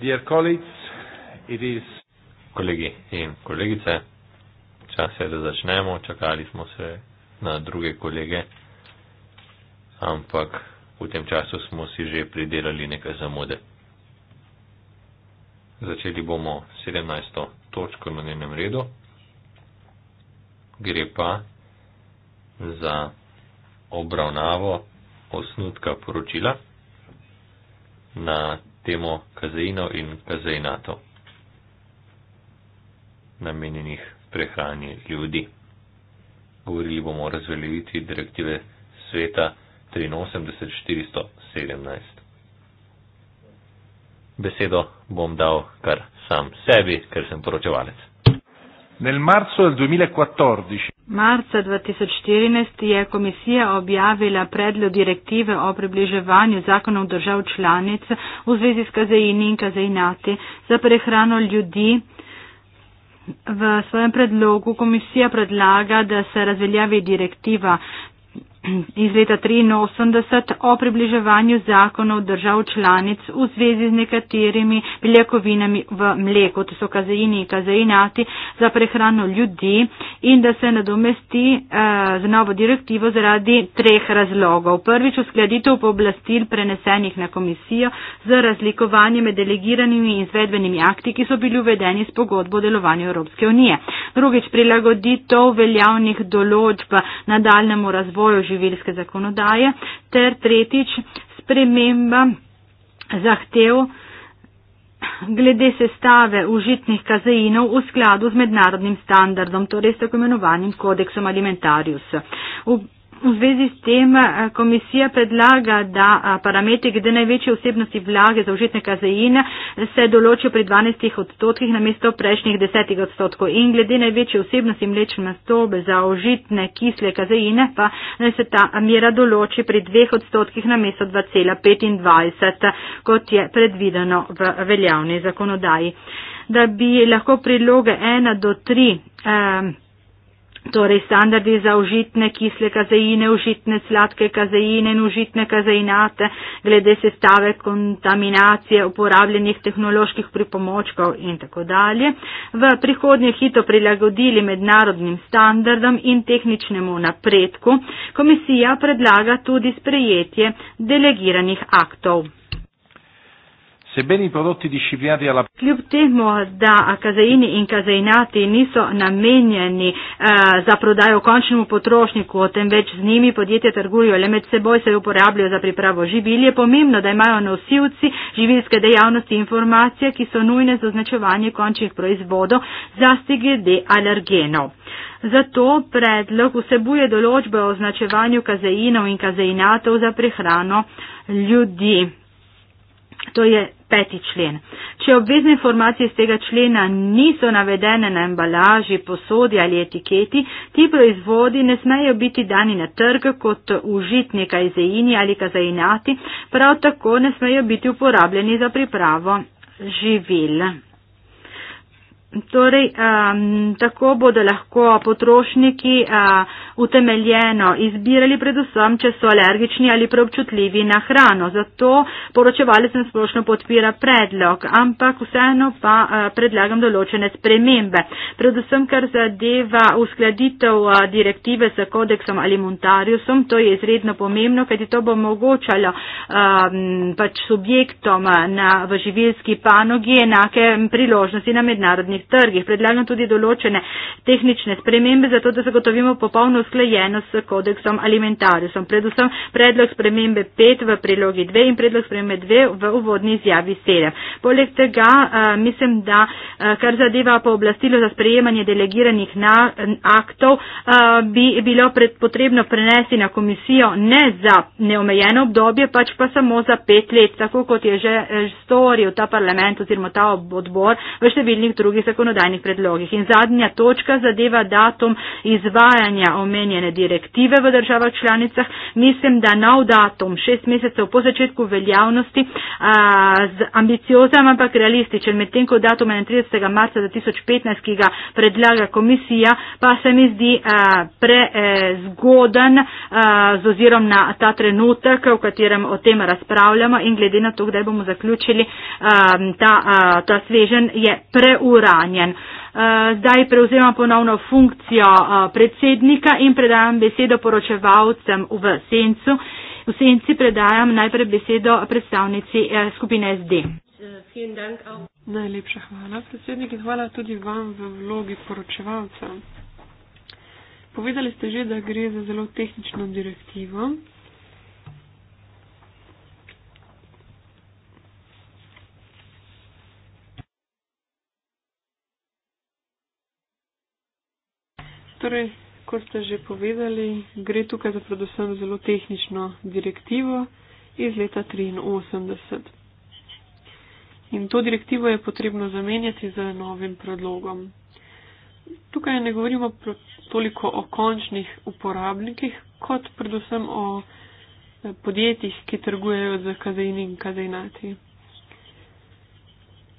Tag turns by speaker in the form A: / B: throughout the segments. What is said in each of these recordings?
A: Dear colleagues, it is... Kolegi in kolegice, čas je, da začnemo, čakali smo se na druge kolege, ampak v tem času smo si že pridelali nekaj zamude. Začeli bomo 17. točko na njenem redu. Gre pa za obravnavo osnutka poročila na temo kazeino in kazeinato, namenjenih prehrani ljudi. Govorili bomo o razveljavitvi direktive sveta 83417. Besedo bom dal kar sam sebi, ker sem poročevalec. Nel marzo del 2014,
B: marzo 2014 je komisija objavila predlog direktive o približevanju zakonov držav članic v zvezi s kazeini in kazeinati za prehrano ljudi. V svojem predlogu komisija predlaga, da se razveljavi direktiva iz leta 83 o približevanju zakonov držav članic v zvezi z nekaterimi beljakovinami v mleku, to so kazeini in kazeinati za prehrano ljudi in da se nadomesti eh, za novo direktivo zaradi treh razlogov. Prvič, uskladitev pooblastil prenesenih na komisijo z razlikovanjem med delegiranimi in izvedbenimi akti, ki so bili uvedeni s pogodbo o delovanju Evropske unije. Drugič, prilagoditev veljavnih določb nadaljnemu razvoju življenja živilske zakonodaje ter tretjič sprememba zahtev glede sestave užitnih kazeinov v skladu z mednarodnim standardom, torej s tako imenovanim kodeksom alimentarius. V V zvezi s tem eh, komisija predlaga, da eh, parametri glede največje vsebnosti vlage za užitne kazeine eh, se določijo pri 12 odstotkih na mesto prejšnjih 10 odstotkov in glede največje vsebnosti mlečne mastobe za užitne kisle kazeine pa se ta mera določi pri 2 odstotkih na mesto 2,25, kot je predvideno v veljavni zakonodaji. Da bi lahko priloge 1 do 3 eh, Torej, standardi za užitne kisle kazeine, užitne sladke kazeine in užitne kazeinate glede sestave kontaminacije uporabljenih tehnoloških pripomočkov in tako dalje. V prihodnje hito prilagodili mednarodnim standardom in tehničnemu napredku komisija predlaga tudi sprejetje delegiranih aktov.
A: Sebbene i prodotti disciplinati alla...
B: Kljub temu, da kazeini in kazeinati niso namenjeni eh, za prodajo končnemu potrošniku, o tem več z njimi podjetje trgujo, le med seboj se uporabljajo za pripravo živil, je pomembno, da imajo nosilci živilske dejavnosti informacije, ki so nujne za označevanje končnih proizvodov za stigede alergenov. Zato predlog vsebuje določbe o označevanju kazeinov in kazeinatov za prehrano ljudi. To je peti člen. Če obvezne informacije iz tega člena niso navedene na embalaži, posodi ali etiketi, ti proizvodi ne smejo biti dani na trg kot užitni kazeini ali kazeinati, prav tako ne smejo biti uporabljeni za pripravo živil. Torej, um, tako bodo lahko potrošniki uh, utemeljeno izbirali predvsem, če so alergični ali preobčutljivi na hrano. Zato poročevalec na splošno podpira predlog, ampak vseeno pa uh, predlagam določene spremembe. Predvsem, kar zadeva uskladitev uh, direktive s kodeksom ali montariusom, to je izredno pomembno, kajti to bo omogočalo um, pač subjektom na, v živilski panogi enake priložnosti na mednarodni zunanjih trgih. Predlagam tudi določene tehnične spremembe, zato da zagotovimo popolno usklajenost s kodeksom alimentarisom. Predvsem predlog spremembe 5 v prilogi 2 in predlog spremembe 2 v uvodni izjavi 7. Poleg tega eh, mislim, da eh, kar zadeva pooblastilo za sprejemanje delegiranih na, aktov, eh, bi bilo potrebno prenesti na komisijo ne za neomejeno obdobje, pač pa samo za pet let, tako kot je že storil ta parlament oziroma ta odbor v številnih drugih zakonodajnih predlogih. In zadnja točka zadeva datum izvajanja omenjene direktive v državah članicah. Mislim, da nov datum, šest mesecev po začetku veljavnosti, a, z ambiciozam, ampak realističen, medtem ko datum 31. marca 2015, ki ga predlaga komisija, pa se mi zdi prezgodan e, z ozirom na ta trenutek, v katerem o tem razpravljamo in glede na to, kdaj bomo zaključili a, ta, a, ta svežen, je preura ranjen. Eh, zdaj prevzemam ponovno funkcijo eh, predsednika in predajam besedo poročevalcem v sencu. V senci predajam najprej besedo predstavnici
C: eh, skupine SD. Najlepša hvala, predsednik, in hvala tudi vam v vlogi poročevalca. Povedali ste že, da gre za zelo tehnično direktivo, Torej, kot ste že povedali, gre tukaj za predvsem zelo tehnično direktivo iz leta 83. In to direktivo je potrebno zamenjati z novim predlogom. Tukaj ne govorimo toliko o končnih uporabnikih, kot predvsem o eh, podjetjih, ki trgujejo z kazeini in kazeinati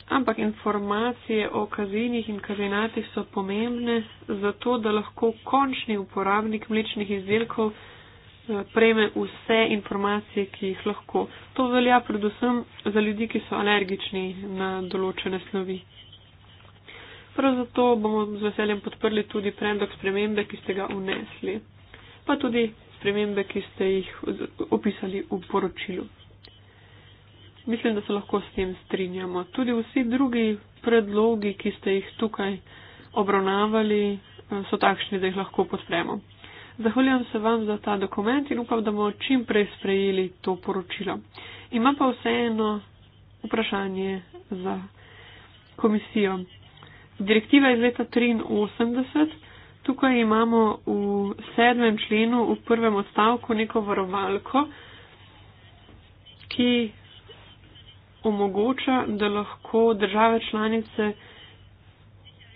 C: ampak informacije o kazinih in kazinatih so pomembne zato, da lahko končni uporabnik mlečnih izdelkov eh, prejme vse informacije, ki jih lahko. To velja predvsem za ljudi, ki so alergični na določene snovi. Prav zato bomo z veseljem podprli tudi predlog spremembe, ki ste ga unesli, pa tudi spremembe, ki ste jih opisali v poročilu mislim, da se lahko s tem strinjamo. Tudi vsi drugi predlogi, ki ste jih tukaj obravnavali, eh, so takšni, da jih lahko podpremo. Zahvaljujem se vam za ta dokument in upam, da bomo čim prej sprejeli to poročilo. Imam pa vseeno vprašanje za komisijo. Direktiva iz leta 83. Tukaj imamo v sedmem členu, v prvem odstavku, neko varovalko, ki omogoča, da lahko države članice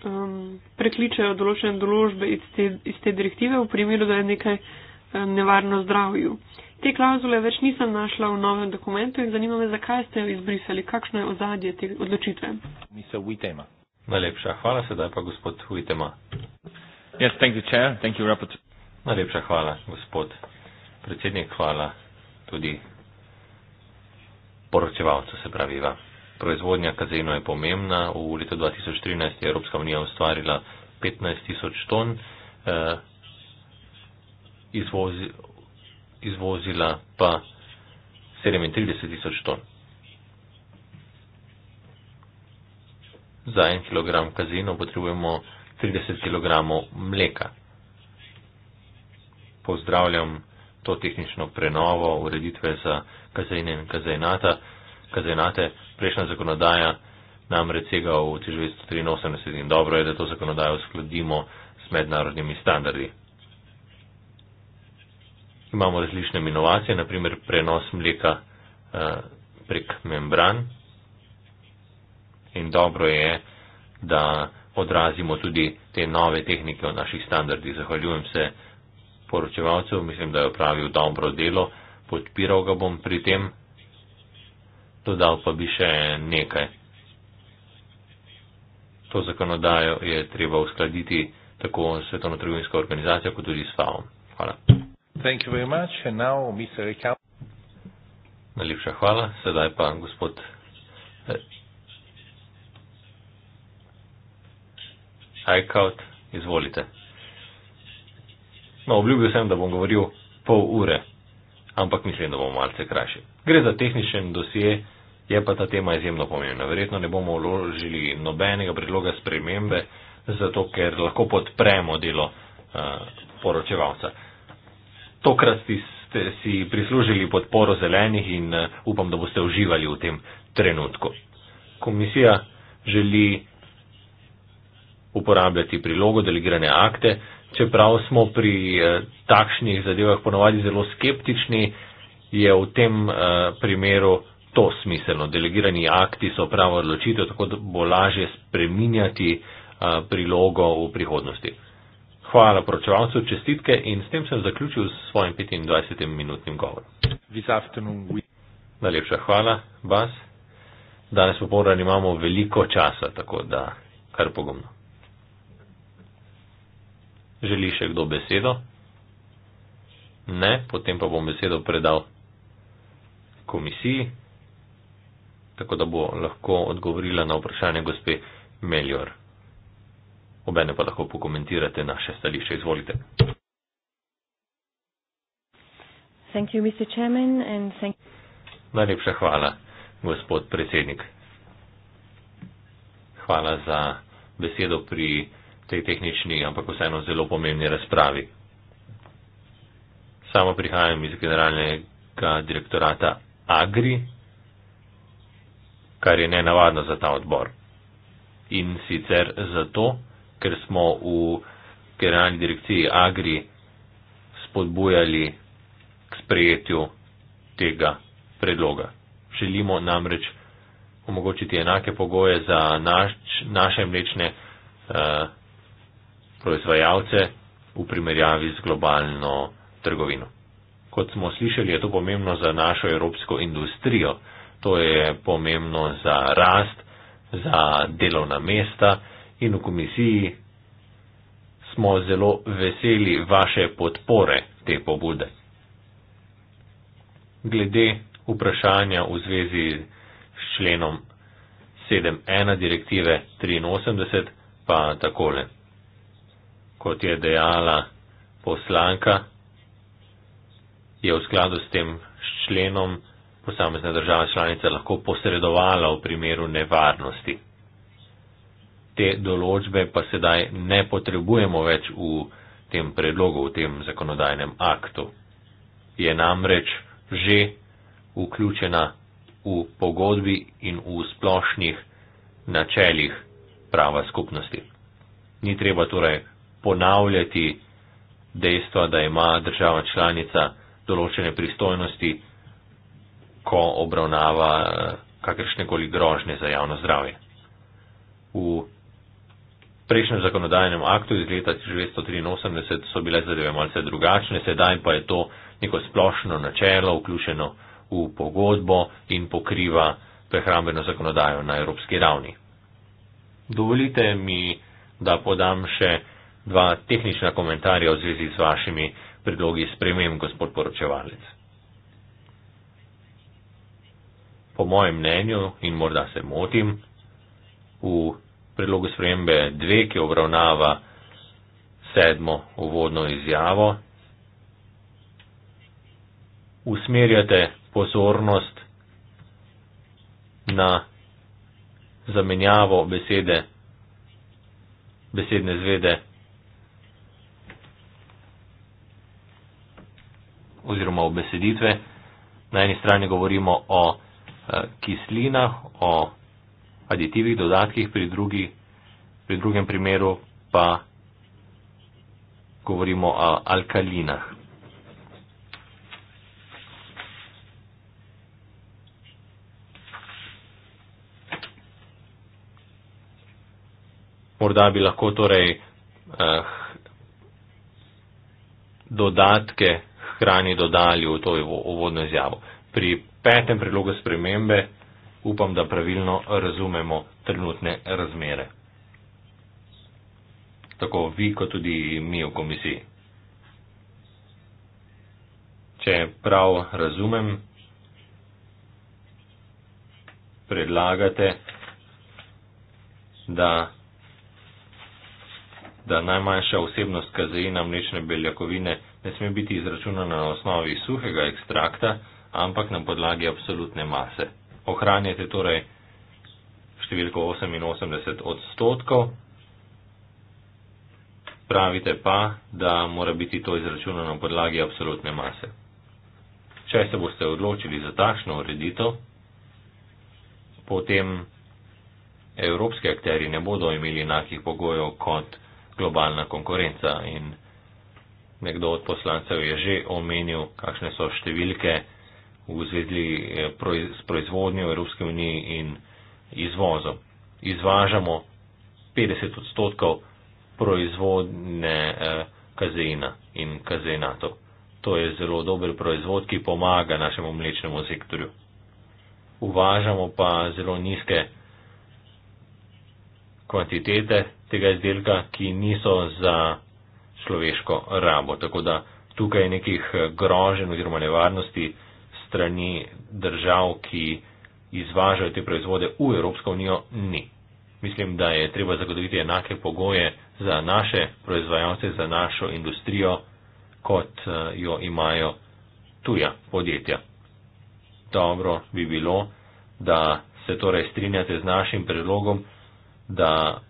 C: um, prekličajo določene določbe iz te, iz te direktive v primeru, da je nekaj um, nevarno zdravju. Te klauzule več nisem našla v novem dokumentu in zanima me, zakaj ste jo izbrisali, kakšno je ozadje te odločitve.
A: Najlepša hvala, sedaj pa gospod Huitema. Yes, thank you, chair. Thank you, rapporteur. Najlepša hvala, gospod predsednik. Hvala tudi poročevalcu, se pravi. Va. Proizvodnja kazeno je pomembna. V letu 2013 je Evropska unija ustvarila 15 tisoč ton, eh, izvozi, izvozila pa 37 tisoč ton. Za en kilogram kazeno potrebujemo 30 kg mleka. Pozdravljam to tehnično prenovo ureditve za kazajne in kazajnata. Kazajnate prejšnja zakonodaja namreč sega v 1983 in dobro je, da to zakonodajo uskladimo s mednarodnimi standardi. Imamo različne inovacije, naprimer prenos mleka eh, prek membran in dobro je, da odrazimo tudi te nove tehnike v naših standardih. Zahvaljujem se poročevalcev, mislim, da je opravil dobro delo podpiral ga bom pri tem, dodal pa bi še nekaj. To zakonodajo je treba uskladiti tako s Svetovno trgovinsko organizacijo, kot tudi s FAO. Hvala. Najlepša hvala. Sedaj pa gospod. Aikaut, eh, izvolite. No, obljubil sem, da bom govoril pol ure ampak mislim, da bo malce krajše. Gre za tehničen dosje, je pa ta tema izjemno pomembna. Verjetno ne bomo vložili nobenega predloga spremembe, zato ker lahko podpremo delo uh, poročevalca. Tokrat ste si prislužili podporo zelenih in uh, upam, da boste uživali v tem trenutku. Komisija želi uporabljati prilogo delegirane akte, uh, čeprav smo pri eh, takšnih zadevah ponovadi zelo skeptični, je v tem eh, primeru to smiselno. Delegirani akti so pravo odločitev, tako da bo lažje spreminjati eh, prilogo v prihodnosti. Hvala poročevalcu, čestitke in s tem sem zaključil s svojim 25-minutnim govorom. Najlepša hvala, Bas. Danes popoldan imamo veliko časa, tako da kar pogumno. Želi še kdo besedo? Ne, potem pa bom besedo predal komisiji, tako da bo lahko odgovorila na vprašanje gospe Melior. Obene pa lahko pokomentirate naše stališče. Izvolite.
B: You, Chairman, thank...
A: Najlepša hvala, gospod predsednik. Hvala za besedo pri tej tehnični, ampak vseeno zelo pomembni razpravi. Samo prihajam iz generalnega direktorata Agri, kar je nenavadno za ta odbor. In sicer zato, ker smo v generalni direkciji Agri spodbujali k sprejetju tega predloga. Želimo namreč omogočiti enake pogoje za naš, naše mlečne uh, proizvajalce v primerjavi z globalno trgovino. Kot smo slišali, je to pomembno za našo evropsko industrijo, to je pomembno za rast, za delovna mesta in v komisiji smo zelo veseli vaše podpore te pobude. Glede vprašanja v zvezi s členom 7.1 direktive 83 pa takole kot je dejala poslanka, je v skladu s tem členom posamezna država članica lahko posredovala v primeru nevarnosti. Te določbe pa sedaj ne potrebujemo več v tem predlogu, v tem zakonodajnem aktu. Je namreč že vključena v pogodbi in v splošnih načeljih prava skupnosti. Ni treba torej ponavljati dejstva, da ima država članica določene pristojnosti, ko obravnava eh, kakršnekoli grožnje za javno zdravje. V prejšnjem zakonodajnem aktu iz leta 1983 so bile zadeve malce drugačne, sedaj pa je to neko splošno načelo vključeno v pogodbo in pokriva prehrambeno zakonodajo na evropski ravni. Dovolite mi, da podam še dva tehnična komentarja v zvezi z vašimi predlogi spremem, gospod poročevalec. Po mojem mnenju, in morda se motim, v predlogu spremembe 2, ki obravnava sedmo uvodno izjavo, usmerjate pozornost na zamenjavo besede, besedne zvede oziroma obeseditve. Na eni strani govorimo o eh, kislinah, o aditivih, dodatkih, pri, drugi, pri drugem primeru pa govorimo o alkalinah. Morda bi lahko torej eh, dodatke hkrani dodali v to uvodno izjavo. Pri petem predlogu spremembe upam, da pravilno razumemo trenutne razmere. Tako vi, kot tudi mi v komisiji. Če prav razumem, predlagate, da, da najmanjša osebnost kazeina mlečne beljakovine ne sme biti izračunana na osnovi suhega ekstrakta, ampak na podlagi absolutne mase. Ohranjate torej številko 88 odstotkov, pravite pa, da mora biti to izračunano na podlagi absolutne mase. Če se boste odločili za takšno ureditev, potem evropski akteri ne bodo imeli enakih pogojev kot globalna konkurenca in nekdo od poslancev je že omenil, kakšne so številke v zvezi eh, s proizvodnjo Evropske unije in izvozom. Izvažamo 50 odstotkov proizvodne eh, kazeina in kazeinatov. To je zelo dober proizvod, ki pomaga našemu mlečnemu sektorju. Uvažamo pa zelo nizke kvantitete tega izdelka, ki niso za človeško rabo. Tako da tukaj nekih eh, grožen oziroma nevarnosti strani držav, ki izvažajo te proizvode v Evropsko unijo, ni. Mislim, da je treba zagotoviti enake pogoje za naše proizvajalce, za našo industrijo, kot eh, jo imajo tuja podjetja. Dobro bi bilo, da se torej strinjate z našim predlogom, da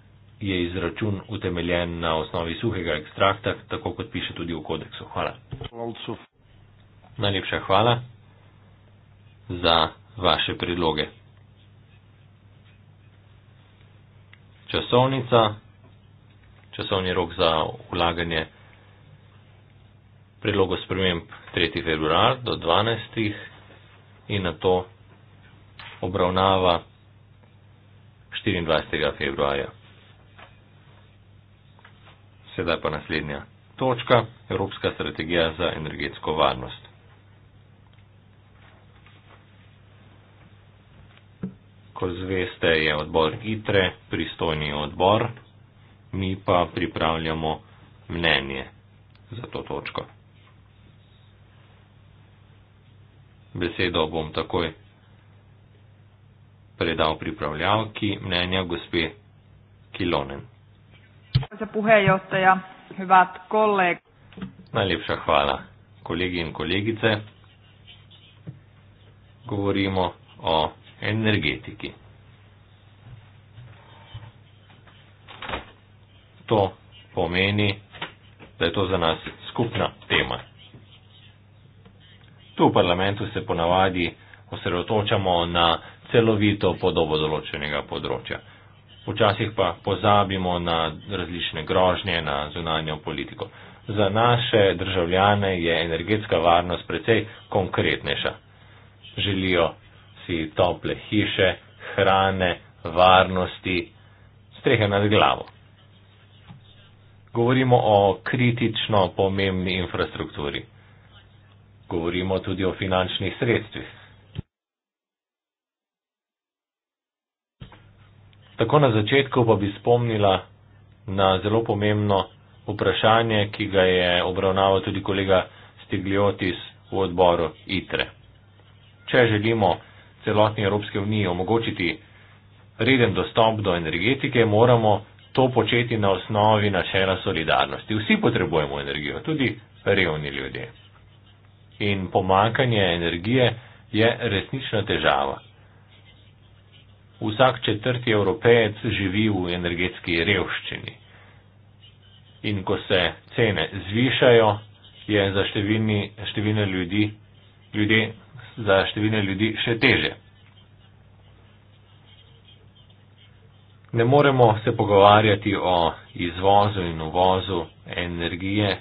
A: je izračun utemeljen na osnovi suhega ekstrakta, tako kot piše tudi v kodeksu. Hvala. Najlepša hvala za vaše predloge. Časovnica, časovni rok za ulaganje predlogov sprememb 3. februar do 12. in na to obravnava 24. februarja. Sedaj pa naslednja točka, Evropska strategija za energetsko varnost. Ko zveste, je odbor ITRE, pristojni odbor, mi pa pripravljamo mnenje za to točko. Besedo bom takoj predal pripravljavki mnenja gospe Kilonen.
C: Arvoisa puheenjohtaja, hyvät kollegat.
A: Najlepša hvala, kolegi in kolegice. Govorimo o energetiki. To pomeni, da je to za nas skupna tema. Tu v parlamentu se ponavadi osredotočamo na celovito podobo določenega področja. Včasih pa pozabimo na različne grožnje, na zunanjo politiko. Za naše državljane je energetska varnost precej konkretnejša. Želijo si tople hiše, hrane, varnosti, strehe nad glavo. Govorimo o kritično pomembni infrastrukturi. Govorimo tudi o finančnih sredstvih. Tako na začetku pa bi spomnila na zelo pomembno vprašanje, ki ga je obravnaval tudi kolega Stigliotis v odboru ITRE. Če želimo celotni Evropske unije omogočiti reden dostop do energetike, moramo to početi na osnovi načela solidarnosti. Vsi potrebujemo energijo, tudi revni ljudje. In pomankanje energije je resnična težava, vsak četrti evropejec živi v energetski revščini. In ko se cene zvišajo, je za številni, številne ljudi, ljudi, za številne ljudi še teže. Ne moremo se pogovarjati o izvozu in uvozu energije,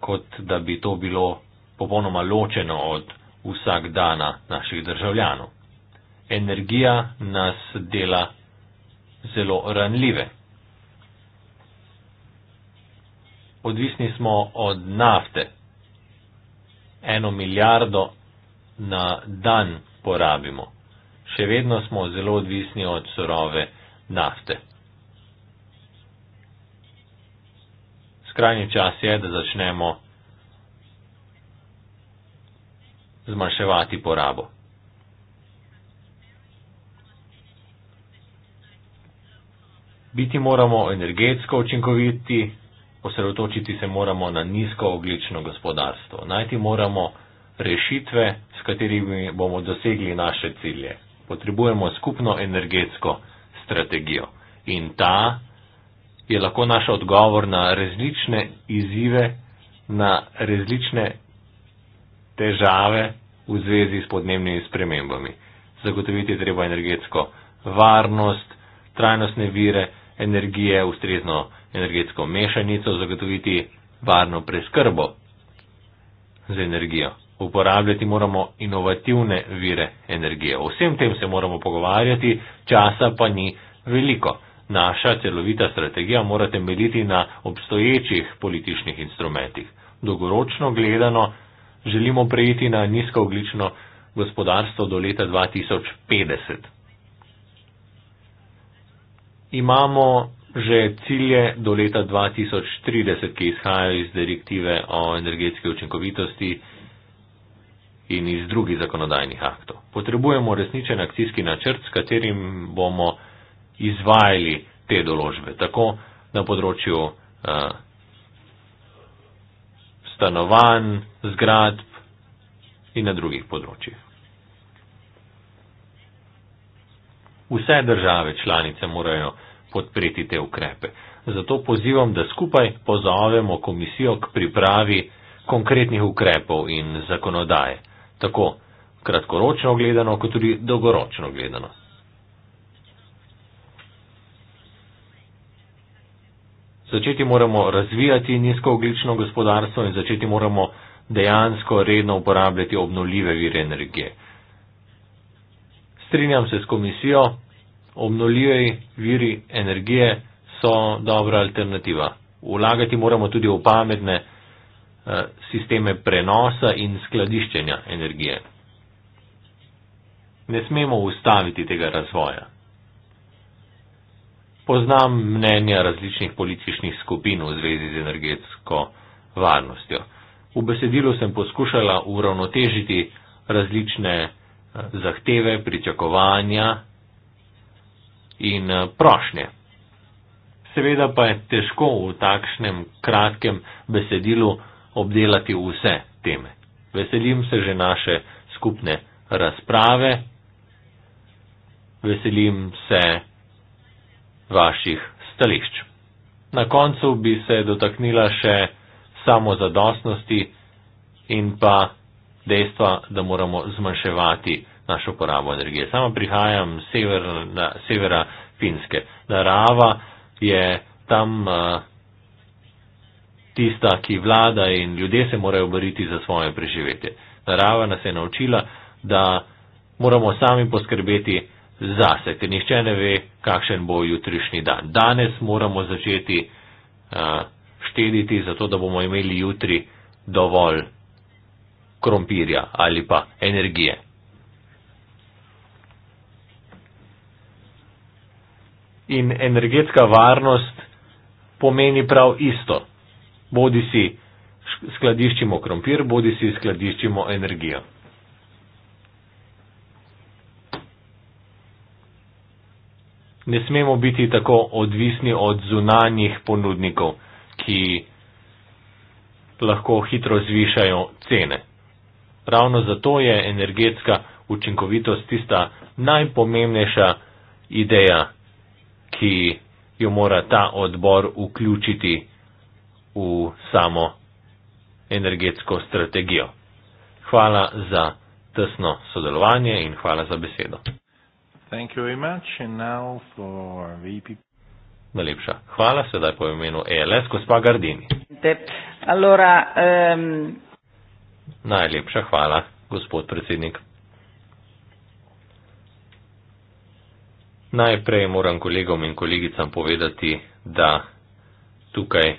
A: kot da bi to bilo popolnoma ločeno od vsak dana naših državljanov energija nas dela zelo ranljive. Odvisni smo od nafte. Eno milijardo na dan porabimo. Še vedno smo zelo odvisni od surove nafte. Skrajni čas je, da začnemo zmanjševati porabo. Biti moramo energetsko učinkoviti, osredotočiti se moramo na nizkooglično gospodarstvo. Najti moramo rešitve, s katerimi bomo dosegli naše cilje. Potrebujemo skupno energetsko strategijo. In ta je lahko naš odgovor na različne izzive, na različne težave v zvezi s podnebnimi spremembami. Zagotoviti je treba energetsko varnost, trajnostne vire, energije, ustrezno energetsko mešanico, zagotoviti varno preskrbo z energijo. Uporabljati moramo inovativne vire energije. O vsem tem se moramo pogovarjati, časa pa ni veliko. Naša celovita strategija mora temeljiti na obstoječih političnih instrumentih. Dolgoročno gledano želimo prejiti na nizkooglično gospodarstvo do leta 2050 imamo že cilje do leta 2030, ki izhajajo iz direktive o energetski učinkovitosti in iz drugih zakonodajnih aktov. Potrebujemo resničen akcijski načrt, s katerim bomo izvajali te določbe, tako na področju uh, stanovanj, zgradb in na drugih področjih. Vse države članice morajo podpreti te ukrepe. Zato pozivam, da skupaj pozovemo komisijo k pripravi konkretnih ukrepov in zakonodaje, tako kratkoročno gledano, kot tudi dolgoročno gledano. Začeti moramo razvijati nizkooglično gospodarstvo in začeti moramo dejansko redno uporabljati obnoljive vire energije. Strinjam se s komisijo, obnoljivi viri energije so dobra alternativa. Vlagati moramo tudi v pametne eh, sisteme prenosa in skladiščenja energije. Ne smemo ustaviti tega razvoja. Poznam mnenja različnih političnih skupin v zvezi z energetsko varnostjo. V besedilu sem poskušala uravnotežiti različne eh, zahteve, pričakovanja in eh, prošnje. Seveda pa je težko v takšnem kratkem besedilu obdelati vse teme. Veselim se že naše skupne razprave, veselim se vaših stališč. Na koncu bi se dotaknila še samozadostnosti in pa dejstva, da moramo zmanjševati našo porabo energije. Sama prihajam z sever, severa Finske. Narava je tam eh, tista, ki vlada in ljudje se morajo boriti za svoje preživetje. Narava nas je naučila, da moramo sami poskrbeti zase, ker nihče ne ve, kakšen bo jutrišnji dan. Danes moramo začeti eh, štediti, zato da bomo imeli jutri dovolj krompirja ali pa energije. in energetska varnost pomeni prav isto. Bodi si skladiščimo krompir, bodi si skladiščimo energijo. Ne smemo biti tako odvisni od zunanjih ponudnikov, ki lahko hitro zvišajo cene. Ravno zato je energetska učinkovitost tista najpomembnejša ideja ki jo mora ta odbor vključiti v samo energetsko strategijo. Hvala za tesno sodelovanje in hvala za besedo. Najlepša hvala, sedaj po imenu ELS, gospa Gardini.
C: Allora, um...
A: Najlepša hvala, gospod predsednik. Najprej moram kolegom in kolegicam povedati, da tukaj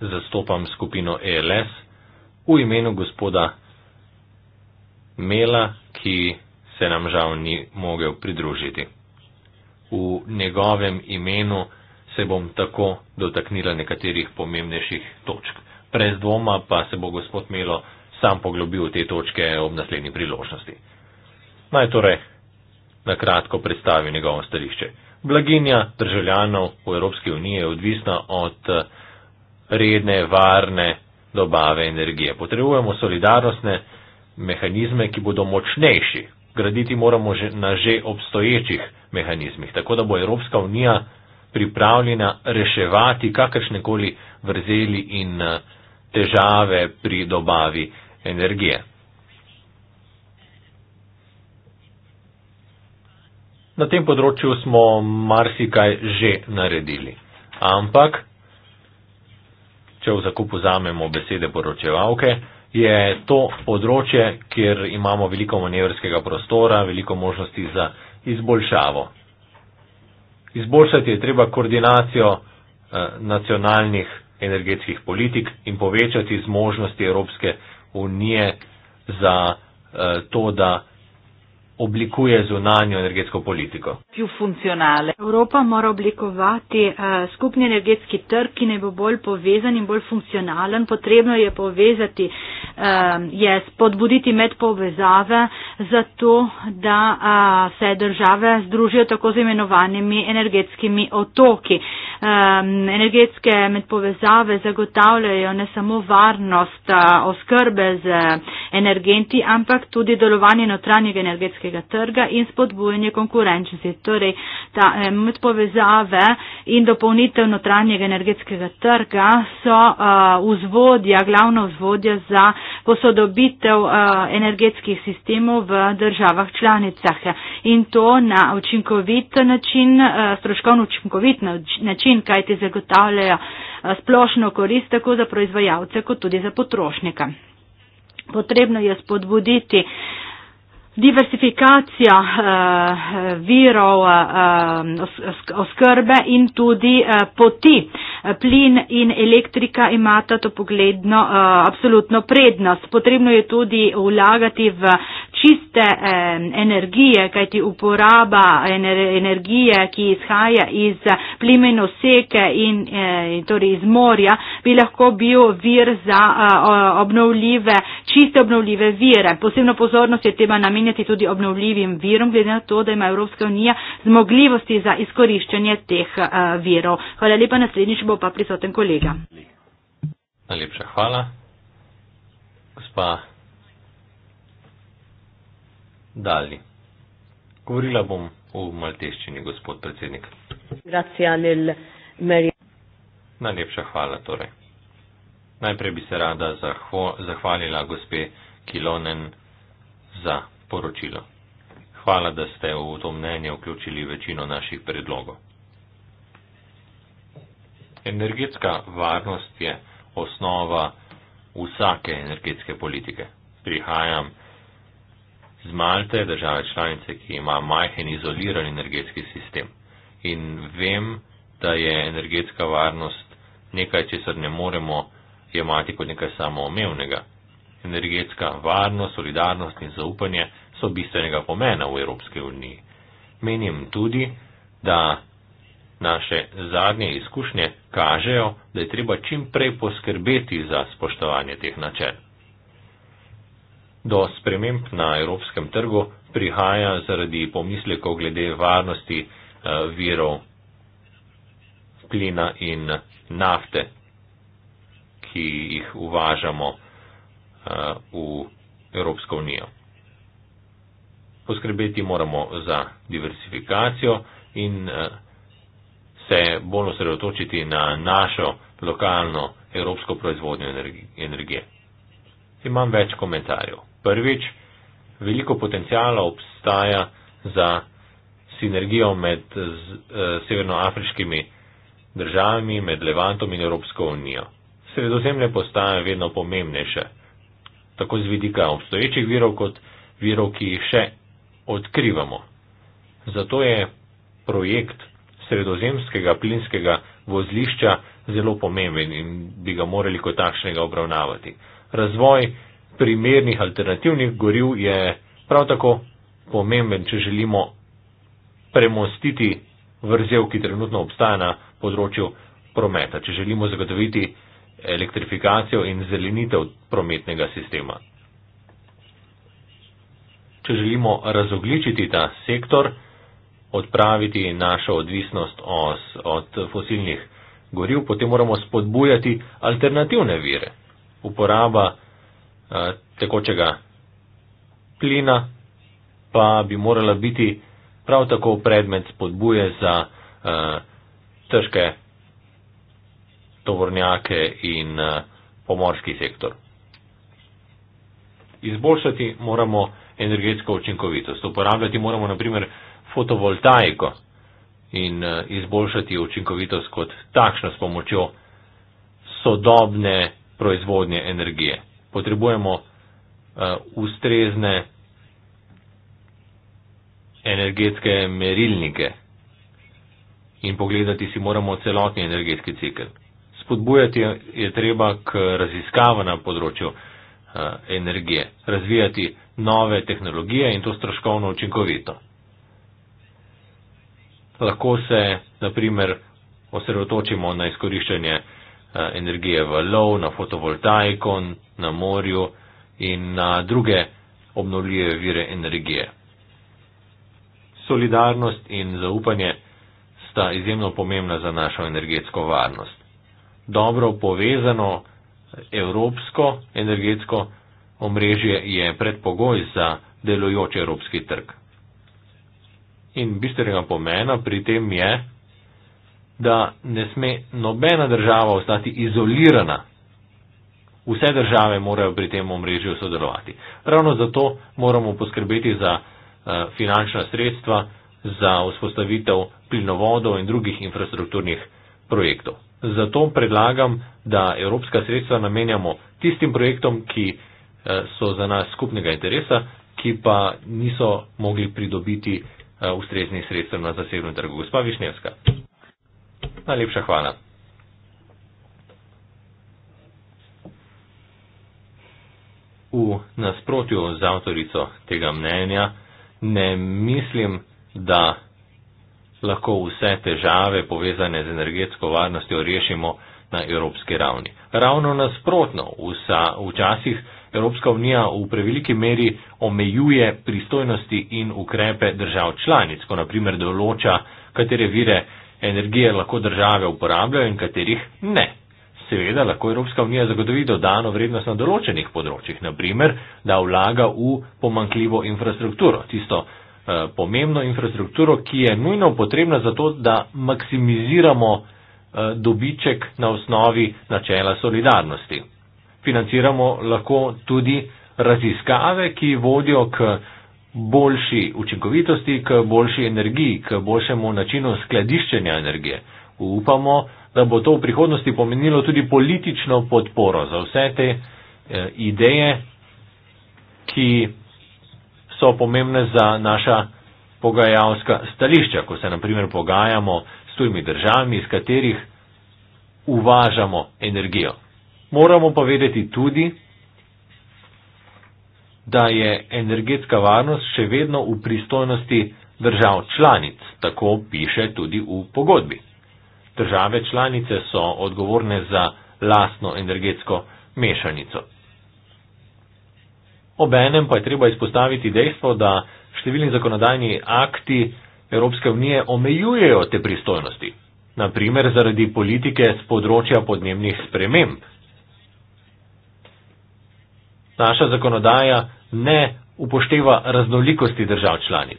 A: zastopam skupino ELS v imenu gospoda Mela, ki se nam žal ni mogel pridružiti. V njegovem imenu se bom tako dotaknila nekaterih pomembnejših točk. Prez dvoma pa se bo gospod Melo sam poglobil v te točke ob naslednji priložnosti. Naj torej na kratko predstavi njegovo stališče. Blaginja državljanov v Evropski uniji je odvisna od eh, redne, varne dobave energije. Potrebujemo solidarnostne mehanizme, ki bodo močnejši. Graditi moramo že na že obstoječih mehanizmih, tako da bo Evropska unija pripravljena reševati kakršnekoli vrzeli in eh, težave pri dobavi energije. na tem področju smo marsikaj že naredili. Ampak, če v zakupu zamemo besede poročevalke, je to področje, kjer imamo veliko manevrskega prostora, veliko možnosti za izboljšavo. Izboljšati je treba koordinacijo eh, nacionalnih energetskih politik in povečati zmožnosti Evropske unije za eh, to, da oblikuje zunanjo energetsko politiko.
B: Evropa mora oblikovati uh, skupni energetski trg, ki ne bo bolj povezan in bolj funkcionalen. Potrebno je povezati, uh, je spodbuditi med povezave za to, da uh, se države združijo tako z imenovanimi energetskimi otoki. Um, energetske medpovezave zagotavljajo ne samo varnost uh, oskrbe z energenti, ampak tudi delovanje notranjega energetskega evropskega trga in spodbujanje konkurenčnosti. Torej, ta, med povezave in dopolnitev notranjega energetskega trga so vzvodja, glavna vzvodja za posodobitev energetskih sistemov v državah članicah in to na učinkovit način, stroškovno učinkovit način, kaj ti zagotavljajo splošno korist tako za proizvajalce kot tudi za potrošnika. Potrebno je spodbuditi uh, diversifikacija uh, virov uh, oskrbe in tudi uh, poti. Plin in elektrika imata to pogledno uh, absolutno prednost. Potrebno je tudi vlagati v čiste eh, energije, kajti uporaba ener, energije, ki izhaja iz eh, plimeno seke in eh, torej iz morja, bi lahko bil vir za eh, obnovljive, čiste obnovljive vire. Posebno pozornost je treba namenjati tudi obnovljivim virom, glede na to, da ima Evropska unija zmogljivosti za izkoriščanje teh eh, virov. Hvala lepa, naslednjič bo pa prisoten kolega.
A: Najlepša hvala. Gospa dali. Govorila bom v malteščini, gospod predsednik. Najlepša hvala torej. Najprej bi se rada zahvalila gospe Kilonen za poročilo. Hvala, da ste v to mnenje vključili večino naših predlogov. Energetska varnost je osnova vsake energetske politike. Prihajam z Malte, države članice, ki ima majhen izoliran energetski sistem. In vem, da je energetska varnost nekaj, česar ne moremo jemati kot nekaj samoomevnega. Energetska varnost, solidarnost in zaupanje so bistvenega pomena v Evropski uniji. Menim tudi, da naše zadnje izkušnje kažejo, da je treba čim prej poskrbeti za spoštovanje teh načel. Do sprememb na evropskem trgu prihaja zaradi pomislekov glede varnosti eh, virov plina in nafte, ki jih uvažamo eh, v Evropsko unijo. Poskrbeti moramo za diversifikacijo in eh, se bolj osredotočiti na našo lokalno evropsko proizvodnjo energije. Imam več komentarjev. Prvič, veliko potencijala obstaja za sinergijo med eh, severnoafriškimi državami, med Levantom in Evropsko unijo. Sredozemlje postaja vedno pomembnejše, tako z vidika obstoječih virov, kot virov, ki jih še odkrivamo. Zato je projekt sredozemskega plinskega vozlišča zelo pomemben in bi ga morali kot takšnega obravnavati. Razvoj primernih alternativnih goril je prav tako pomemben, če želimo premostiti vrzel, ki trenutno obstaja na področju prometa, če želimo zagotoviti elektrifikacijo in zelenitev prometnega sistema. Če želimo razogličiti ta sektor, odpraviti našo odvisnost od fosilnih goril, potem moramo spodbujati alternativne vire. Uporaba Eh, tekočega plina, pa bi morala biti prav tako predmet spodbuje za eh, težke tovornjake in eh, pomorski sektor. Izboljšati moramo energetsko učinkovitost. Uporabljati moramo naprimer fotovoltaiko in izboljšati učinkovitost kot takšno s pomočjo sodobne proizvodnje energije potrebujemo uh, ustrezne energetske merilnike in pogledati si moramo celotni energetski cikl. Spodbujati je treba k raziskavanju na področju uh, energije, razvijati nove tehnologije in to stroškovno učinkovito. Lahko se, naprimer, osredotočimo na izkoriščanje Eh, energije v lov, na fotovoltaiko, na morju in na druge obnovljive vire energije. Solidarnost in zaupanje sta izjemno pomembna za našo energetsko varnost. Dobro povezano evropsko energetsko omrežje je predpogoj za delujoč evropski trg. In bistvenega pomena pri tem je, da ne sme nobena država ostati izolirana. Vse države morajo pri tem omrežju sodelovati. Ravno zato moramo poskrbeti za eh, finančna sredstva, za vzpostavitev plinovodov in drugih infrastrukturnih projektov. Zato predlagam, da evropska sredstva namenjamo tistim projektom, ki eh, so za nas skupnega interesa, ki pa niso mogli pridobiti eh, ustreznih sredstev na zasebnem trgu. Gospa Višnevska. Najlepša hvala. V nasprotju z avtorico tega mnenja ne mislim, da lahko vse težave povezane z energetsko varnostjo rešimo na evropski ravni. Ravno nasprotno, vsa, včasih Evropska unija v preveliki meri omejuje pristojnosti in ukrepe držav članic, ko naprimer določa, katere vire energije lahko države uporabljajo in katerih ne. Seveda lahko Evropska unija zagotovi dodano vrednost na določenih področjih, naprimer, da vlaga v pomankljivo infrastrukturo, tisto eh, pomembno infrastrukturo, ki je nujno potrebna za to, da maksimiziramo eh, dobiček na osnovi načela solidarnosti. Financiramo lahko tudi raziskave, ki vodijo k boljši učinkovitosti, k boljši energiji, k boljšemu načinu skladiščenja energije. Upamo, da bo to v prihodnosti pomenilo tudi politično podporo za vse te eh, ideje, ki so pomembne za naša pogajalska stališča, ko se naprimer pogajamo s tujimi državami, iz katerih uvažamo energijo. Moramo pa vedeti tudi, da je energetska varnost še vedno v pristojnosti držav članic, tako piše tudi v pogodbi. Države članice so odgovorne za lastno energetsko mešanico. Obenem pa je treba izpostaviti dejstvo, da številni zakonodajni akti Evropske unije omejujejo te pristojnosti, naprimer zaradi politike z področja podnebnih sprememb. Naša zakonodaja ne upošteva raznolikosti držav članic.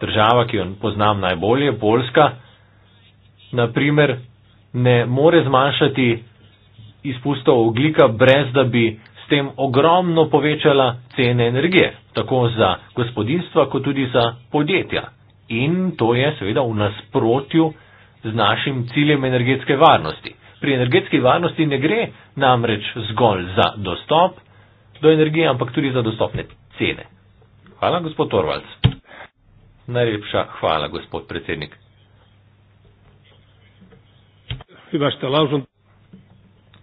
A: Država, ki jo poznam najbolje, Poljska, naprimer, ne more zmanjšati izpustov oglika, brez da bi s tem ogromno povečala cene energije, tako za gospodinstva, kot tudi za podjetja. In to je seveda v nasprotju z našim ciljem energetske varnosti. Pri energetski varnosti ne gre namreč zgolj za dostop, do energije, ampak tudi za dostopne cene. Hvala, gospod Torvalds. Najlepša hvala, gospod predsednik.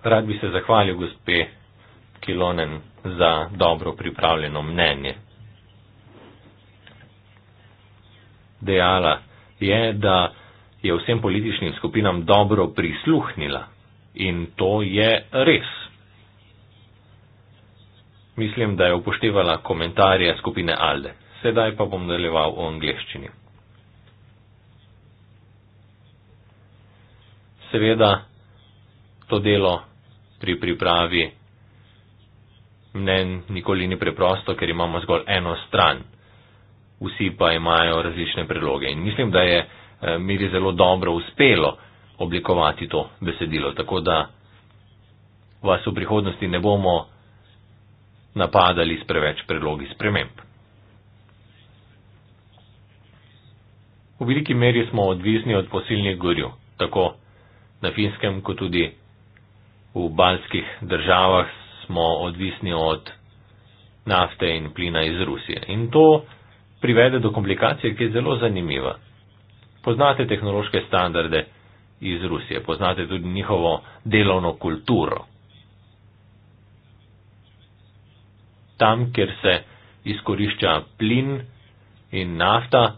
A: Rad bi se zahvalil gospe Kilonen za dobro pripravljeno mnenje. Dejala je, da je vsem političnim skupinam dobro prisluhnila in to je res. Mislim, da je upoštevala komentarje skupine Alde. Sedaj pa bom nadaljeval v angleščini. Seveda, to delo pri pripravi mnen nikoli ni preprosto, ker imamo zgolj eno stran. Vsi pa imajo različne predloge in mislim, da je eh, Miri zelo dobro uspelo oblikovati to besedilo, tako da vas v prihodnosti ne bomo napadali s preveč predlogi sprememb. V veliki meri smo odvisni od posilnih gorju, tako na finskem, kot tudi v balskih državah smo odvisni od nafte in plina iz Rusije. In to privede do komplikacije, ki je zelo zanimiva. Poznate tehnološke standarde iz Rusije, poznate tudi njihovo delovno kulturo. tam, kjer se izkorišča plin in nafta,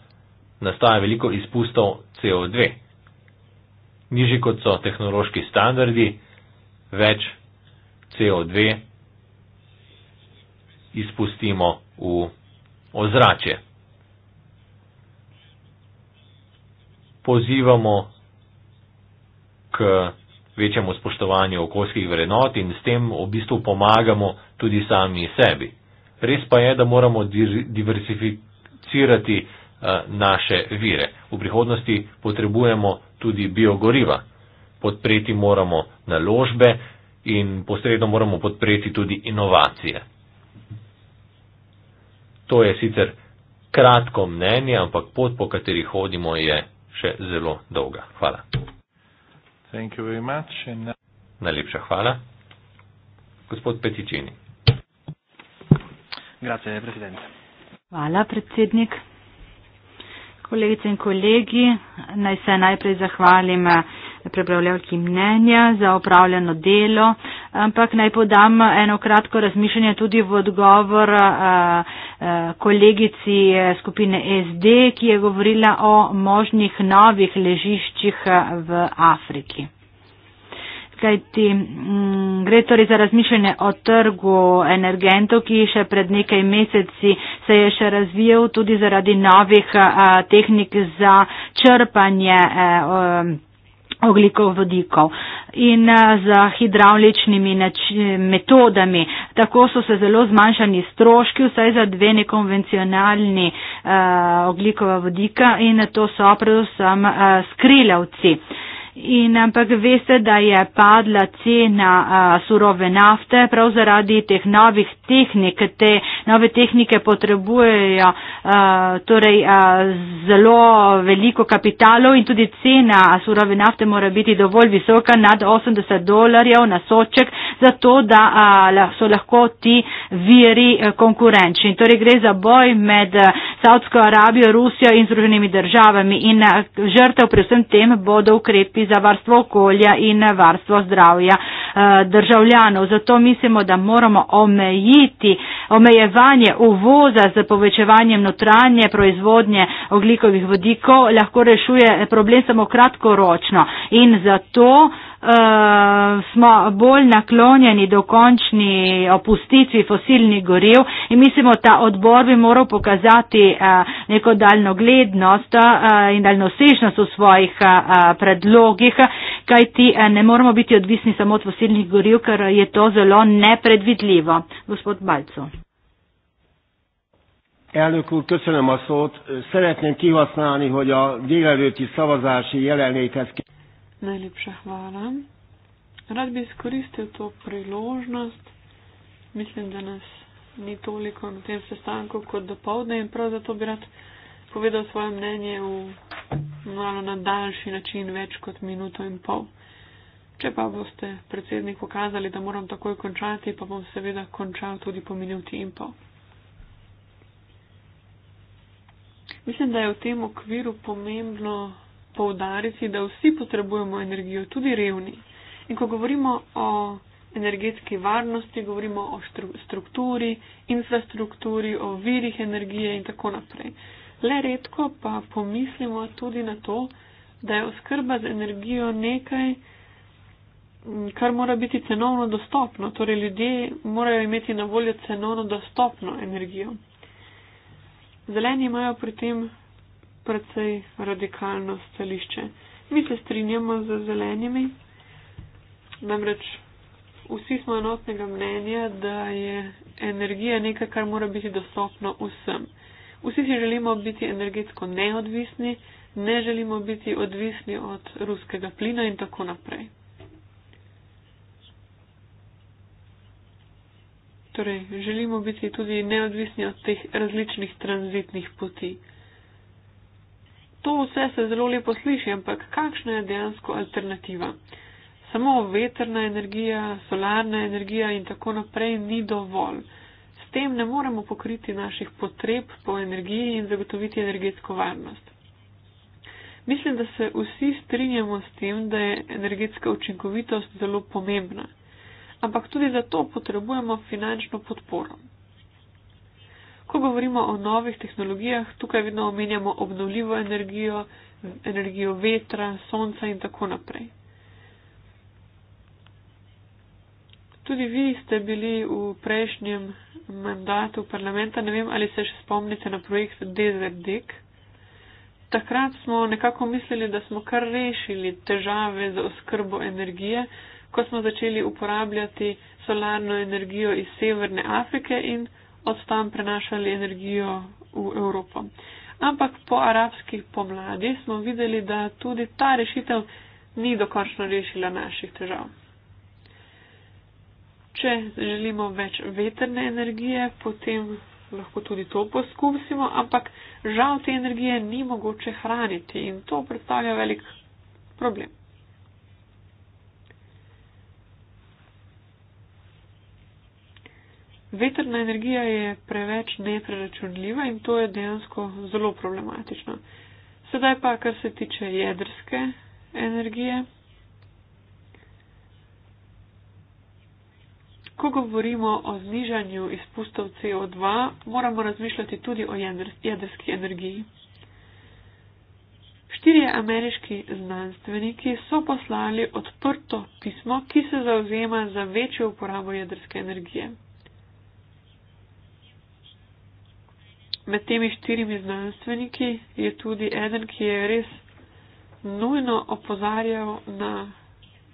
A: nastaja veliko izpustov CO2. Nižji kot so tehnološki standardi, več CO2 izpustimo v ozračje. Pozivamo k večjemu spoštovanju okoljskih vrednot in s tem v bistvu pomagamo tudi sami sebi. Res pa je, da moramo diversificirati eh, naše vire. V prihodnosti potrebujemo tudi biogoriva. Podpreti moramo naložbe in posredno moramo podpreti tudi inovacije. To je sicer kratko mnenje, ampak pot, po kateri hodimo, je še zelo dolga. Hvala.
C: Thank you very much.
A: Najlepša hvala. Gospod Peticini.
C: Grazie, predsednik.
B: Hvala, predsednik. Kolegice in kolegi, naj se najprej zahvalim prebravljavki mnenja za opravljeno delo, ampak naj podam eno kratko razmišljanje tudi v odgovor. Uh, Eh, kolegici eh, skupine SD, ki je govorila o možnih novih ležiščih eh, v Afriki. Kajti, mm, gre torej za razmišljanje o trgu energentov, ki še pred nekaj meseci se je še razvijal tudi zaradi novih tehnik za črpanje energentov ogljikovodikov. In eh, z hidravličnimi metodami. Tako so se zelo zmanjšani stroški, vsaj za dve nekonvencionalni uh, eh, oglikova vodika in to so predvsem uh, skrilavci. Uh, In ampak veste, da je padla cena a, surove nafte prav zaradi teh novih tehnik. Te nove tehnike potrebujejo a, torej, a, zelo veliko kapitalov in tudi cena surove nafte mora biti dovolj visoka nad 80 dolarjev na soček, zato da a, so lahko ti viri e, konkurenčni. Torej gre za boj med e, Saudsko Arabijo, Rusijo in Združenimi državami in a, e, žrtev pri vsem tem bodo ukrepi za varstvo okolja in varstvo zdravja eh, državljanov. Zato mislimo, da moramo omejiti omejevanje uvoza z povečevanjem notranje proizvodnje oglikovih vodikov, lahko rešuje problem samo kratkoročno in zato uh, uh, smo bolj naklonjeni do končni opustitvi fosilnih goriv in mislimo, da odbor bi moral pokazati uh, neko daljnoglednost uh, in daljnosežnost v svojih uh, predlogih, kajti uh, ne moramo biti odvisni samo od fosilnih goriv, ker je to zelo nepredvidljivo. Gospod Balco. Elnök úr, köszönöm a szót. Szeretném kihasználni, hogy a délelőtti szavazási jelenléthez képest.
C: Najlepša hvala. Rad bi izkoristil to priložnost. Mislim, da nas ni toliko na tem sestanku kot do povdne in prav zato bi rad povedal svoje mnenje v malo na daljši način, več kot minuto in pol. Če pa boste predsednik pokazali, da moram takoj končati, pa bom seveda končal tudi po minuti in pol. Mislim, da je v tem okviru pomembno poudariti, da vsi potrebujemo energijo, tudi revni. In ko govorimo o energetski varnosti, govorimo o strukturi, infrastrukturi, o virih energije in tako naprej. Le redko pa pomislimo tudi na to, da je oskrba z energijo nekaj, kar mora biti cenovno dostopno. Torej, ljudje morajo imeti na voljo cenovno dostopno energijo. Zeleni imajo pri tem precej radikalno stališče. Mi se strinjamo z zelenimi, namreč vsi smo enotnega mnenja, da je energija nekaj, kar mora biti dostopno vsem. Vsi si želimo biti energetsko neodvisni, ne želimo biti odvisni od ruskega plina in tako naprej. Torej, želimo biti tudi neodvisni od teh različnih tranzitnih poti. To vse se zelo lepo sliši, ampak kakšna je dejansko alternativa? Samo veterna energija, solarna energija in tako naprej ni dovolj. S tem ne moremo pokriti naših potreb po energiji in zagotoviti energetsko varnost. Mislim, da se vsi strinjamo s tem, da je energetska učinkovitost zelo pomembna. Ampak tudi za to potrebujemo finančno podporo. Ko govorimo o novih tehnologijah, tukaj vedno omenjamo obnovljivo energijo, energijo vetra, sonca in tako naprej. Tudi vi ste bili v prejšnjem mandatu parlamenta, ne vem, ali se še spomnite na projekt Desert Dek. Takrat smo nekako mislili, da smo kar rešili težave za oskrbo energije, ko smo začeli uporabljati solarno energijo iz Severne Afrike in od tam prenašali energijo v Evropo. Ampak po arabski pomladi smo videli, da tudi ta rešitev ni dokončno rešila naših težav. Če želimo več veterne energije, potem lahko tudi to poskusimo, ampak žal te energije ni mogoče hraniti in to predstavlja velik problem. Vetrna energija je preveč nepreračunljiva in to je dejansko zelo problematično. Sedaj pa, kar se tiče jedrske energije. Ko govorimo o znižanju izpustov CO2, moramo razmišljati tudi o jedrski energiji. Štirje ameriški znanstveniki so poslali odprto pismo, ki se zauzema za večjo uporabo jedrske energije. med temi štirimi znanstveniki je tudi eden, ki je res nujno opozarjal na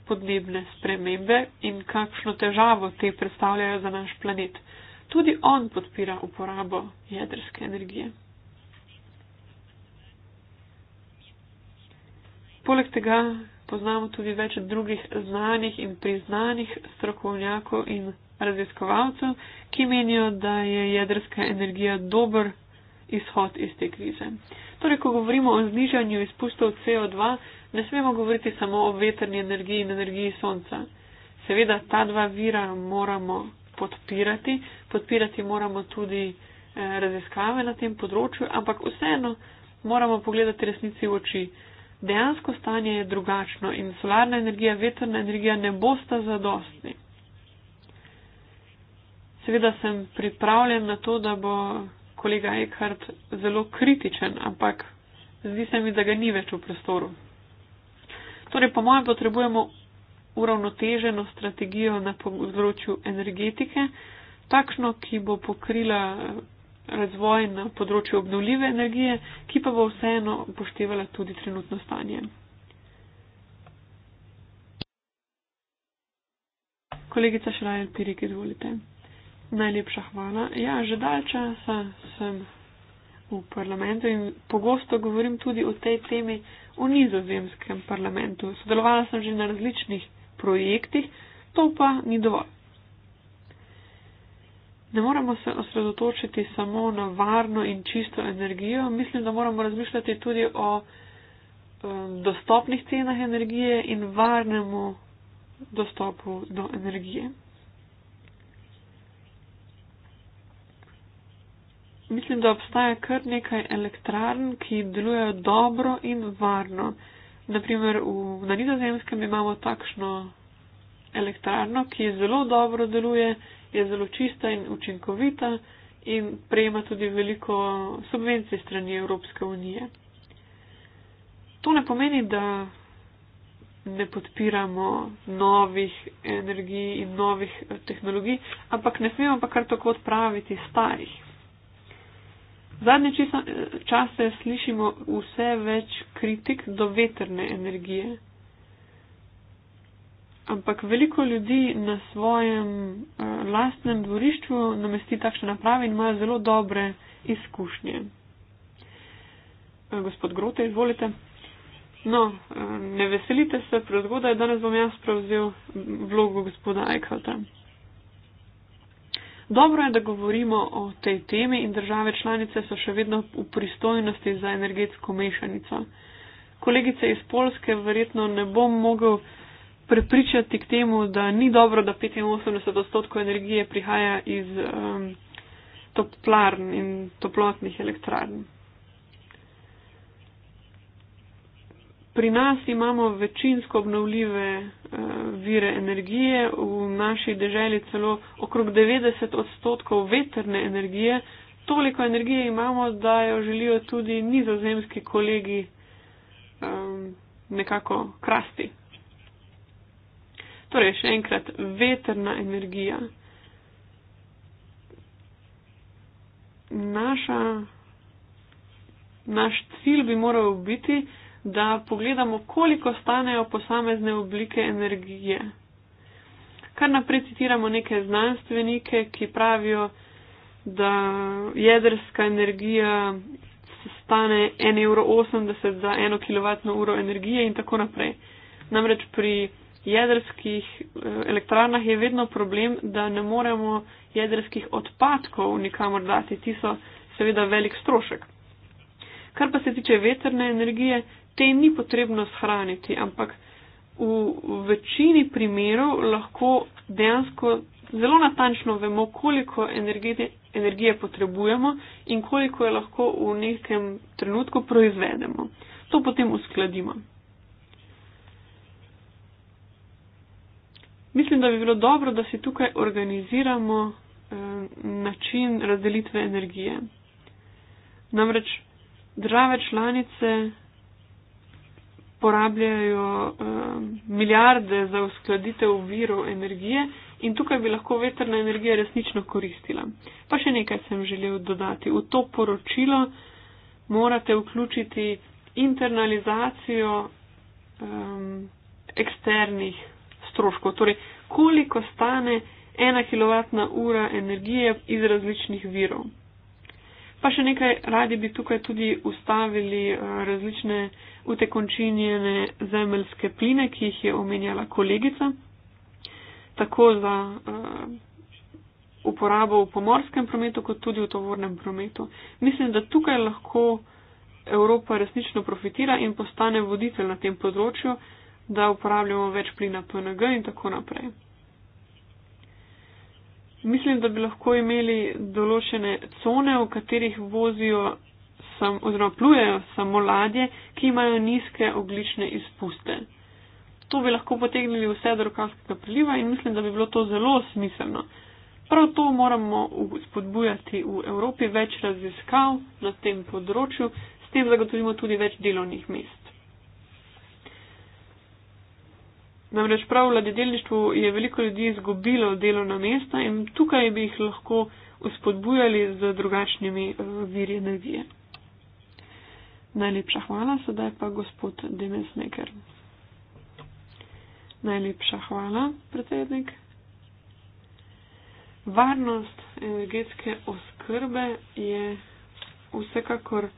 C: podnebne spremembe in kakšno težavo te predstavljajo za naš planet. Tudi on podpira uporabo jedrske energije. Poleg tega poznamo tudi več drugih znanih in priznanih strokovnjakov in raziskovalcev, ki menijo, da je jedrska energija dober izhod iz te krize. Torej, ko govorimo o znižanju izpustov CO2, ne smemo govoriti samo o veterni energiji in energiji sonca. Seveda, ta dva vira moramo podpirati, podpirati moramo tudi eh, raziskave na tem področju, ampak vseeno moramo pogledati resnici v oči. Dejansko stanje je drugačno in solarna energija, veterna energija ne bosta zadostni. Seveda sem pripravljen na to, da bo kolega Eckhart zelo kritičen, ampak zdi se mi, da ga ni več v prostoru. Torej, po mojem potrebujemo uravnoteženo strategijo na področju energetike, takšno, ki bo pokrila razvoj na področju obnovljive energije, ki pa bo vseeno upoštevala tudi trenutno stanje. Kolegica Šrajel Pirik, izvolite. Najlepša hvala. Ja, že dalj časa sem v parlamentu in pogosto govorim tudi o tej temi v nizozemskem parlamentu. Sodelovala sem že na različnih projektih, to pa ni dovolj. Ne moramo se osredotočiti samo na varno in čisto energijo, mislim, da moramo razmišljati tudi o um, dostopnih cenah energije in varnemu dostopu do energije. mislim, da obstaja kar nekaj elektrarn, ki delujejo dobro in varno. Naprimer, v, na nizozemskem imamo takšno elektrarno, ki zelo dobro deluje, je zelo čista in učinkovita in prejema tudi veliko subvencij strani Evropske unije. To ne pomeni, da ne podpiramo novih energij in novih tehnologij, ampak ne smemo pa kar tako odpraviti starih. Zadnje čisa, čase slišimo vse več kritik do veterne energije. Ampak veliko ljudi na svojem uh, lastnem dvorišču namesti takšne naprave in imajo zelo dobre izkušnje. Uh, gospod Grote, izvolite. No, uh, ne veselite se, prezgodaj danes bom jaz prevzel vlogo gospoda Eikhalta. Dobro je, da govorimo o tej temi in države članice so še vedno v pristojnosti za energetsko mešanico. Kolegice iz Polske verjetno ne bom mogel prepričati k temu, da ni dobro, da 85 odstotkov energije prihaja iz um, toplarn in toplotnih elektrarn. pri nas imamo večinsko obnovljive eh, vire energije, v naši deželi celo okrog 90 odstotkov veterne energije. Toliko energije imamo, da jo želijo tudi nizozemski kolegi ehm, nekako krasti. Torej, še enkrat, veterna energija. Naša, naš cilj bi moral biti, da pogledamo, koliko stanejo posamezne oblike energije. Kar naprej citiramo neke znanstvenike, ki pravijo, da jedrska energija stane 1,80 evra za eno kWh energije in tako naprej. Namreč pri jedrskih eh, elektrarnah je vedno problem, da ne moremo jedrskih odpadkov nikamor dati. Ti so seveda velik strošek. Kar pa se tiče veterne energije, te ni potrebno shraniti, ampak v večini primerov lahko dejansko zelo natančno vemo, koliko energije, energije potrebujemo in koliko je lahko v nekem trenutku proizvedemo. To potem uskladimo. Mislim, da bi bilo dobro, da si tukaj organiziramo eh, način razdelitve energije. Namreč države članice porabljajo eh, milijarde za uskladitev virov energije in tukaj bi lahko veterna energija resnično koristila. Pa še nekaj sem želel dodati. V to poročilo morate vključiti internalizacijo um, eksternih stroškov. Torej, koliko stane ena kWh energije iz različnih virov. Pa še nekaj, radi bi tukaj tudi ustavili eh, različne utekončinjene zemeljske pline, ki jih je omenjala kolegica, tako za eh, uporabo v pomorskem prometu, kot tudi v tovornem prometu. Mislim, da tukaj lahko Evropa resnično profitira in postane voditelj na tem področju, da uporabljamo več plina PNG in tako naprej. Mislim, da bi lahko imeli določene cone, v katerih vozijo sam, oziroma plujejo samo ladje, ki imajo nizke oglične izpuste. To bi lahko potegnili vse do Rokavskega priliva in mislim, da bi bilo to zelo smiselno. Prav to moramo spodbujati v Evropi, več raziskav na tem področju, s tem zagotovimo tudi več delovnih mest. Namreč prav v ladjedelništvu je veliko ljudi izgubilo delovna mesta in tukaj bi jih lahko uspodbujali z drugačnimi eh, viri energije. Najlepša hvala, sedaj pa gospod Demesmeker. Najlepša hvala, predsednik. Varnost energetske oskrbe je vsekakor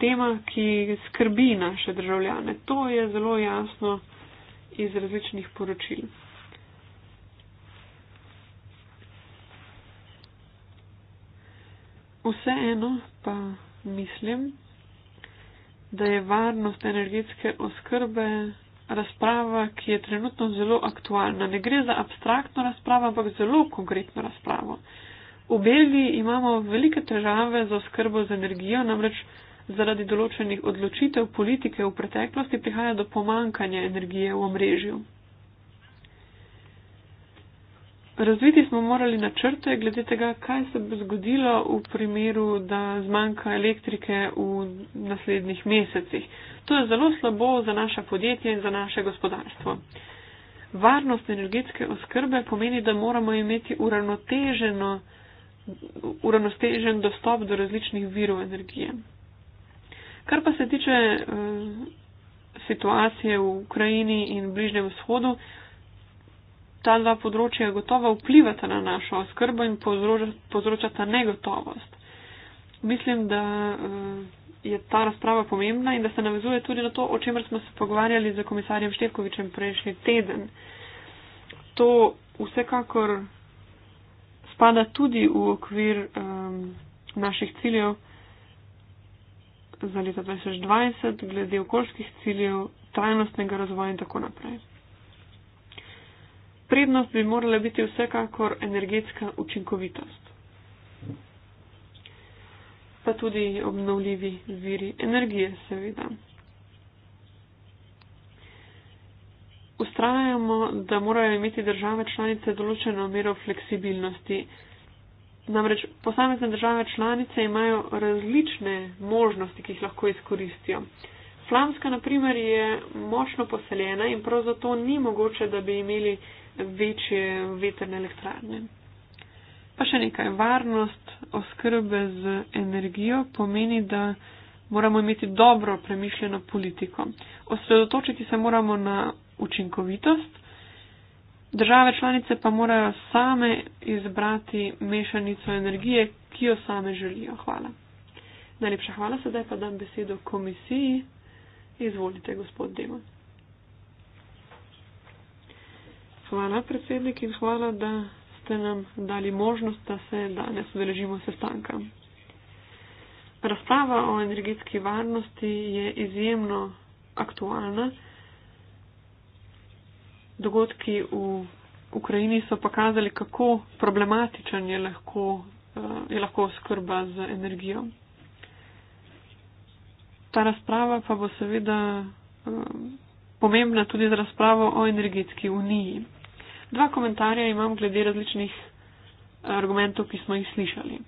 C: tema, ki skrbi naše državljane. To je zelo jasno iz različnih poročil. Vseeno pa mislim, da je varnost energetske oskrbe razprava, ki je trenutno zelo aktualna. Ne gre za abstraktno razpravo, ampak zelo konkretno razpravo. V Belgiji imamo velike težave z oskrbo z energijo, namreč zaradi določenih odločitev politike v preteklosti prihaja do pomankanja energije v omrežju. Razviti smo morali načrte glede tega, kaj se bo zgodilo v primeru, da zmanjka elektrike v naslednjih mesecih. To je zelo slabo za naše podjetje in za naše gospodarstvo. Varnost energetske oskrbe pomeni, da moramo imeti uravnotežen dostop do različnih virov energije. Kar pa se tiče eh, situacije v Ukrajini in Bližnjem vzhodu, ta dva področja gotovo vplivata na našo oskrbo in povzročata negotovost. Mislim, da eh, je ta razprava pomembna in da se navezuje tudi na to, o čemer smo se pogovarjali z komisarjem Števkovičem prejšnji teden. To vsekakor spada tudi v okvir um, naših ciljev za leto 2020, glede okoljskih ciljev, trajnostnega razvoja in tako naprej. Prednost bi morala biti vsekakor energetska učinkovitost, pa tudi obnovljivi viri energije, seveda. Ustrajamo, da morajo imeti države članice določeno mero fleksibilnosti. Namreč posamezne države članice imajo različne možnosti, ki jih lahko izkoristijo. Flamska, na primer, je močno poseljena in prav zato ni mogoče, da bi imeli večje veterne elektrarne. Pa še nekaj. Varnost oskrbe z energijo pomeni, da moramo imeti dobro premišljeno politiko. Osredotočiti se moramo na učinkovitost. Države članice pa morajo same izbrati mešanico energije, ki jo same želijo. Hvala. Najlepša hvala, sedaj pa dam besedo komisiji. Izvolite, gospod Demo. Hvala, predsednik, in hvala, da ste nam dali možnost, da se danes udeležimo sestanka. Razstava o energetski varnosti je izjemno aktualna dogodki v Ukrajini so pokazali, kako problematičen je lahko, eh, je lahko skrba z energijo. Ta razprava pa bo seveda eh, pomembna tudi za razpravo o energetski uniji. Dva komentarja imam glede različnih argumentov, ki smo jih slišali.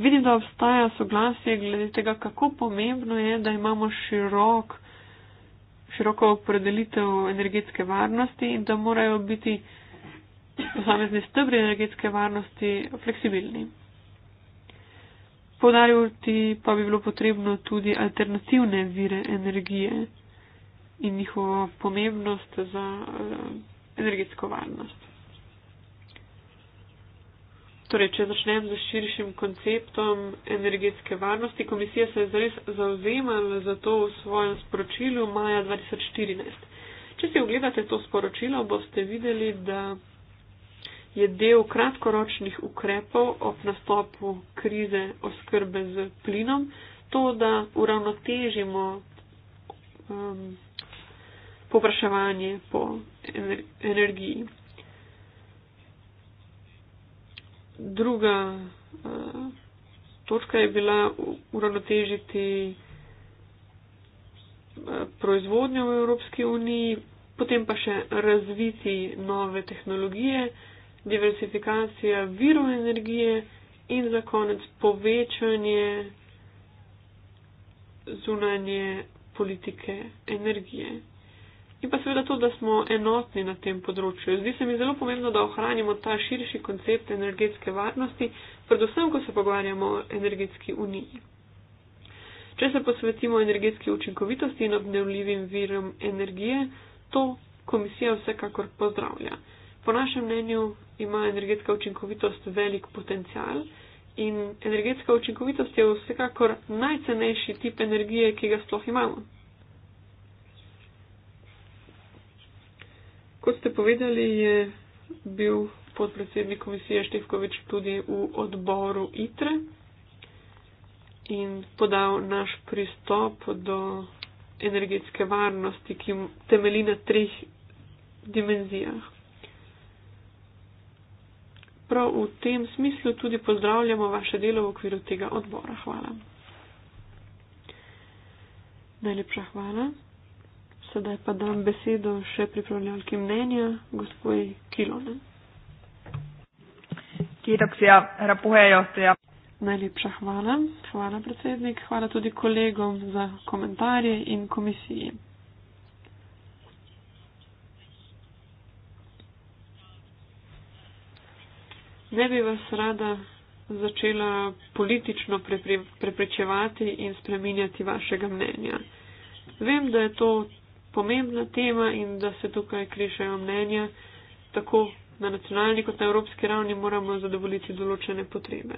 C: Vidim, da obstaja soglasje glede tega, kako pomembno je, da imamo širok široko opredelitev energetske varnosti in da morajo biti posamezni stebri energetske varnosti fleksibilni. Podarjati pa bi bilo potrebno tudi alternativne vire energije in njihovo pomembnost za eh, energetsko varnost. Torej, če začnem z širšim konceptom energetske varnosti, komisija se je zares zauzemala za to v svojem sporočilu maja 2014. Če si ogledate to sporočilo, boste videli, da je del kratkoročnih ukrepov ob nastopu krize oskrbe z plinom to, da uravnotežimo um, popraševanje po energiji. druga uh, točka je bila uravnotežiti eh, proizvodnjo v Evropski uniji, potem pa še razviti nove tehnologije, diversifikacija virov energije in za konec povečanje zunanje politike energije in pa seveda to, da smo enotni na tem področju. Zdi se mi zelo pomembno, da ohranimo ta širši koncept energetske varnosti, predvsem, ko se pogovarjamo o energetski uniji. Če se posvetimo energetski učinkovitosti in obnevljivim virom energije, to komisija vsekakor pozdravlja. Po našem mnenju ima energetska učinkovitost velik potencial in energetska učinkovitost je vsekakor najcenejši tip energije, ki ga sploh imamo. Kot ste povedali, je bil podpredsednik komisije Štefkovič tudi v odboru ITRE in podal naš pristop do energetske varnosti, ki temeli na treh dimenzijah. Prav v tem smislu tudi pozdravljamo vaše delo v okviru tega odbora. Hvala. Najlepša hvala. Sedaj pa dam besedo še pripravljalki mnenja, gospodi Kilonen. Kiitoksia, herra puheenjohtaja. Najlepša hvala. Hvala, predsednik. Hvala tudi kolegom za komentarje in komisiji. Ne bi vas rada začela politično prepričevati in spreminjati vašega mnenja. Vem, da je to pomembna tema in da se tukaj krišajo mnenja, tako na nacionalni kot na evropski ravni moramo zadovoljiti določene potrebe.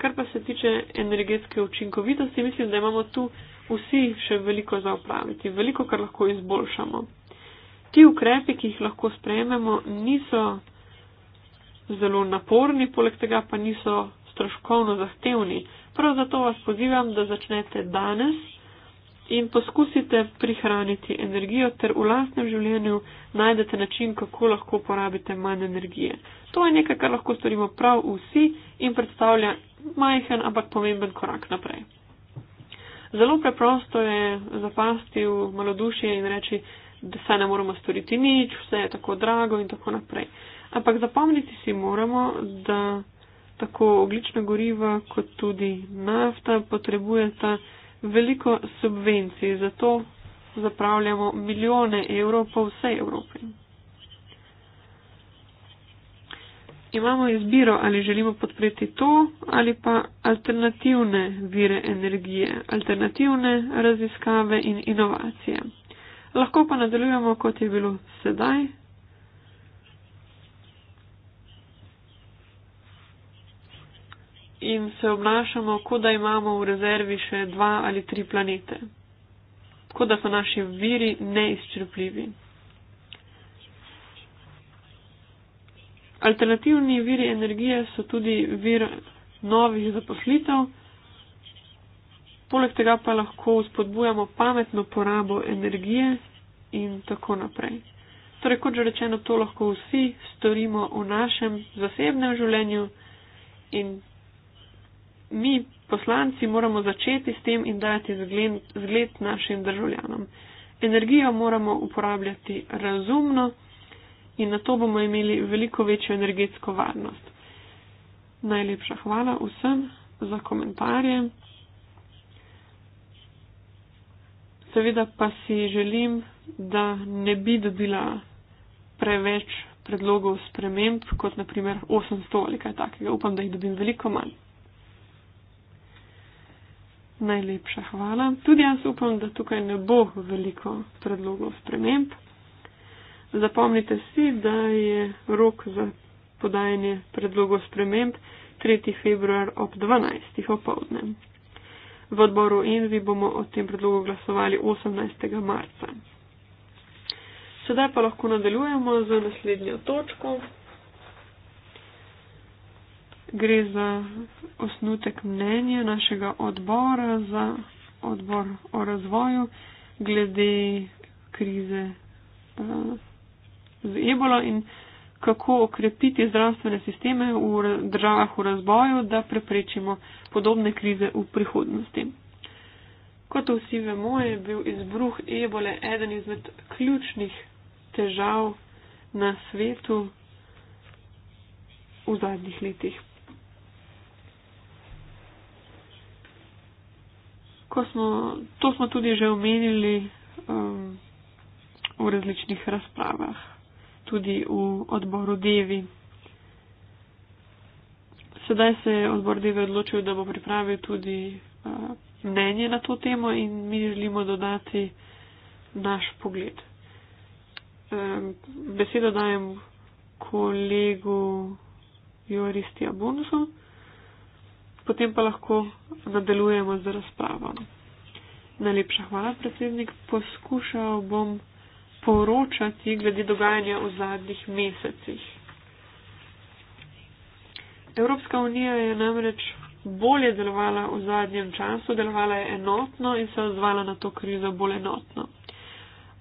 C: Kar pa se tiče energetske učinkovitosti, mislim, da imamo tu vsi še veliko za upraviti, veliko, kar lahko izboljšamo. Ti ukrepi, ki jih lahko sprejmemo, niso zelo naporni, poleg tega pa niso stroškovno zahtevni. Prav zato vas pozivam, da začnete danes in poskusite prihraniti energijo, ter v lastnem življenju najdete način, kako lahko porabite manj energije. To je nekaj, kar lahko storimo prav vsi in predstavlja majhen, ampak pomemben korak naprej. Zelo preprosto je zapasti v malodušje in reči, da se ne moramo storiti nič, vse je tako drago in tako naprej. Ampak zapomniti si moramo, da tako oglična goriva kot tudi nafta potrebujeta ta veliko subvencij, zato zapravljamo milijone evrov po vsej Evropi. Imamo izbiro, ali želimo podpreti to ali pa alternativne vire energije, alternativne raziskave in inovacije. Lahko pa nadaljujemo, kot je bilo sedaj, in se obnašamo, kot da imamo v rezervi še dva ali tri planete, kot da so naši viri neizčrpljivi. Alternativni viri energije so tudi vir novih zaposlitev, poleg tega pa lahko spodbujamo pametno porabo energije in tako naprej. Torej, kot že rečeno, to lahko vsi storimo v našem zasebnem življenju in mi poslanci moramo začeti s tem in dati zgled, zgled našim državljanom. Energijo moramo uporabljati razumno in na to bomo imeli veliko večjo energetsko varnost. Najlepša hvala vsem za komentarje. Seveda pa si želim, da ne bi dobila preveč predlogov sprememb, kot naprimer 800 ali kaj takega. Upam, da jih dobim veliko manj. Najlepša hvala. Tudi jaz upam, da tukaj ne bo veliko predlogov sprememb. Zapomnite si, da je rok za podajanje predlogov sprememb 3. februar ob 12. opovdne. V odboru Envi bomo o tem predlogu glasovali 18. marca. Sedaj pa lahko nadaljujemo z naslednjo točko gre za osnutek mnenja našega odbora za odbor o razvoju glede krize eh, z ebolo in kako okrepiti zdravstvene sisteme v državah v razvoju, da preprečimo podobne krize v prihodnosti. Kot vsi vemo, je bil izbruh ebole eden izmed ključnih težav na svetu v zadnjih letih, ko smo, to smo tudi že omenili um, v različnih razpravah, tudi v odboru Devi. Sedaj se je odbor Devi odločil, da bo pripravil tudi uh, mnenje na to temo in mi želimo dodati naš pogled. Um, besedo dajem kolegu Joristi Abunusom potem pa lahko nadaljujemo z razpravo. Najlepša hvala, predsednik. Poskušal bom poročati glede dogajanja v zadnjih mesecih. Evropska unija je namreč bolje delovala v zadnjem času, delovala je enotno in se odzvala na to krizo bolj enotno.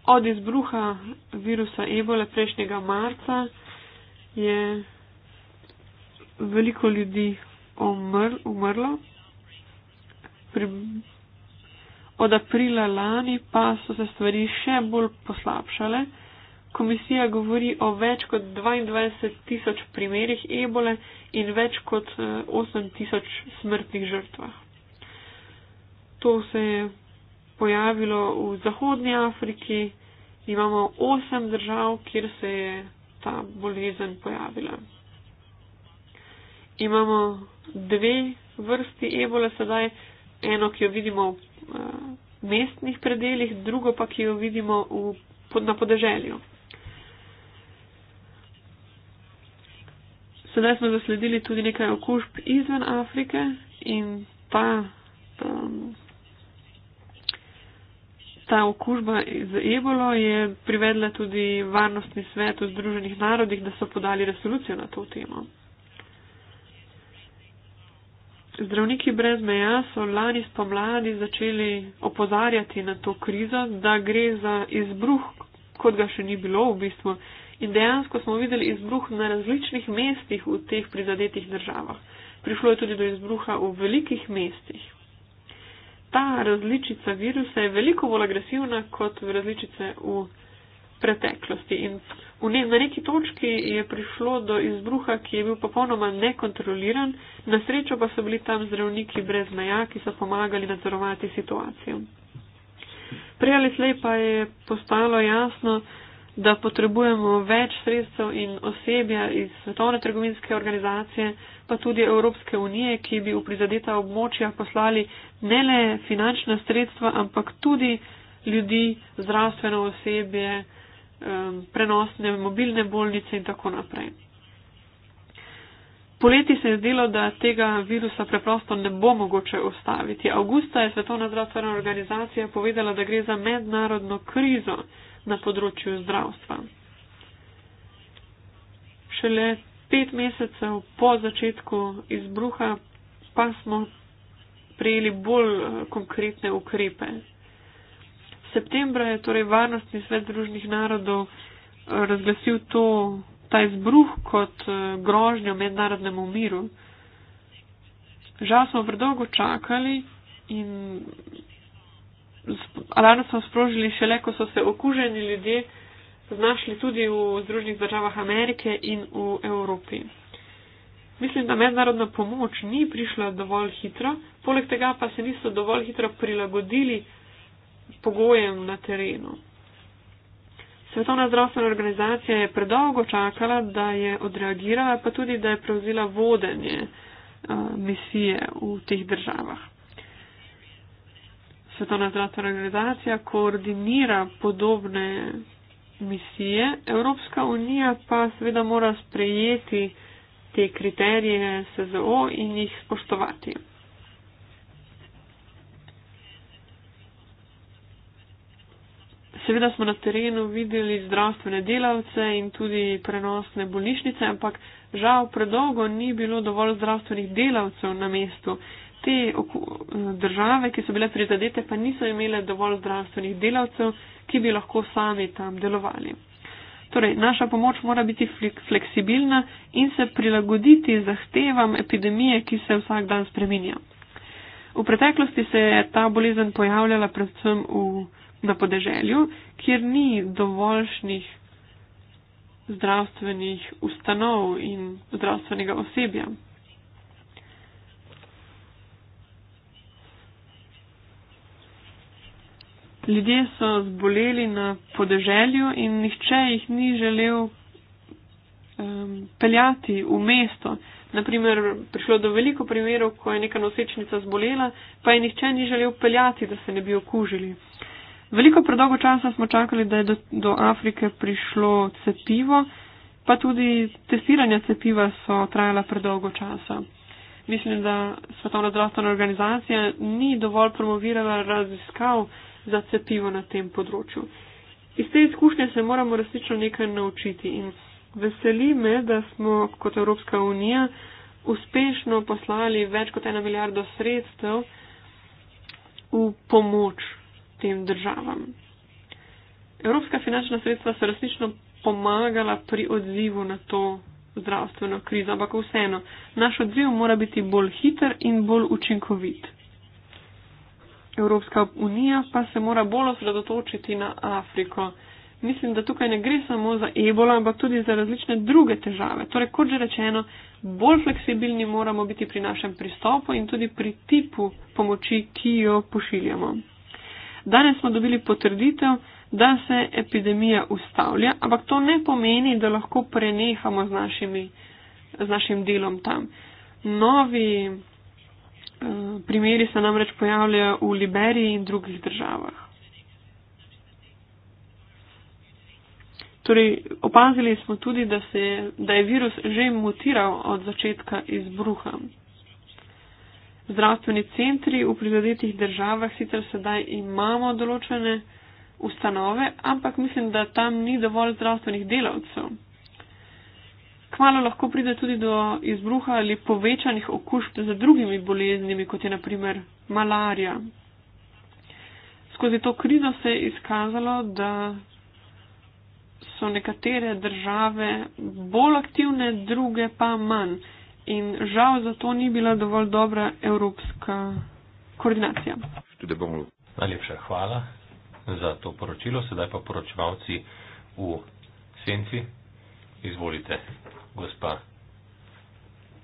C: Od izbruha virusa ebole prejšnjega marca je veliko ljudi omr, umrlo. Pri, od aprila lani pa so se stvari še bolj poslabšale. Komisija govori o več kot 22 tisoč primerjih ebole in več kot 8 eh, tisoč smrtnih žrtvah. To se je pojavilo v Zahodnji Afriki. Imamo 8 držav, kjer se je ta bolezen pojavila imamo dve vrsti ebole sedaj. Eno, ki jo vidimo v eh, mestnih predeljih, drugo pa, ki jo vidimo v, na podeželju. Sedaj smo zasledili tudi nekaj okužb izven Afrike in ta, um, ta okužba z ebolo je privedla tudi varnostni svet v Združenih narodih, da so podali resolucijo na to temo. Zdravniki brez meja so lani spomladi začeli opozarjati na to krizo, da gre za izbruh, kot ga še ni bilo v bistvu. In dejansko smo videli izbruh na različnih mestih v teh prizadetih državah. Prišlo je tudi do izbruha v velikih mestih. Ta različica virusa je veliko bolj agresivna kot različice v preteklosti. In V ne, na neki točki je prišlo do izbruha, ki je bil popolnoma nekontroliran, na srečo pa so bili tam zdravniki brez meja, ki so pomagali nadzorovati situacijo. Prej ali slej pa je postalo jasno, da potrebujemo več sredstev in osebja iz Svetovne trgovinske organizacije, pa tudi Evropske unije, ki bi v prizadeta območja poslali ne le finančna sredstva, ampak tudi ljudi, zdravstveno osebje, um, prenosne mobilne bolnice in tako naprej. Poleti se je zdelo, da tega virusa preprosto ne bo mogoče ustaviti. Augusta je Svetovna zdravstvena organizacija povedala, da gre za mednarodno krizo na področju zdravstva. Šele pet mesecev po začetku izbruha pa smo prejeli bolj eh, konkretne ukrepe septembra je torej Varnostni svet Združenih narodov eh, razglasil to, ta izbruh kot eh, grožnjo mednarodnemu miru. Žal smo predolgo čakali in alarm smo sprožili šele, ko so se okuženi ljudje znašli tudi v Združenih državah Amerike in v Evropi. Mislim, da mednarodna pomoč ni prišla dovolj hitro, poleg tega pa se niso dovolj hitro prilagodili pogojem na terenu. Svetovna zdravstvena organizacija je predolgo čakala, da je odreagirala, pa tudi, da je prevzela vodenje uh, misije v teh državah. Svetovna zdravstvena organizacija koordinira podobne misije, Evropska unija pa seveda mora sprejeti te kriterije SZO in jih spoštovati. Seveda smo na terenu videli zdravstvene delavce in tudi prenosne bolnišnice, ampak žal predolgo ni bilo dovolj zdravstvenih delavcev na mestu. Te države, ki so bile prizadete, pa niso imele dovolj zdravstvenih delavcev, ki bi lahko sami tam delovali. Torej, naša pomoč mora biti fleksibilna in se prilagoditi zahtevam epidemije, ki se vsak dan spreminja. V preteklosti se je ta bolezen pojavljala predvsem v na podeželju, kjer ni dovoljšnih zdravstvenih ustanov in zdravstvenega osebja. Ljudje so zboleli na podeželju in nihče jih ni želel um, peljati v mesto. Naprimer, prišlo do veliko primerov, ko je neka nosečnica zbolela, pa je nihče ni želel peljati, da se ne bi okužili. Veliko predolgo časa smo čakali, da je do, do Afrike prišlo cepivo, pa tudi testiranja cepiva so trajala predolgo časa. Mislim, da Svetovna zdravstvena organizacija ni dovolj promovirala raziskav za cepivo na tem področju. Iz te izkušnje se moramo resnično nekaj naučiti in veseli me, da smo kot Evropska unija uspešno poslali več kot eno milijardo sredstev v pomoč tem državam. Evropska finančna sredstva so resnično pomagala pri odzivu na to zdravstveno krizo, ampak vseeno, naš odziv mora biti bolj hiter in bolj učinkovit. Evropska unija pa se mora bolj osredotočiti na Afriko. Mislim, da tukaj ne gre samo za ebola, ampak tudi za različne druge težave. Torej, kot že rečeno, bolj fleksibilni moramo biti pri našem pristopu in tudi pri tipu pomoči, ki jo pošiljamo. Danes smo dobili potrditev, da se epidemija ustavlja, ampak to ne pomeni, da lahko prenehamo z, našimi, z našim delom tam. Novi eh, primeri se namreč pojavljajo v Liberiji in drugih državah. Torej, opazili smo tudi, da, se, da je virus že mutiral od začetka izbruha Zdravstveni centri v prizadetih državah sicer sedaj imamo določene ustanove, ampak mislim, da tam ni dovolj zdravstvenih delavcev. Kmalo lahko pride tudi do izbruha ali povečanih okužb za drugimi boleznimi, kot je naprimer malarija. Skozi to krizo se je izkazalo, da so nekatere države bolj aktivne, druge pa manj in žal zato ni bila dovolj dobra evropska koordinacija.
A: Najlepša hvala za to poročilo, sedaj pa poročevalci v senci. Izvolite, gospa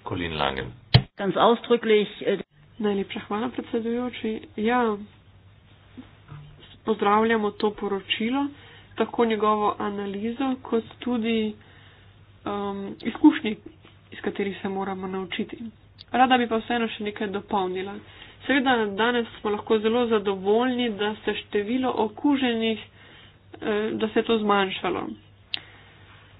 A: Kolin Langen.
C: Äh, Najlepša hvala, predsedujoči. Ja, pozdravljamo to poročilo, tako njegovo analizo, kot tudi um, izkušnje, iz katerih se moramo naučiti. Rada bi pa vseeno še nekaj dopolnila. Seveda danes smo lahko zelo zadovoljni, da se število okuženih, eh, da se je to zmanjšalo.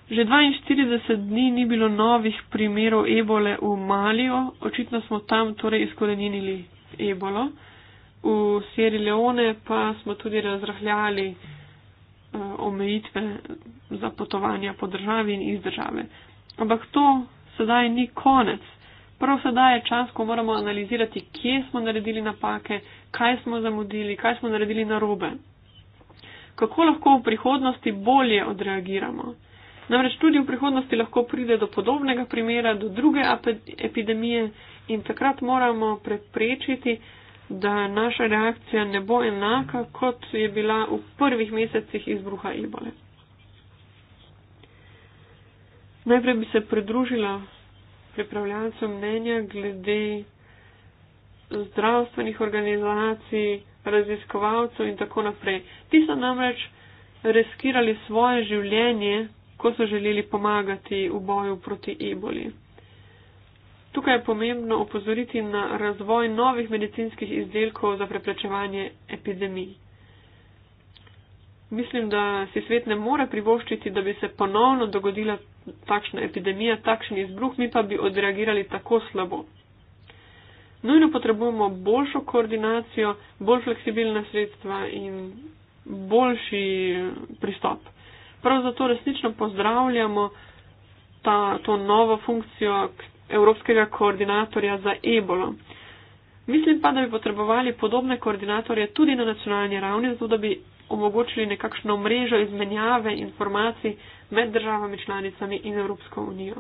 C: Že 42 dni ni bilo novih primerov ebole v Malijo, očitno smo tam torej izkorenili ebolo. V Sierra Leone pa smo tudi razrahljali eh, omejitve za potovanja po državi in iz države. Ampak to sedaj ni konec. Prav sedaj je čas, ko moramo analizirati, kje smo naredili napake, kaj smo zamudili, kaj smo naredili narobe. Kako lahko v prihodnosti bolje odreagiramo? Namreč tudi v prihodnosti lahko pride do podobnega primera, do druge epidemije in takrat moramo preprečiti, da naša reakcija ne bo enaka, kot je bila v prvih mesecih izbruha ebole. Najprej bi se pridružila pripravljalcem mnenja glede zdravstvenih organizacij, raziskovalcev in tako naprej. Ti so namreč reskirali svoje življenje, ko so želeli pomagati v boju proti eboli. Tukaj je pomembno opozoriti na razvoj novih medicinskih izdelkov za preprečevanje epidemij. Mislim, da si svet ne more privoščiti, da bi se ponovno dogodila takšna epidemija, takšen izbruh, mi pa bi odreagirali tako slabo. Nujno potrebujemo boljšo koordinacijo, bolj fleksibilna sredstva in boljši pristop. Prav zato resnično pozdravljamo ta, to novo funkcijo Evropskega koordinatorja za ebolo. Mislim pa, da bi potrebovali podobne koordinatorje tudi na nacionalni ravni, zato da bi omogočili nekakšno mrežo izmenjave informacij med državami članicami in Evropsko unijo.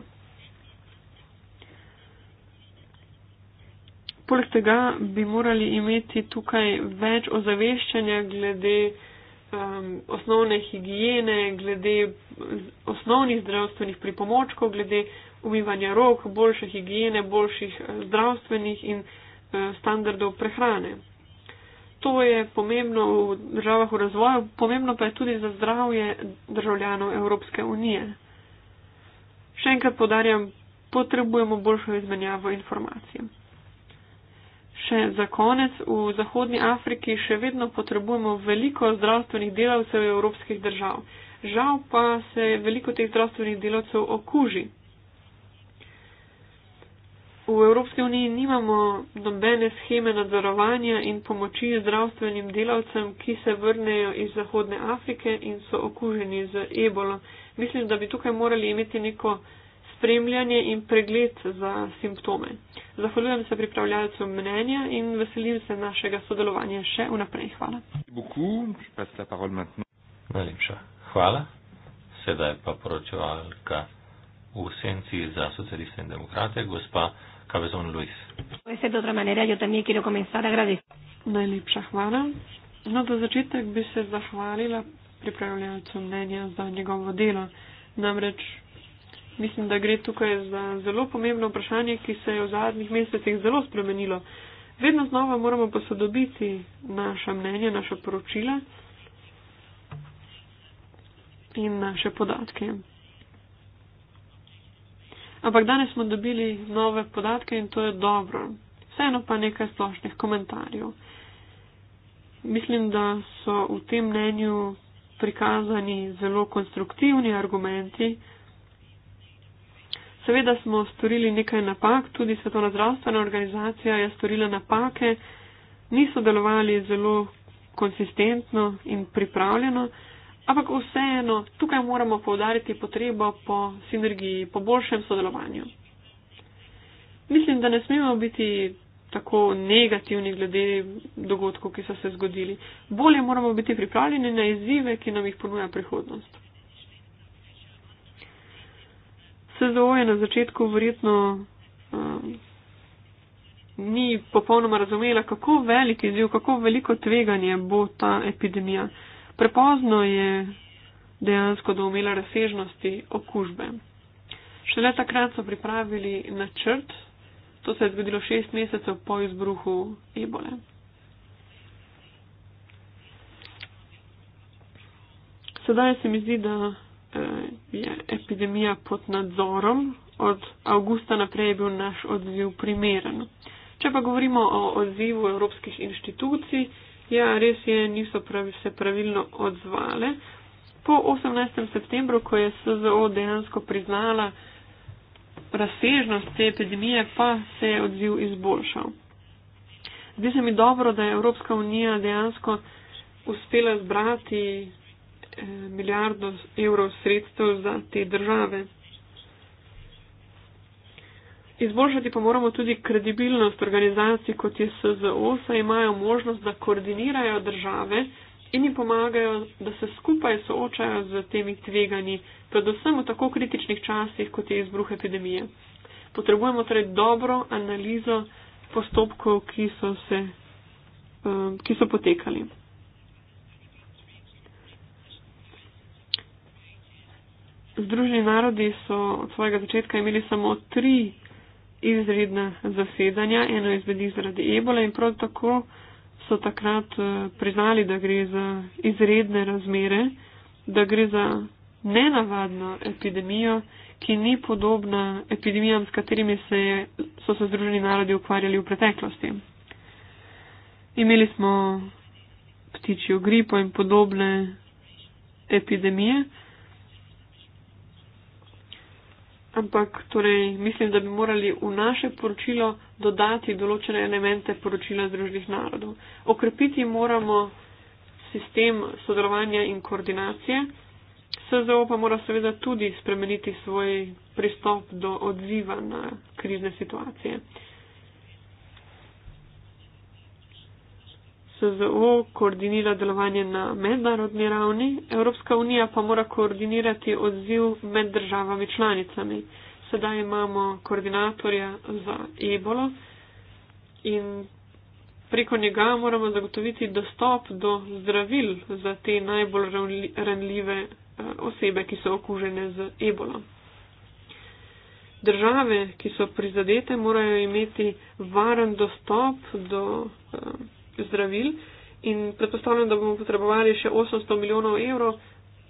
C: Poleg tega bi morali imeti tukaj več ozaveščanja glede um, osnovne higiene, glede osnovnih zdravstvenih pripomočkov, glede umivanja rok, boljše higiene, boljših eh, zdravstvenih in uh, standardov prehrane to je pomembno v državah v razvoju, pomembno pa je tudi za zdravje državljanov Evropske unije. Še enkrat podarjam, potrebujemo boljšo izmenjavo informacij. Še za konec, v Zahodnji Afriki še vedno potrebujemo veliko zdravstvenih delavcev evropskih držav. Žal pa se veliko teh zdravstvenih delavcev okuži. V Evropski uniji nimamo nobene scheme nadzorovanja in pomoči zdravstvenim delavcem, ki se vrnejo iz Zahodne Afrike in so okuženi z ebolo. Mislim, da bi tukaj morali imeti neko spremljanje in pregled za simptome. Zahvaljujem se pripravljalcu mnenja in veselim se našega sodelovanja še vnaprej. Hvala.
A: Najlepša hvala. Sedaj pa poročevalka v senci za socialiste in demokrate, gospa. Cabezón Luis.
C: Puede ser de otra manera, yo también quiero comenzar agradeciendo. No, za začetek bi se zahvalila pripravljalcu mnenja za njegovo delo. Namreč mislim, da gre tukaj za zelo pomembno vprašanje, ki se je v zadnjih mesecih zelo spremenilo. Vedno znova moramo posodobiti naša mnenja, naša poročila in naše podatke. Ampak danes smo dobili nove podatke in to je dobro. Vseeno pa nekaj splošnih komentarjev. Mislim, da so v tem mnenju prikazani zelo konstruktivni argumenti. Seveda smo storili nekaj napak, tudi Svetovna zdravstvena organizacija je storila napake, niso delovali zelo konsistentno in pripravljeno. Ampak vseeno, tukaj moramo povdariti potrebo po sinergiji, po boljšem sodelovanju. Mislim, da ne smemo biti tako negativni glede dogodkov, ki so se zgodili. Bolje moramo biti pripravljeni na izzive, ki nam jih ponuja prihodnost. SZO je na začetku verjetno um, ni popolnoma razumela, kako velik izziv, kako veliko tveganje bo ta epidemija. Prepozno je dejansko doumela razsežnosti okužbe. Šele takrat so pripravili načrt, to se je zgodilo šest mesecev po izbruhu ebole. Sedaj se mi zdi, da eh, je epidemija pod nadzorom. Od avgusta naprej je bil naš odziv primeren. Če pa govorimo o odzivu evropskih inštitucij, Ja, res je, niso pravi, se pravilno odzvale. Po 18. septembru, ko je SZO dejansko priznala razsežnost te epidemije, pa se je odziv izboljšal. Zdi se mi dobro, da je Evropska unija dejansko uspela zbrati eh, milijardo evrov sredstev za te države. Izboljšati pa moramo tudi kredibilnost organizacij, kot je SZO, saj imajo možnost, da koordinirajo države in jim pomagajo, da se skupaj soočajo z temi tveganji, predvsem v tako kritičnih časih, kot je izbruh epidemije. Potrebujemo torej dobro analizo postopkov, ki so, se, um, ki so potekali. Združeni narodi so od svojega začetka imeli samo tri izredna zasedanja, eno izmed njih zaradi ebole in prav tako so takrat eh, priznali, da gre za izredne razmere, da gre za nenavadno epidemijo, ki ni podobna epidemijam, s katerimi se je, so se združeni narodi ukvarjali v preteklosti. Imeli smo ptičjo gripo in podobne epidemije. ampak torej, mislim, da bi morali v naše poročilo dodati določene elemente poročila Združenih narodov. Okrepiti moramo sistem sodelovanja in koordinacije. SZO pa mora seveda tudi spremeniti svoj pristop do odziva na krizne situacije. SZO koordinira delovanje na mednarodni ravni, Evropska unija pa mora koordinirati odziv med državami članicami. Sedaj imamo koordinatorja za ebolo in preko njega moramo zagotoviti dostop do zdravil za te najbolj ranljive eh, osebe, ki so okužene z ebolo. Države, ki so prizadete, morajo imeti varen dostop do. Um, zdravil in predpostavljam, da bomo potrebovali še 800 milijonov evrov,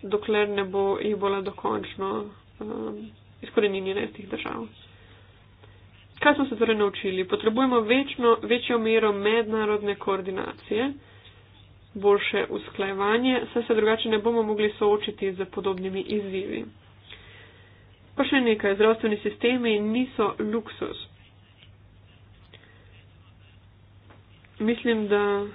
C: dokler ne bo ebola dokončno um, izkoreninjena iz tih držav. Kaj smo se torej naučili? Potrebujemo večno, večjo mero mednarodne koordinacije, boljše usklajevanje, saj se drugače ne bomo mogli soočiti z podobnimi izzivi. Pa še nekaj, zdravstveni sistemi niso luksus. mislim, da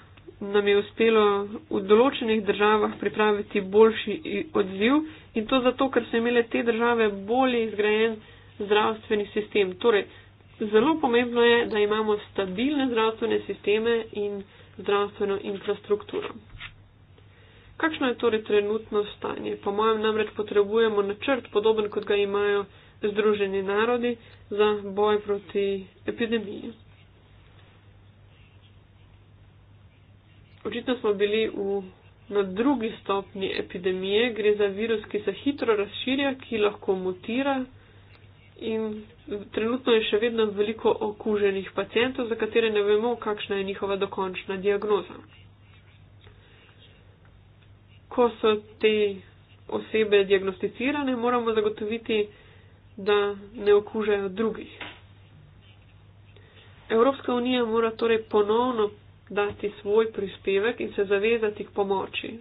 C: nam je uspelo v določenih državah pripraviti boljši odziv in to zato, ker so imele te države bolje izgrajen zdravstveni sistem. Torej, zelo pomembno je, da imamo stabilne zdravstvene sisteme in zdravstveno infrastrukturo. Kakšno je torej trenutno stanje? Po mojem namreč potrebujemo načrt, podoben kot ga imajo Združeni narodi, za boj proti epidemiji. očitno smo bili v, na drugi stopni epidemije, gre za virus, ki se hitro razširja, ki lahko mutira in trenutno je še vedno veliko okuženih pacijentov, za katere ne vemo, kakšna je njihova dokončna diagnoza. Ko so te osebe diagnosticirane, moramo zagotoviti, da ne okužajo drugih. Evropska unija mora torej ponovno dati svoj prispevek in se zavezati k pomoči.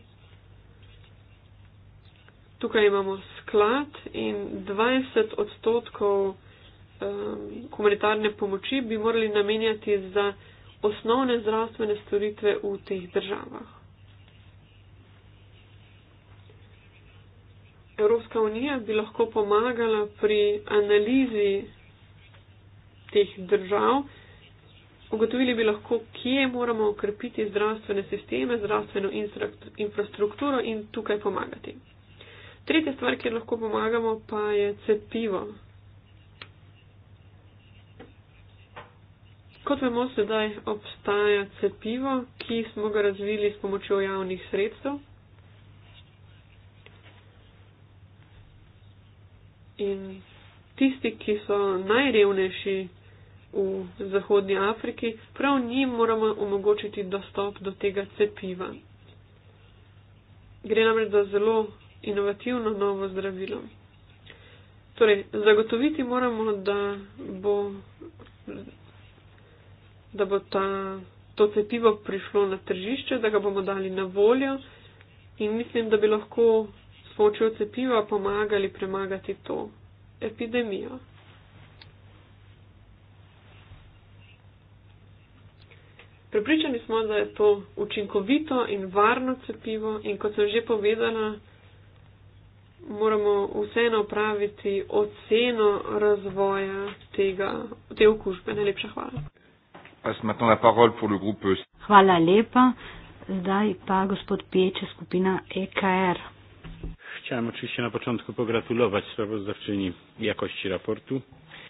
C: Tukaj imamo sklad in 20 odstotkov um, humanitarne pomoči bi morali namenjati za osnovne zdravstvene storitve v teh državah. Evropska unija bi lahko pomagala pri analizi teh držav, Ugotovili bi lahko, kje moramo ukrepiti zdravstvene sisteme, zdravstveno infrastrukturo in tukaj pomagati. Tretja stvar, kjer lahko pomagamo, pa je cepivo. Kot vemo, sedaj obstaja cepivo, ki smo ga razvili s pomočjo javnih sredstev. In tisti, ki so najrevnejši, v Zahodnji Afriki, prav njim moramo omogočiti dostop do tega cepiva. Gre namreč za zelo inovativno novo zdravilo. Torej, zagotoviti moramo, da bo, da bo ta, to cepivo prišlo na tržišče, da ga bomo dali na voljo in mislim, da bi lahko s pomočjo cepiva pomagali premagati to epidemijo. Pripričani smo, da je to učinkovito in varno cepivo in kot sem že povedala, moramo vseeno praviti oceno razvoja tega, te okužbe. Najlepša hvala. E.
B: Hvala lepa. Zdaj pa gospod Peče, skupina EKR.
A: Chciałem oczywiście na początku pogratulować sprawozdawczyni jakości raportu.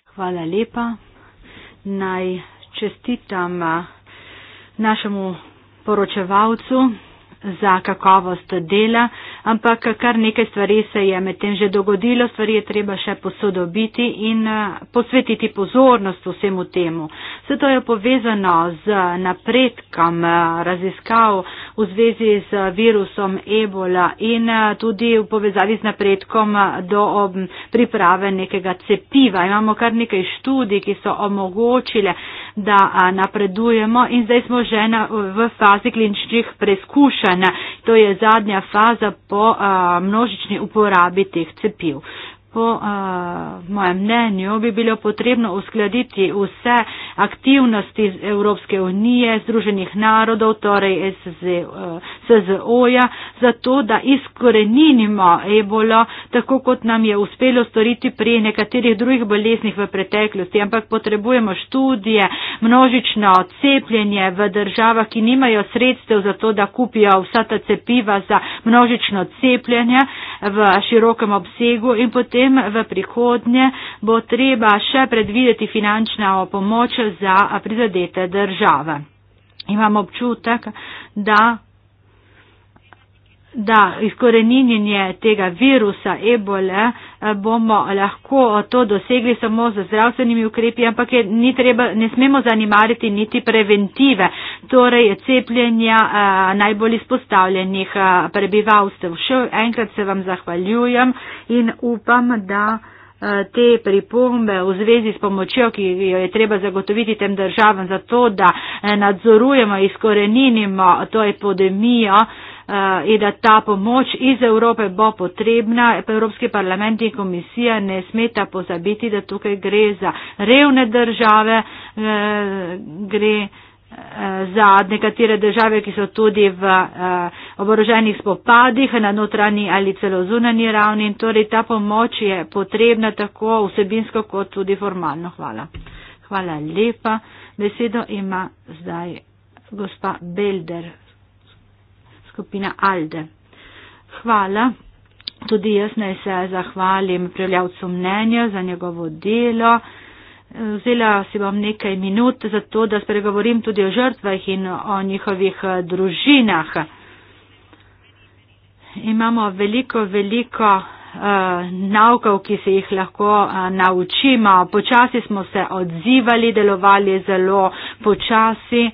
B: Hvala lepa. Najczęściej našemu poročevalcu, za kakovost dela, ampak kar nekaj stvari se je medtem že dogodilo, stvari je treba še posodobiti in eh, posvetiti pozornost vsemu temu. Vse to je povezano z napredkom eh, raziskav v zvezi z virusom ebola in eh, tudi v povezavi z napredkom do priprave nekega cepiva. Imamo kar nekaj študij, ki so omogočile, da napredujemo in zdaj smo že na, v fazi kliničnih preizkušenj vprašanja. To je zadnja faza po a, množični uporabi teh cepiv. Po uh, mojem mnenju bi bilo potrebno uskladiti vse aktivnosti Evropske unije, Združenih narodov, torej SZO-ja, eh, zato da izkorenimo ebolo, tako kot nam je uspelo storiti pri nekaterih drugih boleznih v preteklosti. Ampak potrebujemo študije, množično cepljenje v državah, ki nimajo sredstev za to, da kupijo vsa ta cepiva za množično cepljenje v širokem obsegu in potem potem v prihodnje bo treba še predvideti finančno pomoč za prizadete države. Imam občutek, da da izkoreninjenje tega virusa ebole eh, bomo lahko to dosegli samo z zdravstvenimi ukrepi, ampak je, ni treba, ne smemo zanimariti niti preventive, torej cepljenja eh, najbolj izpostavljenih eh, prebivalstev. Še enkrat se vam zahvaljujem in upam, da te pripombe v zvezi s pomočjo, ki jo je treba zagotoviti tem državam za to, da nadzorujemo, izkoreninimo to epidemijo, Eh, in da ta pomoč iz Evrope bo potrebna. Evropski parlament in komisija ne smeta pozabiti, da tukaj gre za revne države, eh, gre eh, za nekatere države, ki so tudi v oboroženih spopadih na notranji ali celo zunanji ravni. In torej ta pomoč je potrebna tako vsebinsko kot tudi formalno. Hvala. Hvala lepa. Besedo ima zdaj gospa Belder skupina Alde. Hvala. Tudi jaz naj se zahvalim prijavljavcu mnenja za njegovo delo. Vzela si bom nekaj minut za to, da spregovorim tudi o žrtvah in o njihovih družinah. Imamo veliko, veliko uh, eh, naukov, ki se jih lahko uh, naučimo. Počasi smo se odzivali, delovali zelo počasi,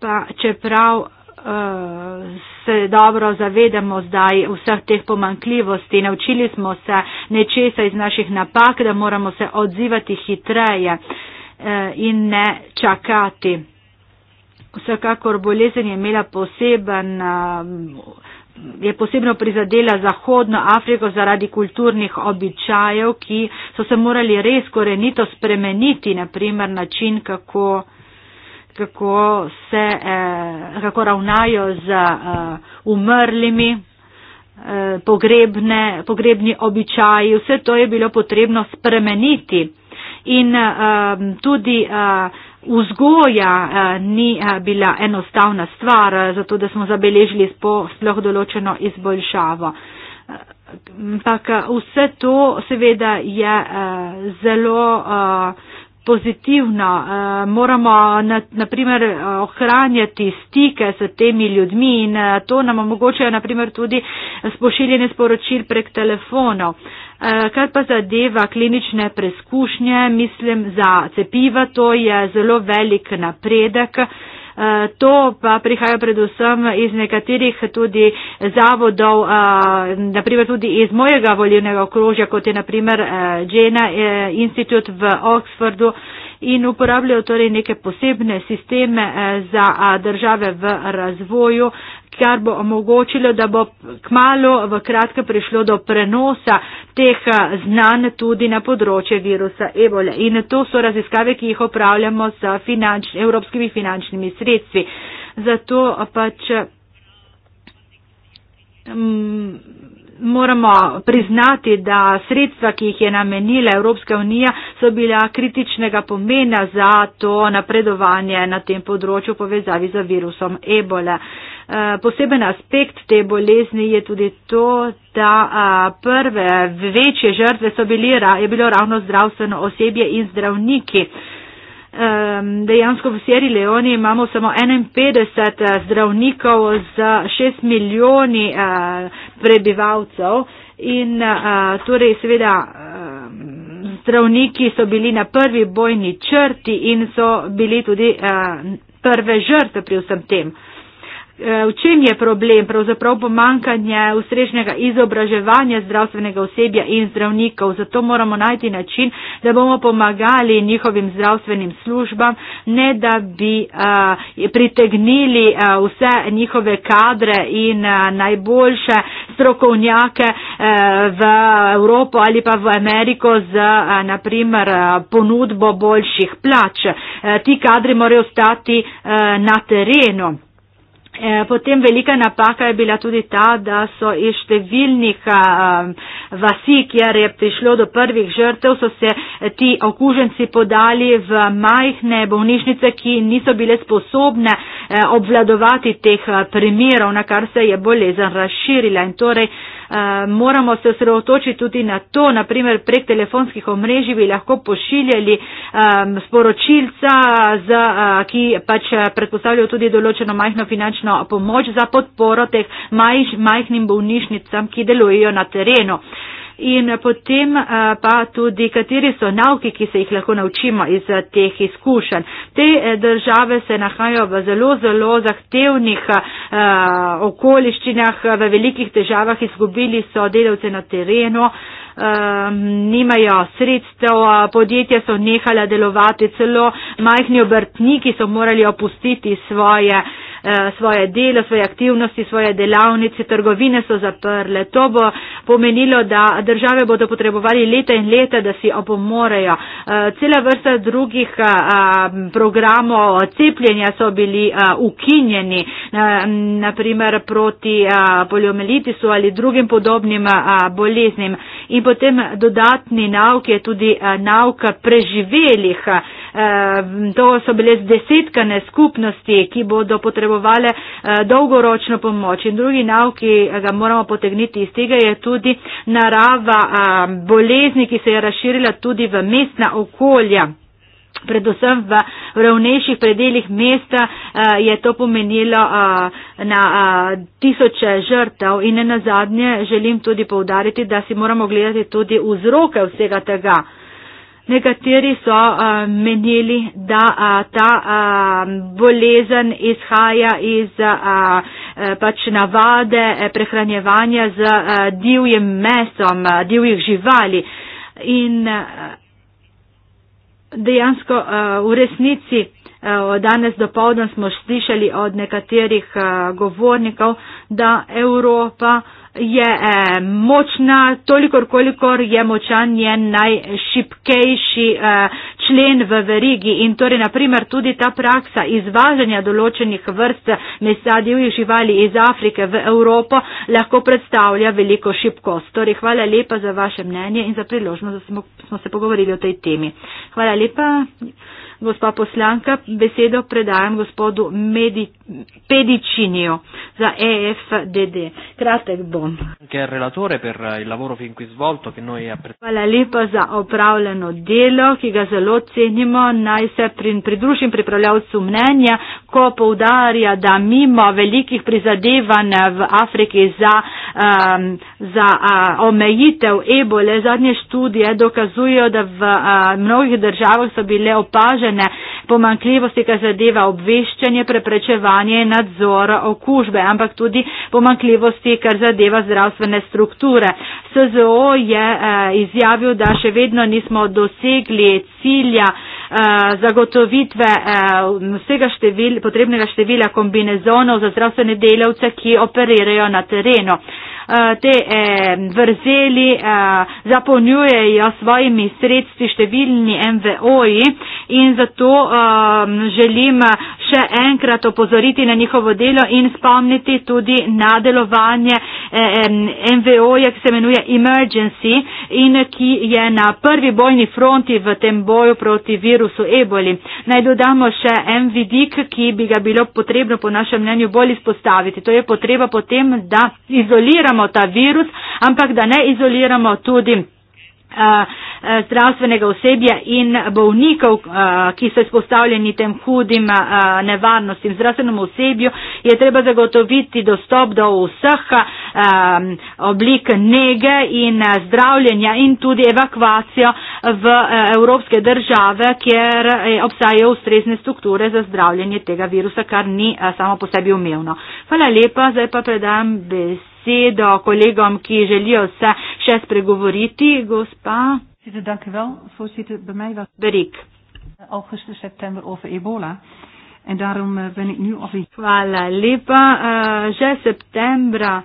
B: pa čeprav uh, se dobro zavedamo zdaj vseh teh pomankljivosti. Naučili smo se nečesa iz naših napak, da moramo se odzivati hitreje uh, in ne čakati. Vsekakor bolezen je imela poseben. Uh, je posebno prizadela Zahodno Afriko zaradi kulturnih običajev, ki so se morali res korenito spremeniti, naprimer način, kako kako se, eh, kako ravnajo z eh, umrlimi, eh, pogrebne, pogrebni običaji, vse to je bilo potrebno spremeniti. In eh, tudi eh, vzgoja eh, ni eh, bila enostavna stvar, eh, zato da smo zabeležili sploh določeno izboljšavo. Eh, ampak eh, vse to seveda je eh, zelo. Eh, pozitivna, eh, moramo naprimer eh, ohranjati stike s temi ljudmi in eh, to nam omogočajo naprimer tudi spošiljene sporočil prek telefonov. Kar pa zadeva klinične preskušnje, mislim za cepiva, to je zelo velik napredek. Eh, to pa prihaja predvsem iz nekaterih tudi zavodov, eh, naprimer tudi iz mojega volivnega okrožja, kot je naprimer Džena eh, institut v Oxfordu, in uporabljajo torej neke posebne sisteme eh, za države v razvoju, kar bo omogočilo, da bo kmalo v kratke prišlo do prenosa teh eh, znanj tudi na področje virusa ebole. In to so raziskave, ki jih opravljamo z finanč, evropskimi finančnimi sredstvi. Zato pač. Um, moramo priznati, da sredstva, ki jih je namenila Evropska unija, so bila kritičnega pomena za to napredovanje na tem področju v povezavi z virusom ebole. Eh, poseben aspekt te bolezni je tudi to, da eh, prve večje žrtve so bili, je bilo ravno zdravstveno osebje in zdravniki um, dejansko v Sierra Leone imamo samo 51 eh, zdravnikov za 6 milijoni uh, prebivalcev in uh, torej seveda. Um, Zdravniki so bili na prvi bojni črti in so bili tudi uh, prve žrtve pri vsem tem. Uh, Eh, v čem je problem, pravzaprav pomankanje ustrežnega izobraževanja zdravstvenega osebja in zdravnikov. Zato moramo najti način, da bomo pomagali njihovim zdravstvenim službam, ne da bi eh, pritegnili eh, vse njihove kadre in najboljše strokovnjake v Evropo ali pa v Ameriko z naprimer ponudbo boljših plač. Ti kadri morajo ostati na terenu. Eh, potem velika napaka je bila tudi ta, da so iz številnih eh, vasi, kjer je prišlo do prvih žrtev, so se eh, ti okuženci podali v majhne bolnišnice, ki niso bile sposobne obvladovati teh primerov, na kar se je bolezen razširila. In torej Eh, moramo se osredotočiti tudi na to, naprimer prek telefonskih omrežij bi lahko pošiljali um, sporočilca, za, uh, eh, ki pač eh, predpostavljajo tudi določeno majhno finančno pomoč za podporo teh majh, majhnim bolnišnicam, ki delujejo na terenu. Uh, in potem eh, pa tudi, kateri so nauki, ki se jih lahko naučimo iz eh, teh izkušenj. Te eh, države se nahajajo v zelo, zelo zahtevnih okoliščinah, v velikih težavah, izgubili so delavce na terenu. Um, nimajo sredstev, podjetja so nehala delovati, celo majhni obrtniki so morali opustiti svoje uh, Eh, svoje delo, svoje aktivnosti, svoje delavnice, trgovine so zaprle. To bo pomenilo, da države bodo potrebovali leta in leta, da si opomorejo. Eh, cela vrsta drugih eh, programov cepljenja so bili ukinjeni, naprimer proti poliomelitisu ali drugim podobnim boleznim. In potem dodatni nauk je tudi nauk preživelih. To so bile zdesetkane skupnosti, ki bodo potrebovali potrebovale eh, dolgoročno pomoč. In drugi nauk, ki eh, ga moramo potegniti iz tega, je tudi narava eh, bolezni, ki se je razširila tudi v mestna okolja. Predvsem v ravnejših predeljih mesta je to pomenilo na tisoče žrtev in na zadnje želim tudi povdariti, da si moramo gledati tudi vzroke vsega tega. Nekateri so uh, menili, da uh, ta uh, bolezen izhaja iz uh, pač navade e, prehranjevanja z uh, divjim mesom, uh, divjih živali. In uh, dejansko uh, v resnici uh, danes do povdan smo slišali od nekaterih uh, govornikov, da Evropa uh, je eh, močna, tolikor kolikor je močan njen najšipkejši eh, člen v verigi. In torej, naprimer, tudi ta praksa izvažanja določenih vrst mesa divjih živali iz Afrike v Evropo lahko predstavlja veliko šipkost. Torej, hvala lepa za vaše mnenje in za priložnost, da smo, smo se pogovorili o tej temi. Hvala lepa, gospa poslanka. Besedo predajam gospodu Medici pedicinio da EFDD. Kratek bom.
C: Ker relatore per il lavoro fin qui svolto che noi apprezziamo.
B: Hvala lepa za opravljeno delo, ki ga zelo cenimo. Naj se pridružim pripravljavcu mnenja, ko povdarja, da mimo velikih prizadevanj v Afriki za, um, za uh, omejitev ebole, zadnje študije dokazujejo, da v uh, mnogih državah so bile opažene uh, pomankljivosti, kar zadeva obveščanje, preprečevanje in nadzor okužbe, ampak tudi pomankljivosti, kar zadeva zdravstvene strukture. SZO je eh, izjavil, da še vedno nismo dosegli cilja eh, zagotovitve eh, vsega števil, potrebnega števila kombinezonov za zdravstvene delavce, ki operirajo na terenu. Eh, te eh, vrzeli eh, zapolnjujejo svojimi sredstvi številni MVO-ji in zato želim še enkrat opozoriti na njihovo delo in spomniti tudi na delovanje MVO-ja, ki se imenuje Emergency in ki je na prvi bojni fronti v tem boju proti virusu eboli. Naj dodamo še en vidik, ki bi ga bilo potrebno po našem mnenju bolj izpostaviti. To je potreba potem, da izoliramo izoliramo ta virus, ampak da ne izoliramo tudi eh, eh, zdravstvenega osebja in bolnikov, eh, ki so izpostavljeni tem hudim nevarnostim. Zdravstvenemu osebju je treba zagotoviti dostop do vseh oblik nege in zdravljenja in tudi evakvacijo v evropske države, kjer obstajajo ustrezne strukture za zdravljenje tega virusa, kar ni samo po sebi umevno. Hvala lepa, zdaj pa predam besedo besedo kolegom, ki želijo se še spregovoriti. Gospa Berik. Eh, Hvala lepa. Eh, že septembra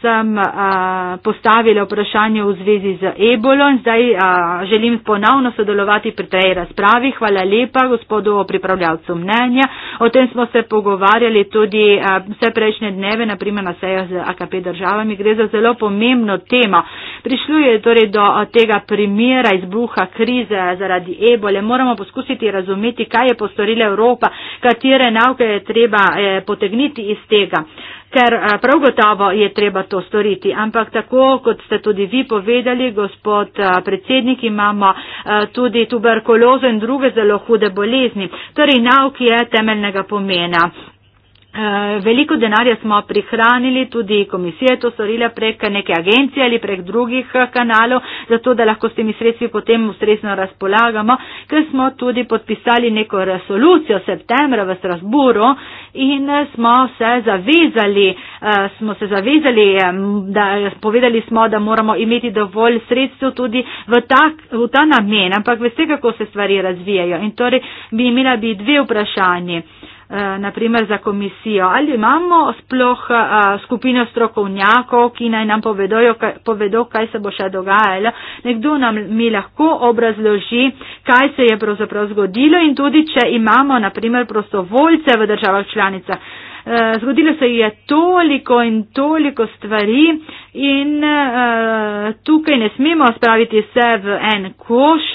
B: sem a, postavila vprašanje v zvezi z ebolo in zdaj a, želim ponovno sodelovati pri tej razpravi. Hvala lepa gospodu pripravljavcu mnenja. O tem smo se pogovarjali tudi a, vse prejšnje dneve, naprimer na sejah z AKP državami. Gre za zelo pomembno temo. Prišlo je torej do tega primera izbuha krize zaradi ebole. Moramo poskusiti razumeti, kaj je postorila Evropa, katere nauke je treba e, potegniti iz tega. E, ker prav gotovo je treba to storiti. Ampak tako, kot ste tudi vi povedali, gospod predsednik, imamo tudi tuberkulozo in druge zelo hude bolezni. Torej, nauk je temeljnega pomena. Eh, veliko denarja smo prihranili, tudi komisije to storile prek neke agencije ali prek drugih eh, kanalov, zato da lahko s temi sredstvi potem ustrezno razpolagamo, ker smo tudi podpisali neko resolucijo septembra v Strasburu in eh, smo se zavezali, smo se zavezali, da povedali smo, da moramo imeti dovolj sredstev tudi v ta, v ta namen, ampak veste, kako se stvari razvijajo. In torej bi imela bi dve vprašanje. Eh, na primer za komisijo. Ali imamo sploh eh, skupino strokovnjakov, ki naj nam povedo, povedo, kaj se bo še dogajalo. Nekdo nam mi lahko obrazloži, kaj se je pravzaprav zgodilo in tudi, če imamo na primer prostovoljce v državah članica. Eh, zgodilo se je toliko in toliko stvari in tukaj ne smemo spraviti vse v en koš,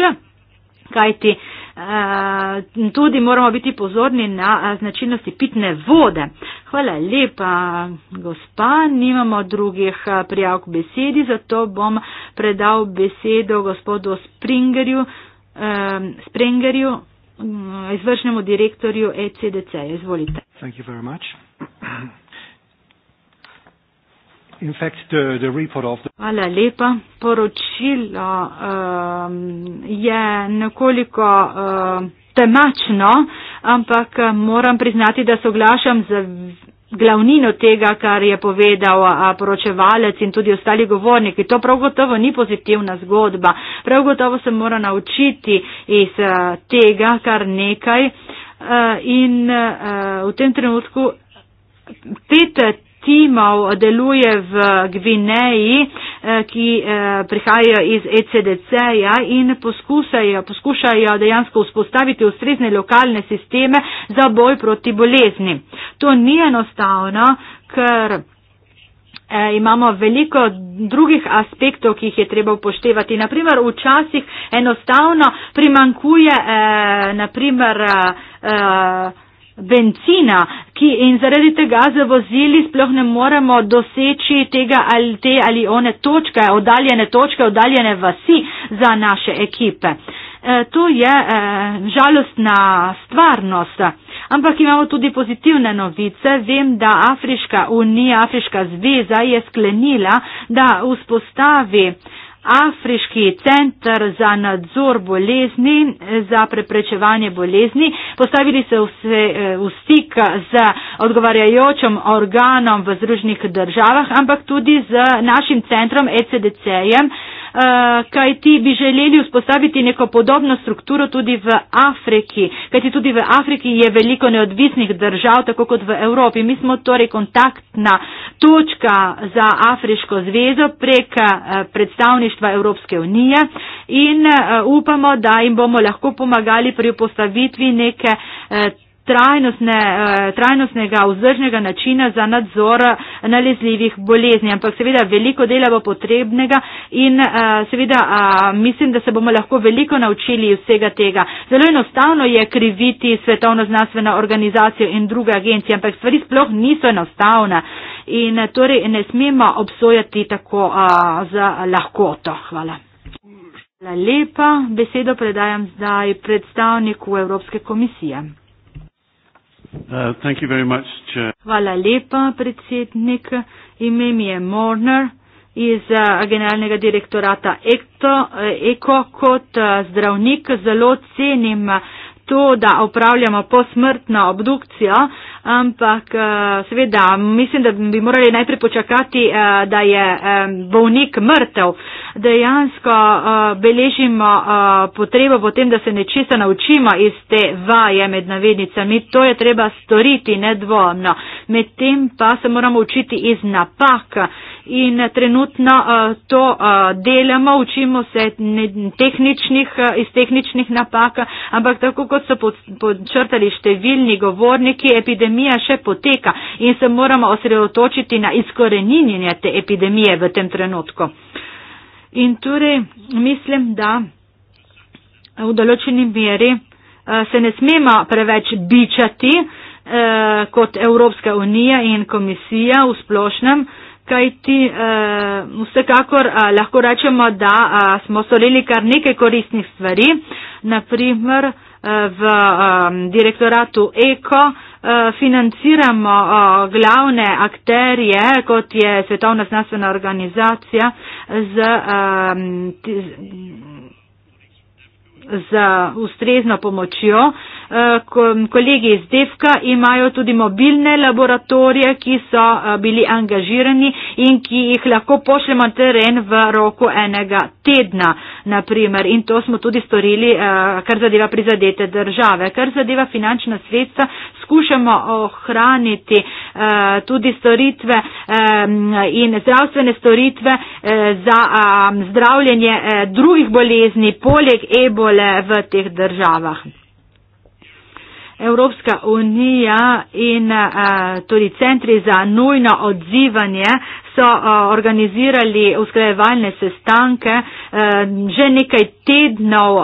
B: kajti Eh, tudi moramo biti pozorni na eh, značilnosti pitne vode. Hvala lepa, gospa. Nimamo drugih eh, prijav k besedi, zato bom predal besedo gospodu Springerju, eh, Springerju mm, izvršnemu direktorju ECDC. Izvolite.
C: Hvala lepa. fact, the, the report of the
B: Hvala lepa. Poročilo um, je nekoliko uh, temačno, ampak um, moram priznati, da soglašam z glavnino tega, kar je povedal poročevalec in tudi ostali govorniki. To prav gotovo ni pozitivna zgodba. Prav gotovo se mora naučiti iz uh, tega kar nekaj. Uh, in uh, v tem trenutku pet timov deluje v Gvineji, eh, ki eh, prihajajo iz ECDC-ja in poskusajo, poskušajo dejansko vzpostaviti ustrezne lokalne sisteme za boj proti bolezni. To ni enostavno, ker eh, imamo veliko drugih aspektov, ki jih je treba upoštevati. Naprimer, včasih enostavno primankuje, naprimer, bencina, ki in zaradi tega z vozili sploh ne moremo doseči tega ali te ali one točke, oddaljene točke, oddaljene vasi za naše ekipe. E, to je e, žalostna stvarnost. Ampak imamo tudi pozitivne novice. Vem, da Afriška unija, Afriška zveza je sklenila, da vzpostavi Afriški centar za nadzor bolezni, za preprečevanje bolezni, postavili se vse eh, v stik z odgovarjajočim organom v Združenih državah, ampak tudi z našim centrom ECDC-jem. Eh, kaj ti bi želeli vzpostaviti neko podobno strukturo tudi v Afriki, kaj ti tudi v Afriki je veliko neodvisnih držav, tako kot v Evropi. Mi smo torej kontaktna točka za Afriško zvezo prek eh, predstavništva Evropske unije in eh, upamo, da jim bomo lahko pomagali pri postavitvi neke trajnostne, eh, trajnostnega vzdržnega načina za nadzor eh, nalezljivih bolezni. Ampak seveda veliko dela bo potrebnega in eh, seveda mislim, da se bomo lahko veliko naučili iz vsega tega. Zelo enostavno je kriviti svetovno znanstveno organizacijo in druge agencije, ampak stvari sploh niso enostavne. In torej ne smemo obsojati tako a, za lahkoto. Hvala. Hvala lepa. Besedo predajam zdaj predstavniku Evropske komisije.
C: Uh,
B: Hvala lepa, predsednik. Ime mi je Morner iz uh, generalnega direktorata ECO. Eh, Kot eh, zdravnik zelo cenim to, da upravljamo posmrtno obdukcijo ampak eh, seveda mislim, da bi morali najprej počakati, eh, da je eh, bolnik mrtev. Dejansko beležimo potrebo potem, da se nečista naučimo iz te vaje med navednicami. To je treba storiti nedvomno. Medtem pa se moramo učiti iz napaka in trenutno uh, to uh, delamo, učimo se ne, tehničnih, uh, iz tehničnih napak, ampak tako kot so podčrtali številni govorniki, epidemija še poteka in se moramo osredotočiti na izkoreninjenje te epidemije v tem trenutku. In torej mislim, da v določeni meri uh, se ne smemo preveč bičati uh, kot Evropska unija in komisija v splošnem, uh, kajti uh, vsekakor uh, lahko rečemo, da uh, smo storili kar nekaj koristnih stvari, naprimer uh, v um, direktoratu Eko financiramo glavne akterje, kot je Svetovna znanstvena organizacija, z, z, z ustrezno pomočjo, Eh, kolegi iz DEFKA imajo tudi mobilne laboratorije, ki so eh, bili angažirani in ki jih lahko pošljemo na teren v roku enega tedna, naprimer. In to smo tudi storili, eh, kar zadeva prizadete države. Kar zadeva finančna sredstva, skušamo ohraniti tudi storitve in zdravstvene storitve za zdravljenje drugih bolezni poleg ebole v teh državah. Evropska unija in eh, tudi centri za nujno odzivanje so eh, organizirali usklajevalne sestanke eh, že nekaj tednov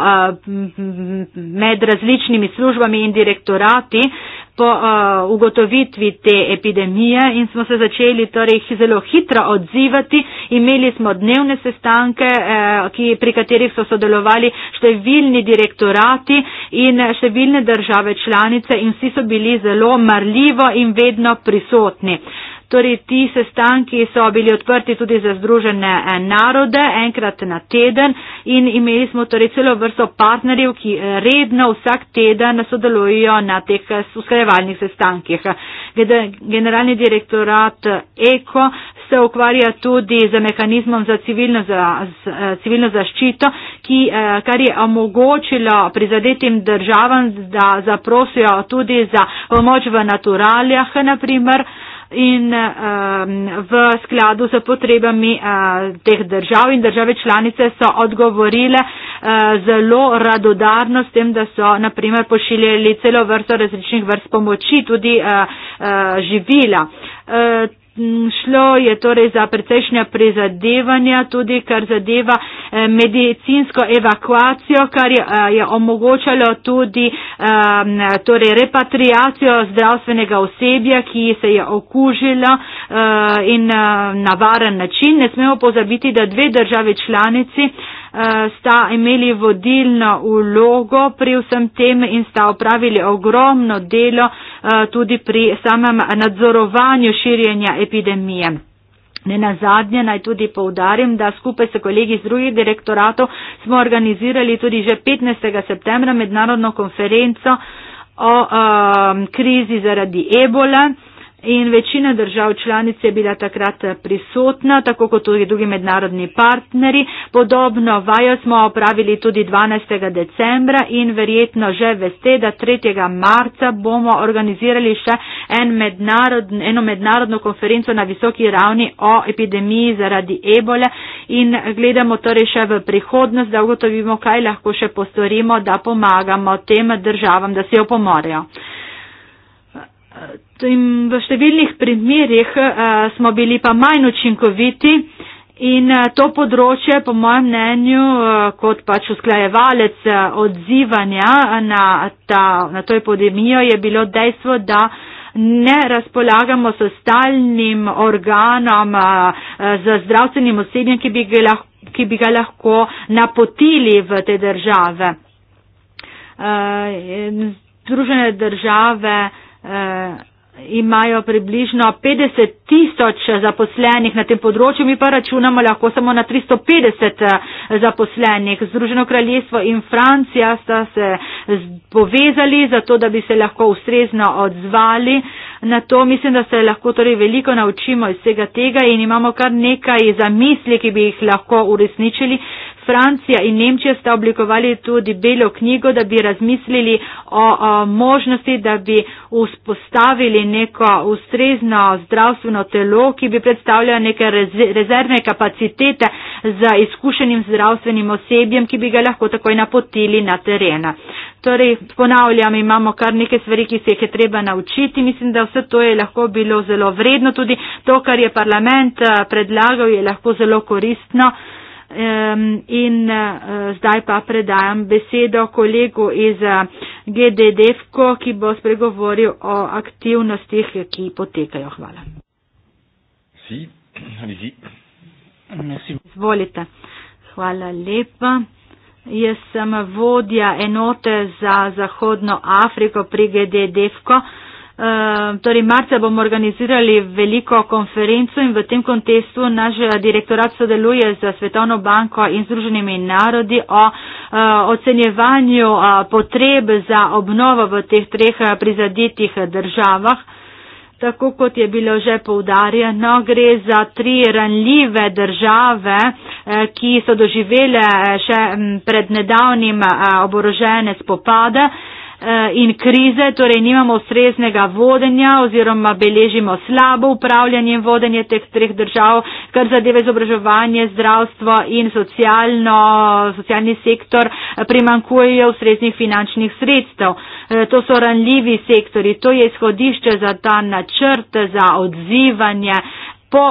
B: med različnimi službami in direktorati po uh, ugotovitvi te epidemije in smo se začeli torej zelo hitro odzivati. Imeli smo dnevne sestanke, eh, ki, pri katerih so sodelovali številni direktorati in številne države članice in vsi so bili zelo marljivo in vedno prisotni. Eh, Torej, ti sestanki so bili odprti tudi za Združene eh, narode enkrat na teden in imeli smo torej celo vrsto partnerjev, ki eh, redno vsak teden sodelujo na teh eh, usklajevalnih sestankih. Generalni direktorat ECO se ukvarja tudi z mehanizmom za civilno, za, z, civilno zaščito, ki, kar je omogočilo prizadetim državam, da zaprosijo tudi za pomoč v naturaljah, naprimer in um, v skladu s potrebami uh, teh držav in države članice so odgovorile uh, zelo radodarno s tem, da so naprimer pošiljali celo vrsto različnih vrst pomoči, tudi uh, živila. Mm, šlo je torej za precejšnja prizadevanja, tudi kar zadeva eh, medicinsko evakuacijo, kar je, eh, je omogočalo tudi ehm, torej repatriacijo zdravstvenega osebja, ki se je okužila eh, in na varen način. Ne smemo pozabiti, da dve države članici Eh, sta imeli vodilno ulogo pri vsem tem in sta opravili ogromno delo eh, tudi pri samem nadzorovanju širjenja epidemije. Ne na zadnje naj tudi poudarim, da skupaj s kolegi iz drugih direktoratov smo organizirali tudi že 15. septembra mednarodno konferenco o um, krizi zaradi ebola in večina držav članic je bila takrat eh, prisotna, tako kot tudi drugi mednarodni partneri. Podobno vajo smo opravili tudi 12. decembra in verjetno že veste, da 3. marca bomo organizirali še en mednarodn, eno mednarodno konferenco na visoki ravni o epidemiji zaradi ebole in gledamo torej še v prihodnost, da ugotovimo, kaj lahko še postorimo, da pomagamo tem državam, da se opomorejo in v številnih primerjih uh, smo bili pa manj učinkoviti in uh, to področje, po mojem mnenju, uh, kot pač usklajevalec uh, odzivanja na, ta, na to epidemijo je bilo dejstvo, da ne razpolagamo s stalnim organom uh, z zdravstvenim osebjem, ki bi, lahko, ki bi ga lahko napotili v te države. Uh, Združene države uh, imajo približno 50 tisoč zaposlenih na tem področju, mi pa računamo lahko samo na 350 eh, zaposlenih. Združeno kraljestvo in Francija sta se povezali za to, da bi se lahko ustrezno odzvali na to. Mislim, da se lahko torej veliko naučimo iz vsega tega in imamo kar nekaj zamisli, ki bi jih lahko uresničili. Francija in Nemčija sta oblikovali tudi belo knjigo, da bi razmislili o, o možnosti, da bi vzpostavili neko ustrezno zdravstveno telo, ki bi predstavljalo neke rezervne kapacitete za izkušenim zdravstvenim osebjem, ki bi ga lahko takoj napotili na terena. Torej, ponavljam, imamo kar neke stvari, ki se jih je treba naučiti. Mislim, da vse to je lahko bilo zelo vredno. Tudi to, kar je parlament eh, predlagal, je lahko zelo koristno in eh, zdaj pa predajam besedo kolegu iz eh, GDDFKO, ki bo spregovoril o aktivnostih, ki potekajo. Hvala.
C: Si, si. Si.
B: Izvolite. Hvala lepa. Jaz sem vodja enote za Zahodno Afriko pri GDDFKO. Ehm, torej marca bomo organizirali veliko konferenco in v tem kontestu naš eh, direktorat sodeluje z Svetovno banko in Združenimi narodi o eh, ocenjevanju eh, potreb za obnovo v teh treh prizadetih državah. Tako kot je bilo že poudarjeno, gre za tri ranljive države, ki so doživele še mm, pred nedavnim oborožene spopade. Eh, in krize, torej nimamo ustreznega vodenja oziroma beležimo slabo upravljanje in vodenje teh treh držav, kar zadeve izobraževanje, zdravstvo in socialno, socialni sektor eh, primankujejo ustreznih finančnih sredstev. Eh, to so ranljivi sektori, to je izhodišče za ta načrt, za odzivanje. Po,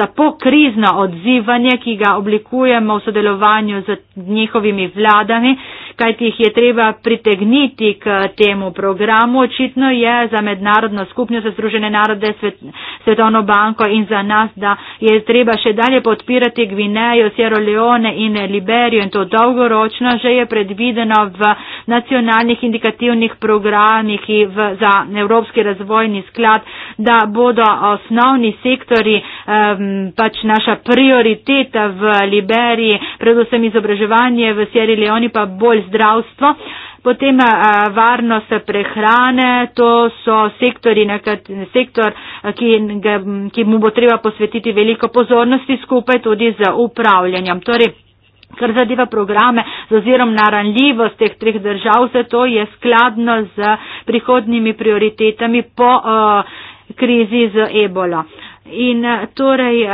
B: za pokrizno odzivanje, ki ga oblikujemo v sodelovanju z njihovimi vladami, kajti jih je treba pritegniti k temu programu. Očitno je za mednarodno skupnost, za Združene narode, svet, Svetovno banko in za nas, da je treba še dalje podpirati Gvinejo, Sierra Leone in Liberijo in to dolgoročno že je predvideno v nacionalnih indikativnih programih v, za Evropski razvojni sklad, da bodo osnovni sektori um, pač naša prioriteta v Liberiji, predvsem izobraževanje v Sierra Leone pa bolj zdravstvo, potem eh, varnost prehrane, to so sektori, nekrat, sektor, eh, ki, ga, ki mu bo treba posvetiti veliko pozornosti skupaj tudi z upravljanjem. Torej, Kar zadeva programe z ozirom na ranljivost teh treh držav, vse to je skladno z prihodnimi prioritetami po uh, krizi z ebolo. Uh, In eh, torej eh,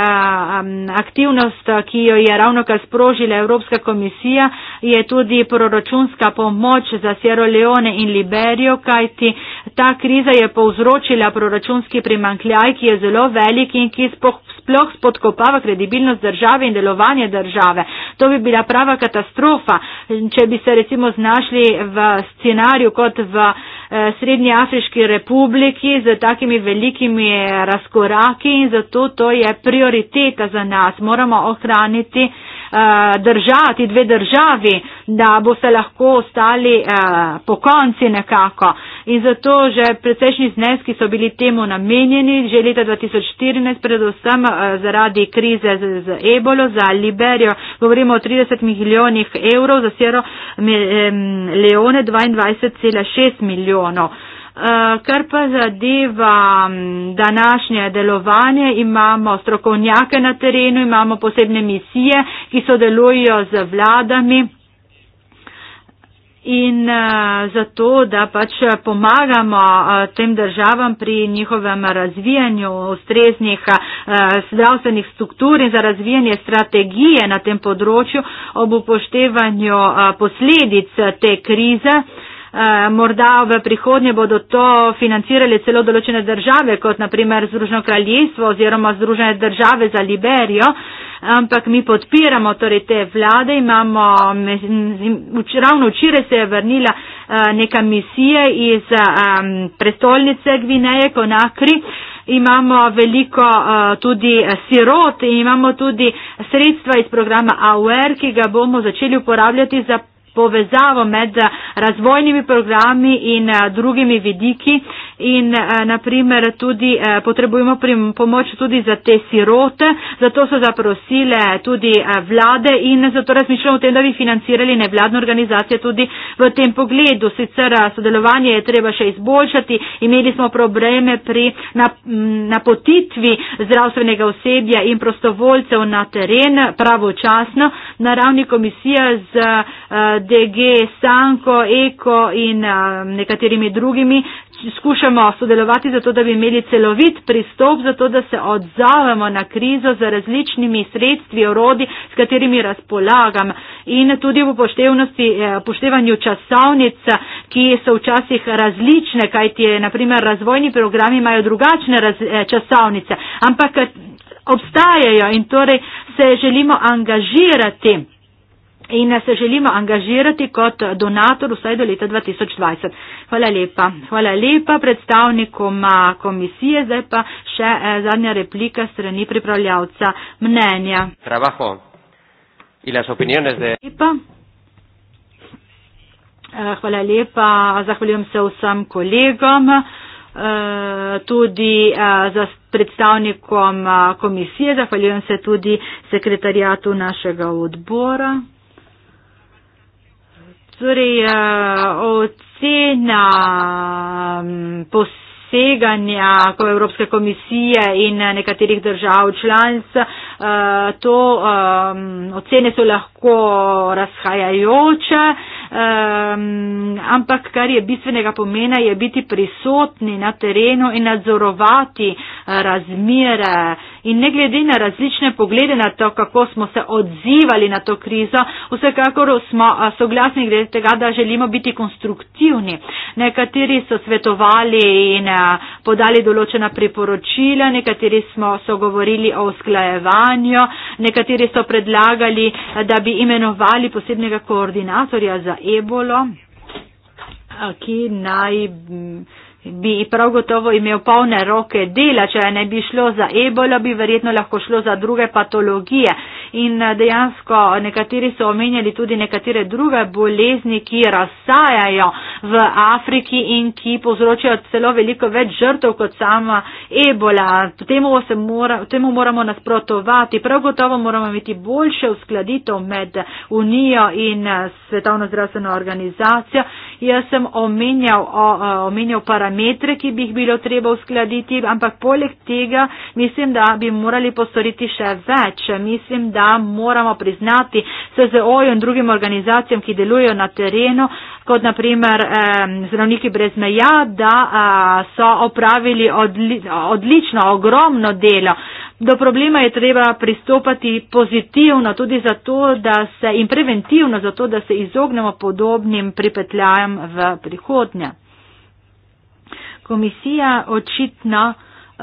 B: aktivnost, eh, ki jo je ravno kar sprožila Evropska komisija, je tudi proračunska pomoč za Sierra Leone in Liberijo, kajti ta kriza je povzročila proračunski primankljaj, ki je zelo velik in ki spoh sploh spodkopava kredibilnost države in delovanje države. To bi bila prava katastrofa, če bi se recimo znašli v scenariju kot v eh, Srednji Afriški republiki z takimi velikimi eh, razkoraki in zato to je prioriteta za nas. Moramo ohraniti uh, Eh, držati dve državi, da boste lahko ostali eh, po konci nekako. In zato že precejšnji zneski so bili temu namenjeni, že leta 2014, predvsem eh, zaradi krize z ebolo, za Liberijo, govorimo o 30 milijonih evrov, za Sierra Leone 22,6 milijonov. Eh, kar pa zadeva mm, današnje delovanje, imamo strokovnjake na terenu, imamo posebne misije, ki sodelujo z vladami. In eh, zato, da pač pomagamo eh, tem državam pri njihovem razvijanju ustreznih zdravstvenih struktur in za razvijanje strategije na tem področju ob upoštevanju posledic te krize, Eh, morda v prihodnje bodo to financirali celo določene države, kot naprimer Združeno kraljestvo oziroma Združene države za Liberijo, ampak mi podpiramo torej te vlade, imamo, ravno včeraj se je vrnila eh, neka misija iz prestolnice Gvineje, Konakri, imamo veliko eh, tudi sirot in imamo tudi sredstva iz programa AUR, ki ga bomo začeli uporabljati za povezavo med eh, razvojnimi programi in eh, drugimi vidiki in eh, naprimer tudi potrebujemo pomoč tudi za te sirote, zato so zaprosile tudi vlade in zato razmišljamo o tem, da bi financirali nevladne organizacije tudi v tem pogledu. Sicer sodelovanje je treba še izboljšati, imeli smo probleme pri napotitvi zdravstvenega osebja in prostovoljcev na teren pravočasno na ravni komisije z DG, Sanko, Eko in nekaterimi drugimi skušamo sodelovati zato, da bi imeli celovit pristop, zato da se odzovemo na krizo z različnimi sredstvi, orodi, s katerimi razpolagam in tudi v e, upoštevanju časovnic, ki so včasih različne, kajti naprimer razvojni programi imajo drugačne raz, e, časovnice, ampak e, obstajajo in torej se želimo angažirati in eh, se želimo angažirati kot donator vsaj do leta 2020. Hvala lepa. Hvala lepa predstavnikom komisije. Zdaj pa še eh, zadnja replika strani pripravljavca mnenja.
C: Trabajo. In las opinione zdaj. Hvala
B: lepa. Eh, hvala lepa. Zahvaljujem se vsem kolegom. Tudi za predstavnikom komisije. Zahvaljujem se tudi sekretarijatu našega odbora torej uh, ocena um, poseganja Evropske komisije in eh, nekaterih držav članic, uh, to um, ocene so lahko razhajajoče. Uh, um, ampak kar je bistvenega pomena, je biti prisotni na terenu in nadzorovati eh, razmere. In ne glede na različne poglede na to, kako smo se odzivali na to krizo, vsekakor smo eh, soglasni glede tega, da želimo biti konstruktivni. Nekateri so svetovali in eh, podali določena priporočila, nekateri smo sogovorili o usklajevanju, nekateri so predlagali, da bi imenovali posebnega koordinatorja za ebolo, ki naj bi prav gotovo imel polne roke dela, če ne bi šlo za ebolo, bi verjetno lahko šlo za druge patologije. In eh, dejansko nekateri so omenjali tudi nekatere druge bolezni, ki razsajajo v Afriki in ki povzročajo celo veliko več žrtev kot sama ebola. Temu, mora, temu moramo nasprotovati. Prav gotovo moramo imeti boljše uskladitev med Unijo in eh, Svetovno zdravstveno organizacijo. Jaz sem omenjal, o, omenjal parametre, ki bi jih bilo treba uskladiti, ampak poleg tega mislim, da bi morali postoriti še več. Mislim, da moramo priznati SZO in drugim organizacijam, ki delujejo na terenu, kot naprimer eh, zdravniki brez meja, da eh, so opravili odli, odlično, ogromno delo. Do problema je treba pristopati pozitivno tudi zato, da se in preventivno zato, da se izognemo podobnim pripetljajem v prihodnje. Komisija očitno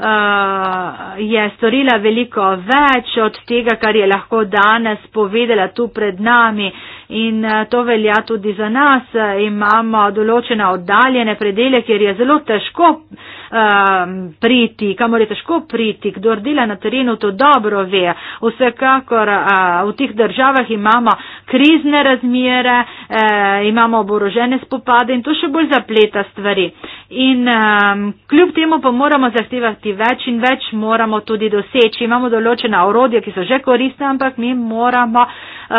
B: Eh, je storila veliko več od tega, kar je lahko danes povedala tu pred nami. In eh, to velja tudi za nas. Imamo določene oddaljene predele, kjer je zelo težko uh, priti, kamor je težko priti, kdo dela na terenu, to dobro ve. Vsekakor uh, v tih državah imamo uh, krizne razmere, eh, imamo oborožene spopade in to še bolj zapleta stvari. In eh, kljub temu pa moramo zahtevati več in več moramo tudi doseči. Imamo določena orodja, ki so že koristna, ampak mi moramo eh,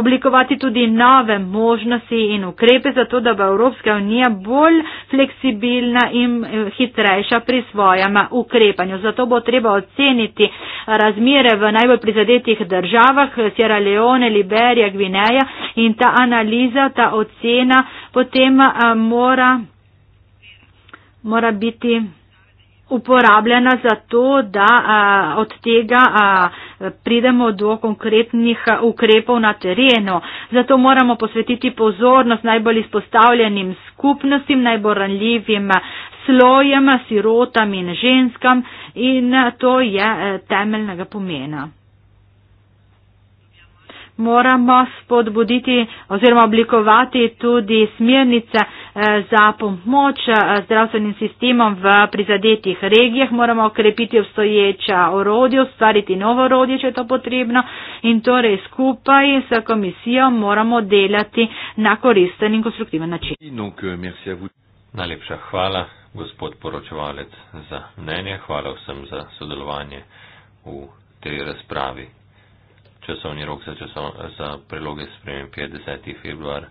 B: oblikovati tudi nove možnosti in ukrepe za to, da bo Evropska unija bolj fleksibilna in eh, hitrejša pri svojem ukrepanju. Zato bo treba oceniti razmere v najbolj prizadetih državah, Sierra Leone, Liberija, Gvineja in ta analiza, ta ocena potem a, eh, mora, mora biti uporabljena za to, da a, eh, od tega a, eh, pridemo do konkretnih ukrepov na terenu. Zato moramo posvetiti pozornost najbolj izpostavljenim skupnostim, najbolj ranljivim slojem, sirotam in ženskam in to je temeljnega pomena moramo spodbuditi oziroma oblikovati tudi smernice eh, za pomoč eh, zdravstvenim sistemom v prizadetih regijah. Moramo okrepiti obstoječa orodja, ustvariti novo orodje, če je to potrebno. In torej skupaj s komisijo moramo delati na koristen in konstruktiven način.
A: Euh, Najlepša hvala, gospod poročevalec, za mnenje. Hvala vsem za sodelovanje v tej razpravi časovni rok za, časov, za preloge sprememb je 10. februar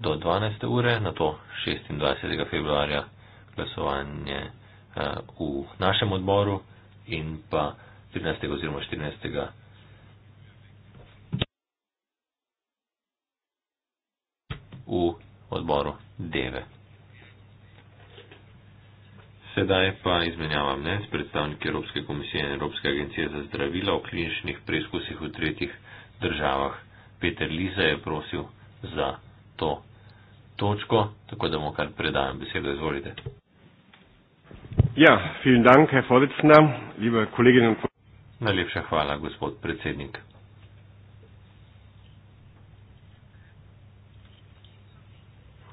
A: do 12. ure, na to 26. februarja glasovanje eh, v našem odboru in pa 13. oziroma 14. v odboru DEVE. Sedaj pa izmenjava mnenj s predstavniki Evropske komisije in Evropske agencije za zdravila o kliničnih preizkusih v tretjih državah. Peter Liza je prosil za to točko, tako da mu kar predajam besedo. Izvolite.
C: Ja, vielen Dank, Herr Vorsitzender, liebe Kolleginnen und Kollegen.
A: Najlepša hvala, gospod predsednik.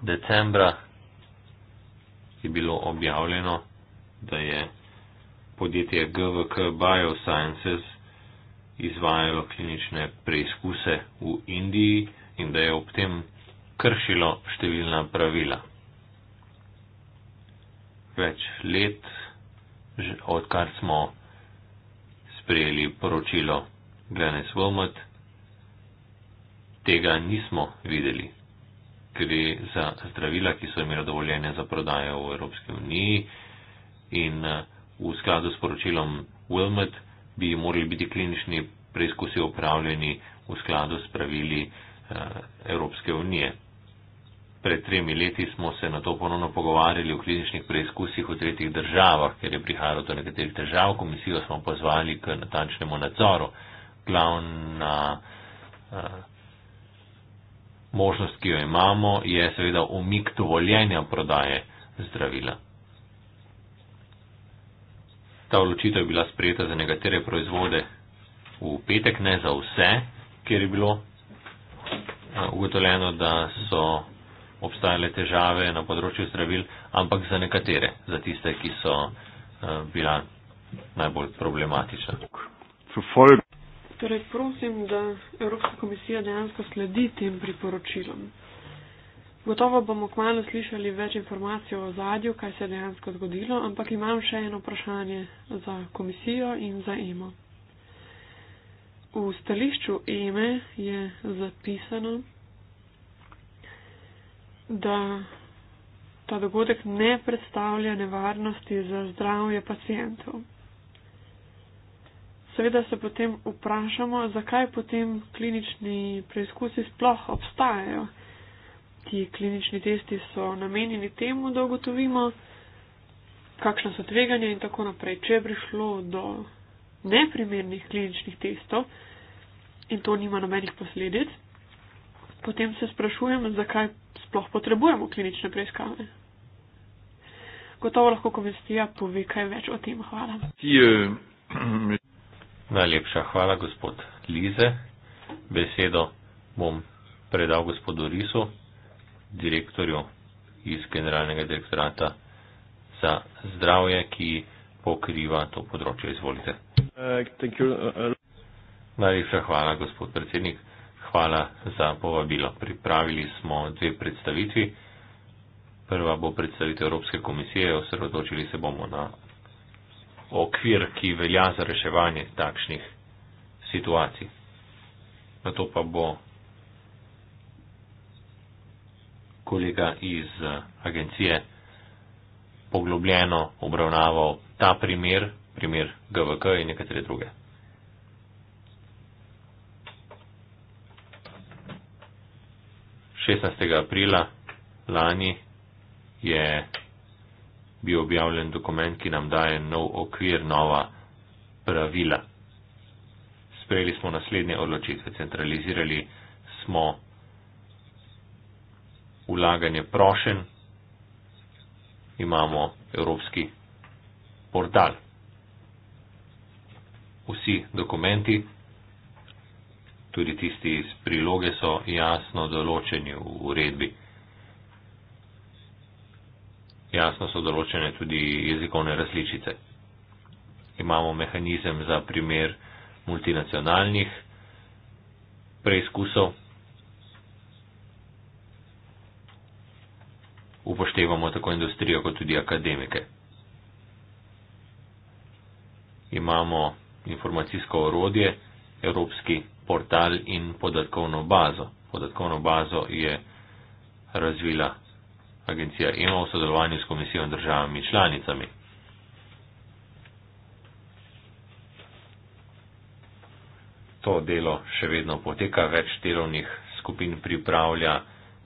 A: Decembra je bilo objavljeno, da je podjetje GVK Biosciences izvajalo klinične preizkuse v Indiji in da je ob tem kršilo številna pravila. Več let, odkar smo sprejeli poročilo Glenes Womet, tega nismo videli gre za zdravila, ki so imela dovoljenje za prodajo v Evropski uniji in eh, v skladu s poročilom Wilmot bi morali biti klinični preizkusi upravljeni v skladu s pravili eh, Evropske unije. Pred tremi leti smo se na to ponovno pogovarjali v kliničnih preizkusih v tretjih državah, ker je prihajalo do nekaterih težav. Komisijo smo pozvali k natančnemu nadzoru. Glavna eh, možnost, ki jo imamo, je seveda umik dovoljenja prodaje zdravila. Ta odločitev je bila sprejeta za nekatere proizvode v petek, ne za vse, kjer je bilo eh, ugotovljeno, da so obstajale težave na področju zdravil, ampak za nekatere, za tiste, ki so eh, bila najbolj problematična.
C: Zufolj. Torej, prosim, da Evropska komisija dejansko sledi tem priporočilom. Gotovo bomo kmalo slišali več informacij o zadju, kaj se je dejansko zgodilo, ampak imam še eno vprašanje za komisijo in za EMO. V stališču EME je zapisano, da ta dogodek ne predstavlja nevarnosti za zdravje pacijentov. Seveda se potem vprašamo, zakaj potem klinični preizkusi sploh obstajajo. Ti klinični testi so namenjeni temu, da ugotovimo, kakšno so tveganja in tako naprej. Če je prišlo do neprimernih kliničnih testov in to nima nobenih posledic, potem se sprašujem, zakaj sploh potrebujemo klinične preiskave. Gotovo lahko komisija pove kaj več o tem. Hvala. Je,
A: Najlepša hvala, gospod Lize. Besedo bom predal gospodu Risu, direktorju iz Generalnega direktorata za zdravje, ki pokriva to področje. Izvolite. Najlepša hvala, gospod predsednik. Hvala za povabilo. Pripravili smo dve predstavitvi. Prva bo predstavitev Evropske komisije, osredotočili se bomo na okvir, ki velja za reševanje takšnih situacij. Na to pa bo kolega iz eh, agencije poglobljeno obravnaval ta primer, primer GVK in nekatere druge. 16. aprila lani je bil objavljen dokument, ki nam daje nov okvir, nova pravila. Sprejeli smo naslednje odločitve, centralizirali smo ulaganje prošen, imamo evropski portal. Vsi dokumenti, tudi tisti iz priloge, so jasno določeni v uredbi jasno so določene tudi jezikovne različice. Imamo mehanizem za primer multinacionalnih preizkusov. Upoštevamo tako industrijo kot tudi akademike. Imamo informacijsko orodje, evropski portal in podatkovno bazo. Podatkovno bazo je razvila agencija EMA v sodelovanju s komisijo in državami članicami. To delo še vedno poteka, več delovnih skupin pripravlja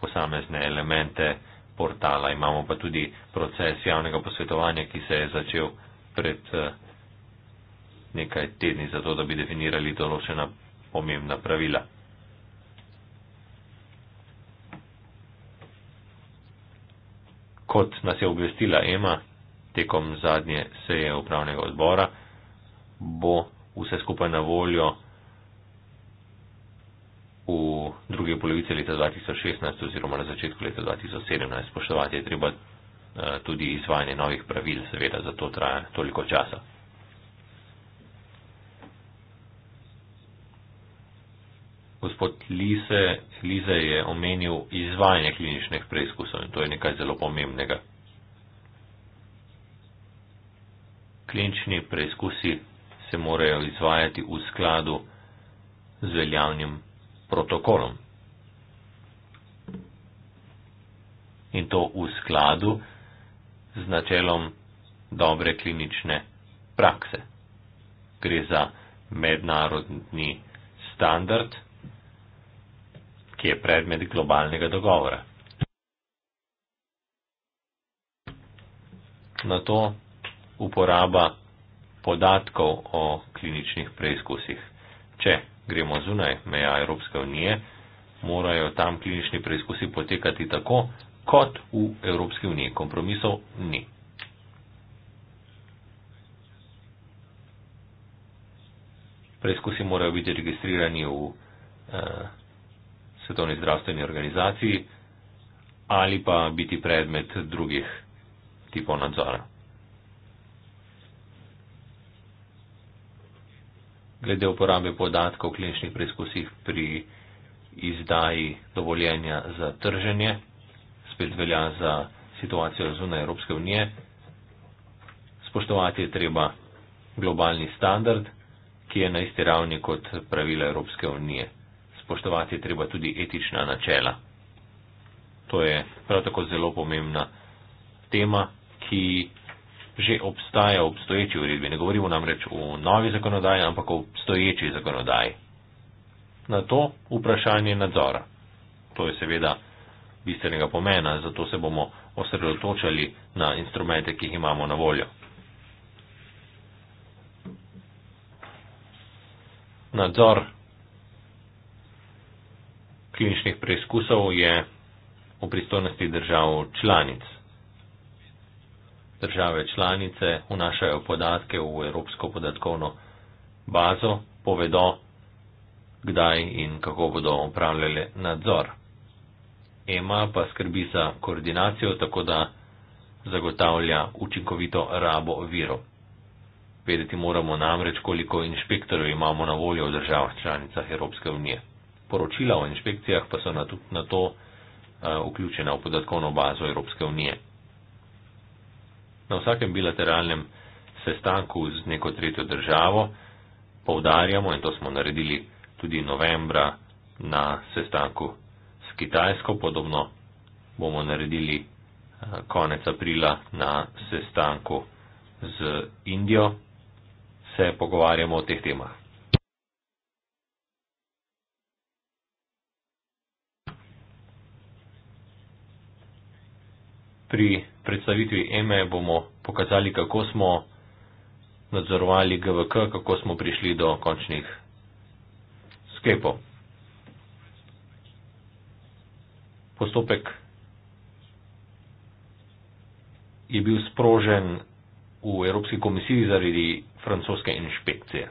A: posamezne elemente portala. Imamo pa tudi proces javnega posvetovanja, ki se je začel pred eh, nekaj tedni, zato da bi definirali določena pomembna pravila. kot nas je obvestila Ema tekom zadnje seje upravnega odbora, bo vse skupaj na voljo v druge polovice leta 2016 oziroma na začetku leta 2017. Spoštovati je treba eh, tudi izvajanje novih pravil, seveda, zato traja toliko časa. Gospod Lise, Lize je omenil izvajanje kliničnih preizkusov in to je nekaj zelo pomembnega. Klinični preizkusi se morajo izvajati v skladu z veljavnim protokolom. In to v skladu z načelom dobre klinične prakse. Gre za mednarodni standard, ki je predmet globalnega dogovora. Na to uporaba podatkov o kliničnih preizkusih. Če gremo zunaj meja Evropske unije, morajo tam klinični preizkusi potekati tako, kot v Evropski uniji. Kompromisov ni. Preizkusi morajo biti registrirani v eh, svetovni zdravstveni organizaciji ali pa biti predmet drugih tipov nadzora. Glede uporabe podatkov v kliničnih preizkusih pri izdaji dovoljenja za trženje, spet velja za situacijo zunaj Evropske unije, spoštovati je treba globalni standard, ki je na isti ravni kot pravila Evropske unije spoštovati treba tudi etična načela. To je prav tako zelo pomembna tema, ki že obstaja v obstoječi uredbi. Ne govorimo namreč o novi zakonodaji, ampak o obstoječi zakonodaji. Na to vprašanje nadzora. To je seveda bistvenega pomena, zato se bomo osredotočali na instrumente, ki jih imamo na voljo. Nadzor kliničnih preizkusov je v pristojnosti držav članic. Države članice vnašajo podatke v Evropsko podatkovno bazo, povedo, kdaj in kako bodo upravljali nadzor. EMA pa skrbi za koordinacijo, tako da zagotavlja učinkovito rabo virov. Vedeti moramo namreč, koliko inšpektorjev imamo na voljo v državah članicah Evropske unije poročila o inšpekcijah pa so na to, na to eh, vključena v podatkovno bazo Evropske unije. Na vsakem bilateralnem sestanku z neko tretjo državo povdarjamo, in to smo naredili tudi novembra na sestanku s Kitajsko, podobno bomo naredili eh, konec aprila na sestanku z Indijo, se pogovarjamo o teh temah. pri predstavitvi EME bomo pokazali, kako smo nadzorovali GVK, kako smo prišli do končnih sklepov. Postopek je bil sprožen v Evropski komisiji zaradi francoske inšpekcije.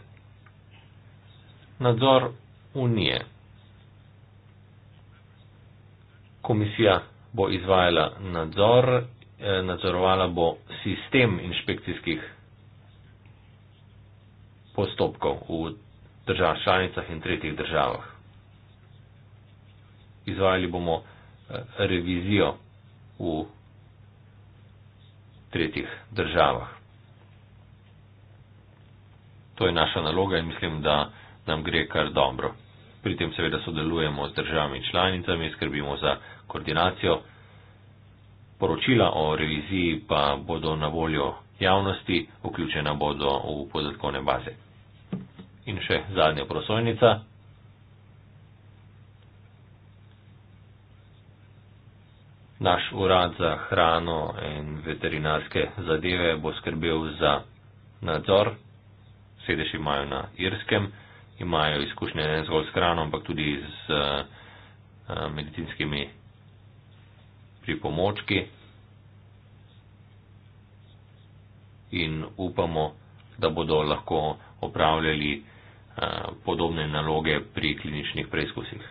A: Nadzor unije. Komisija bo izvajala nadzor, eh, nadzorovala bo sistem inšpekcijskih postopkov v državah članicah in tretjih državah. Izvajali bomo eh, revizijo v tretjih državah. To je naša naloga in mislim, da nam gre kar dobro. Pri tem seveda sodelujemo z državami članicami, skrbimo za koordinacijo. Poročila o reviziji pa bodo na voljo javnosti, vključena bodo v podatkovne baze. In še zadnja prosojnica. Naš urad za hrano in veterinarske zadeve bo skrbel za nadzor, sedež imajo na Irskem, imajo izkušnje ne zgolj s hrano, ampak tudi z eh, medicinskimi pripomočki in upamo, da bodo lahko opravljali eh, podobne naloge pri kliničnih preizkusih.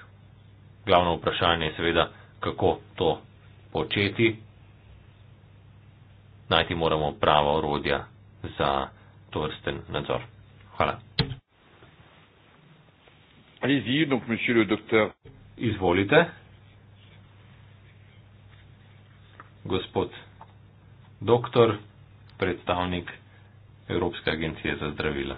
A: Glavno vprašanje je seveda, kako to početi. Najti moramo prava orodja za to vrsten nadzor. Hvala. Izvolite. gospod doktor, predstavnik Evropske agencije za zdravila.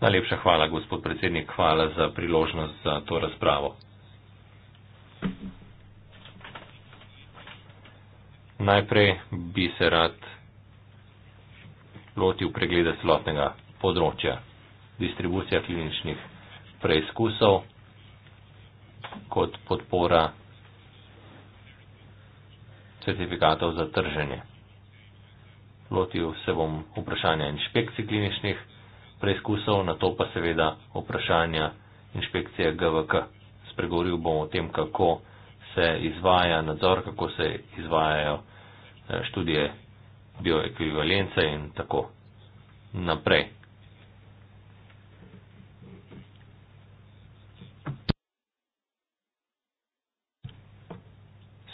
A: Najlepša hvala, gospod predsednik, hvala za priložnost za to razpravo. Najprej bi se rad lotil pregleda celotnega področja distribucija kliničnih preizkusov kot podpora certifikatov za trženje. Lotil se bom vprašanja inšpekcij kliničnih preizkusov, na to pa seveda vprašanja inšpekcije GVK. Spregovoril bom o tem, kako se izvaja nadzor, kako se izvajajo eh, študije bioekvivalence in tako naprej.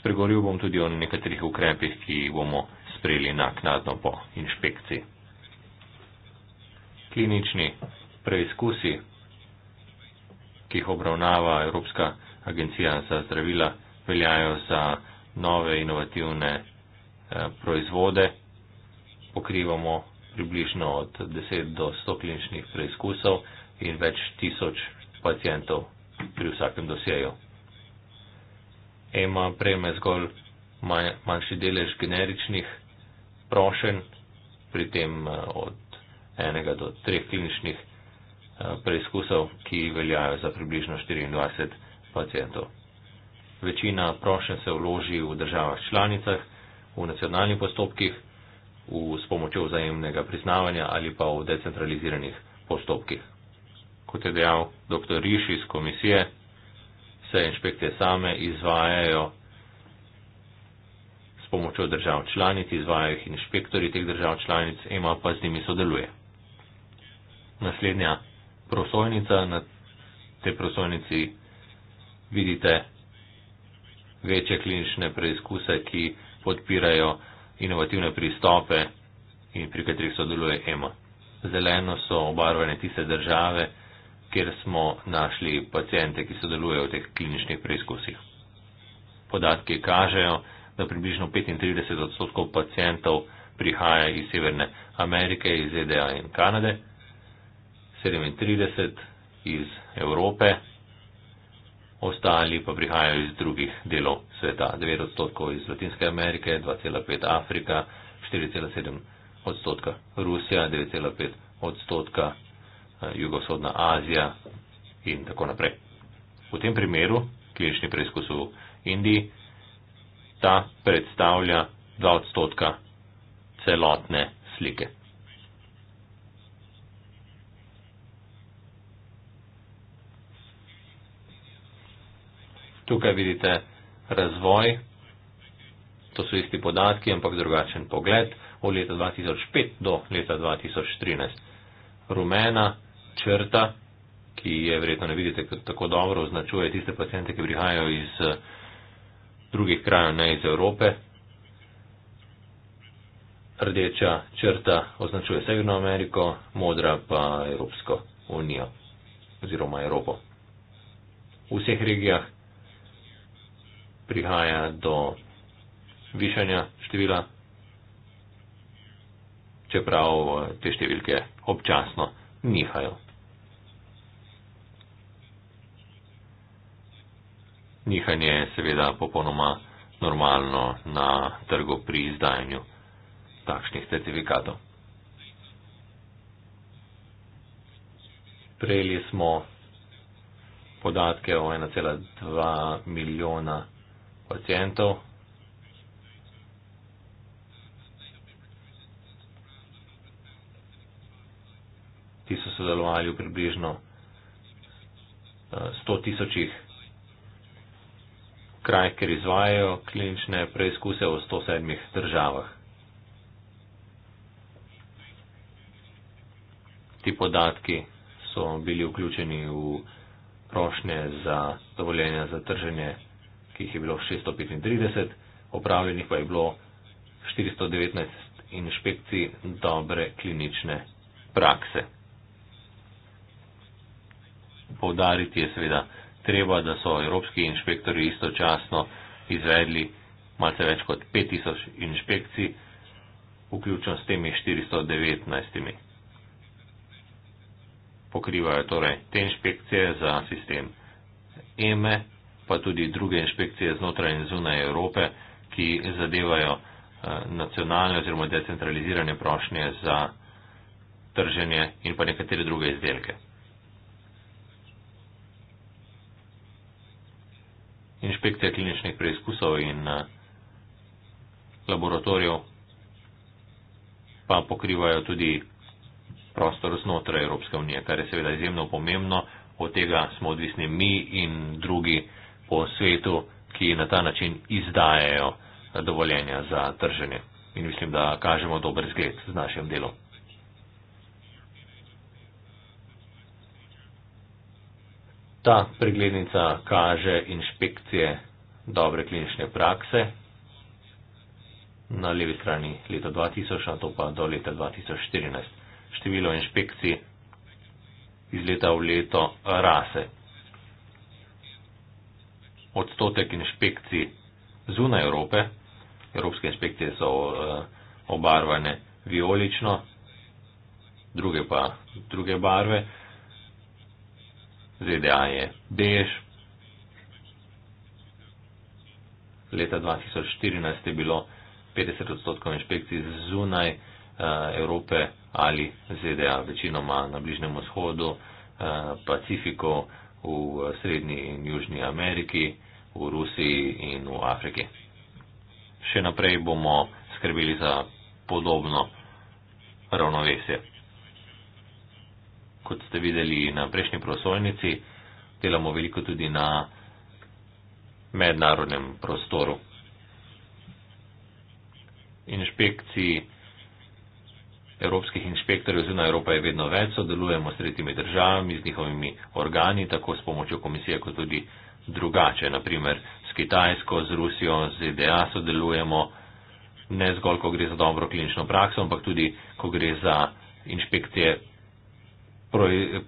A: Spregovoril bom tudi o nekaterih ukrepih, ki jih bomo sprejeli naknadno po inšpekciji. Klinični preizkusi, ki jih obravnava Evropska agencija za zdravila, veljajo za nove inovativne eh, proizvode. Pokrivamo približno od 10 do 100 kliničnih preizkusov in več tisoč pacijentov pri vsakem dosjeju. EMA prejme zgolj manj, manjši delež generičnih prošenj, pri tem eh, od enega do treh kliničnih eh, preizkusov, ki veljajo za približno 24 pacijentov. Večina prošenj se vloži v državah članicah, v nacionalnih postopkih, v, s pomočjo vzajemnega priznavanja ali pa v decentraliziranih postopkih. Kot je dejal dr. Riš iz komisije, se inšpekcije same izvajajo s pomočjo držav članic, izvajajo jih inšpektori teh držav članic, EMA pa z njimi sodeluje. Naslednja prosojnica, na tej prosojnici vidite večje klinične preizkuse, ki podpirajo inovativne pristope in pri katerih sodeluje EMA. Zeleno so obarvane tiste države, kjer smo našli pacijente, ki sodelujejo v teh kliničnih preizkusih. Podatki kažejo, da približno 35 odstotkov pacijentov prihaja iz Severne Amerike, iz ZDA in Kanade, 37 iz Evrope, ostali pa prihajajo iz drugih delov sveta, 9 odstotkov iz Latinske Amerike, 2,5 Afrika, 4,7 odstotka Rusija, 9,5 odstotka Eh, jugovzhodna Azija in tako naprej. V tem primeru, klinični preizkus v Indiji, ta predstavlja 2 odstotka celotne slike. Tukaj vidite razvoj, to so isti podatki, ampak drugačen pogled, od leta 2005 do leta 2013. Rumena črta, ki je verjetno ne vidite tako dobro, označuje tiste pacijente, ki prihajajo iz eh, drugih krajev, ne iz Evrope. Rdeča črta označuje Severno Ameriko, modra pa Evropsko unijo oziroma Evropo. V vseh regijah prihaja do višanja števila, čeprav eh, te številke občasno nihajo. nihanje seveda popolnoma normalno na trgu pri izdajanju takšnih certifikatov. Prejeli smo podatke o 1,2 milijona pacijentov. Ti so sodelovali v približno 100 eh, tisočih kraj, kjer izvajajo klinične preizkuse v 107 državah. Ti podatki so bili vključeni v prošnje za dovoljenje za trženje, ki jih je bilo 635, opravljenih pa je bilo 419 inšpekcij dobre klinične prakse. Povdariti je seveda, treba, da so evropski inšpektori istočasno izvedli malce več kot 5000 inšpekcij, vključno s temi 419. Pokrivajo torej te inšpekcije za sistem EME, e, pa tudi druge inšpekcije znotraj in zunaj Evrope, ki zadevajo eh, nacionalne oziroma decentralizirane prošnje za trženje in pa nekatere druge izdelke. projekte kliničnih preizkusov in eh, laboratorijev, pa pokrivajo tudi prostor znotraj Evropske unije, kar je seveda izjemno pomembno. Od tega smo odvisni mi in drugi po svetu, ki na ta način izdajajo eh, dovoljenja za trženje. In mislim, da kažemo dober zgled z našem delom. Ta preglednica kaže inšpekcije dobre klinične prakse. Na levi strani leta 2000, na to pa do leta 2014. Število inšpekcij iz leta v leto rase. Odstotek inšpekcij zunaj Evrope, evropske inšpekcije so eh, obarvane violično, druge pa druge barve, ZDA e je bež, leta 2014 je bilo 50 odstotkov inšpekcij zunaj uh, Evrope ali ZDA, večinoma na Bližnem vzhodu, uh, Pacifiku, v eh, Srednji in Južni Ameriki, v Rusiji in v Afriki. Še naprej bomo skrbeli za podobno ravnovesje. Kot ste videli na prejšnji prosojnici, delamo veliko tudi na mednarodnem prostoru. Inšpekciji evropskih inšpektorjev zunaj Evropa je vedno več, sodelujemo s tretjimi državami, z njihovimi organi, tako s pomočjo komisije, kot tudi drugače, naprimer s Kitajsko, z Rusijo, z ZDA sodelujemo ne zgolj, ko gre za dobro klinično prakso, ampak tudi, ko gre za inšpekcije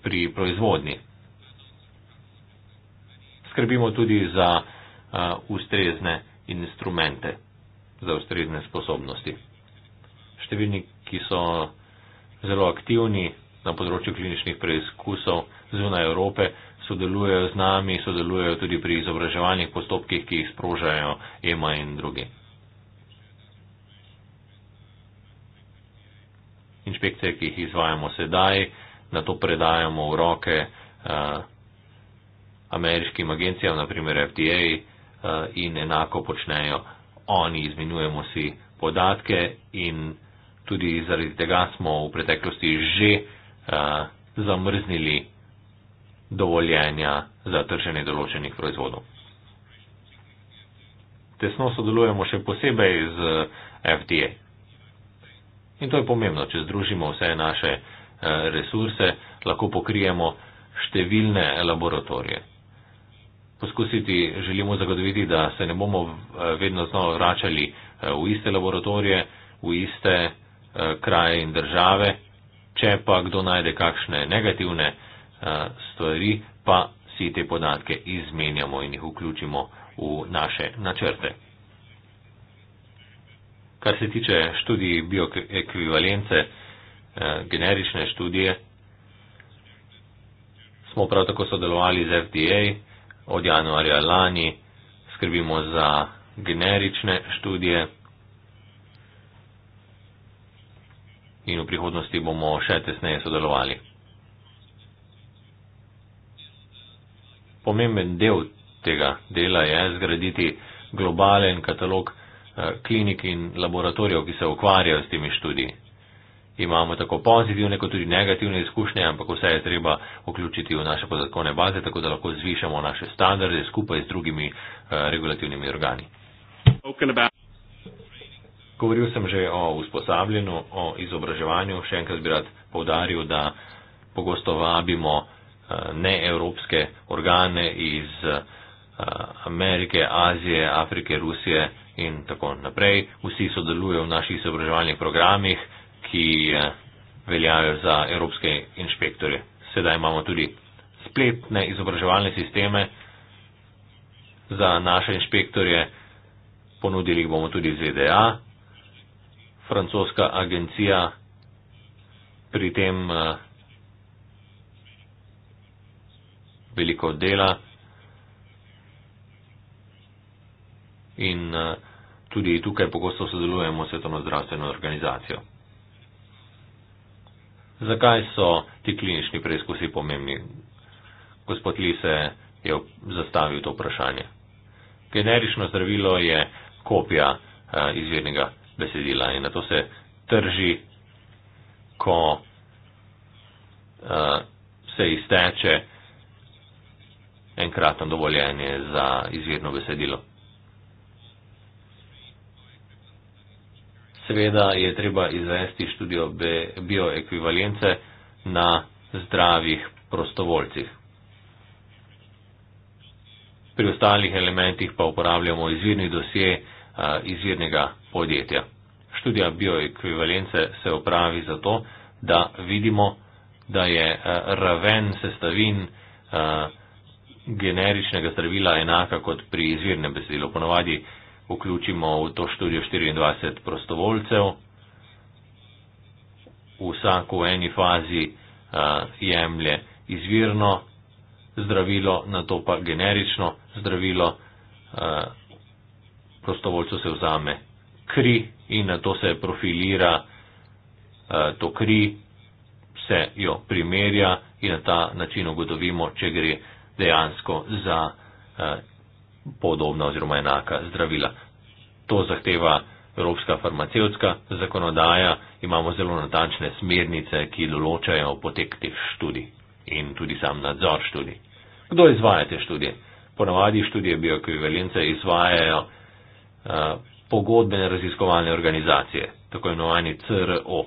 A: pri proizvodni. Skrbimo tudi za ustrezne instrumente za ustrezne sposobnosti. Številni, ki so zelo aktivni na področju kliničnih preizkusov zunaj Evrope, sodelujejo z nami, sodelujejo tudi pri izobraževalnih postopkih, ki jih sprožajo EMA in drugi. Inšpekcije, ki jih izvajamo sedaj, na to predajamo v roke uh, ameriškim agencijam, naprimer FDA, uh, Eh, in enako počnejo oni, izmenjujemo si podatke in tudi zaradi tega smo v preteklosti že eh, zamrznili dovoljenja za trženje določenih proizvodov. Tesno sodelujemo še posebej z eh, FDA. In to je pomembno, če združimo vse naše resurse, lahko pokrijemo številne laboratorije poskusiti, želimo zagotoviti, da se ne bomo eh, vedno znova vračali eh, v iste laboratorije, v iste eh, kraje in države. Če pa kdo najde kakšne negativne stvari, pa si te podatke izmenjamo in jih vključimo v naše načrte. Kar se tiče študij bioekvivalence, generične študije, smo prav tako sodelovali z FDA od januarja lani, skrbimo za generične študije in v prihodnosti bomo še tesneje sodelovali. Pomemben del tega dela je zgraditi globalen katalog eh, klinik in laboratorijev, ki se ukvarjajo s temi študijami imamo tako pozitivne kot tudi negativne izkušnje, ampak vse je treba vključiti v naše podatkovne baze, tako da lahko zvišamo naše standarde skupaj z drugimi eh, regulativnimi organi. Govoril sem že o usposabljanju, o izobraževanju. Še enkrat bi rad povdaril, da pogosto vabimo eh, neevropske organe iz eh, Amerike, Azije, Afrike, Rusije in tako naprej. Vsi sodelujo v naših izobraževalnih programih ki eh, veljajo za evropske inšpektorje. Sedaj imamo tudi spletne izobraževalne sisteme za naše inšpektorje, ponudili bomo tudi ZDA. Francoska agencija pri tem eh, veliko dela in eh, tudi tukaj pogosto sodelujemo s svetovno zdravstveno organizacijo. Zakaj so ti klinični preizkusi pomembni? Gospod Lise je zastavil to vprašanje. Generično zdravilo je kopija eh, izvirnega besedila in na to se trži, ko eh, se izteče enkratno dovoljenje za izvirno besedilo. seveda je treba izvesti študijo bioekvivalence na zdravih prostovoljcih. Pri ostalih elementih pa uporabljamo izvirni dosje izvirnega podjetja. Študija bioekvivalence se opravi zato, da vidimo, da je raven sestavin generičnega zdravila enaka kot pri izvirnem besedilu. Ponovadi vključimo v to študijo 24 prostovoljcev. Vsak v eni fazi uh, jemlje izvirno zdravilo, na to pa generično zdravilo. Uh, prostovoljcu se vzame kri in na to se profilira uh, to kri, se jo primerja in na ta način ugotovimo, če gre dejansko za podobna oziroma enaka zdravila. To zahteva evropska farmacevtska zakonodaja, imamo zelo natančne smernice, ki določajo potek teh študij in tudi sam nadzor študij. Kdo izvaja te študije? Ponavadi študije bioekvivalence izvajajo uh, pogodbene raziskovalne organizacije, tako imenovani CRO.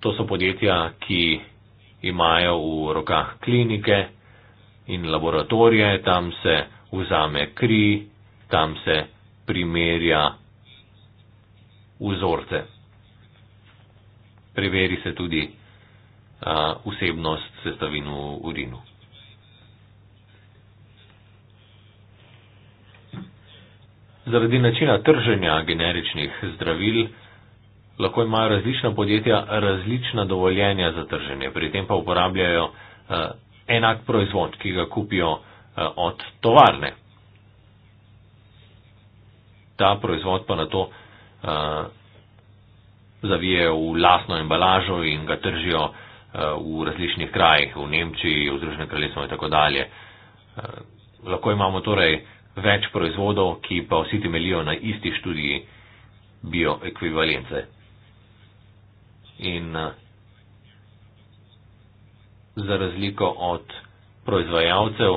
A: To so podjetja, ki imajo v rokah klinike, in laboratorije, tam se vzame kri, tam se primerja vzorce. Preveri se tudi vsebnost sestavin v urinu. Zaradi načina trženja generičnih zdravil lahko imajo različna podjetja različna dovoljenja za trženje, pri tem pa uporabljajo enak proizvod, ki ga kupijo eh, od tovarne. Ta proizvod pa na to eh, zavijejo v lasno embalažo in ga tržijo eh, v različnih krajih, v Nemčiji, v Združenem kraljestvu in tako dalje. Lahko imamo torej več proizvodov, ki pa vsi temelijo na isti študiji bioekvivalence. In uh, za razliko od proizvajalcev.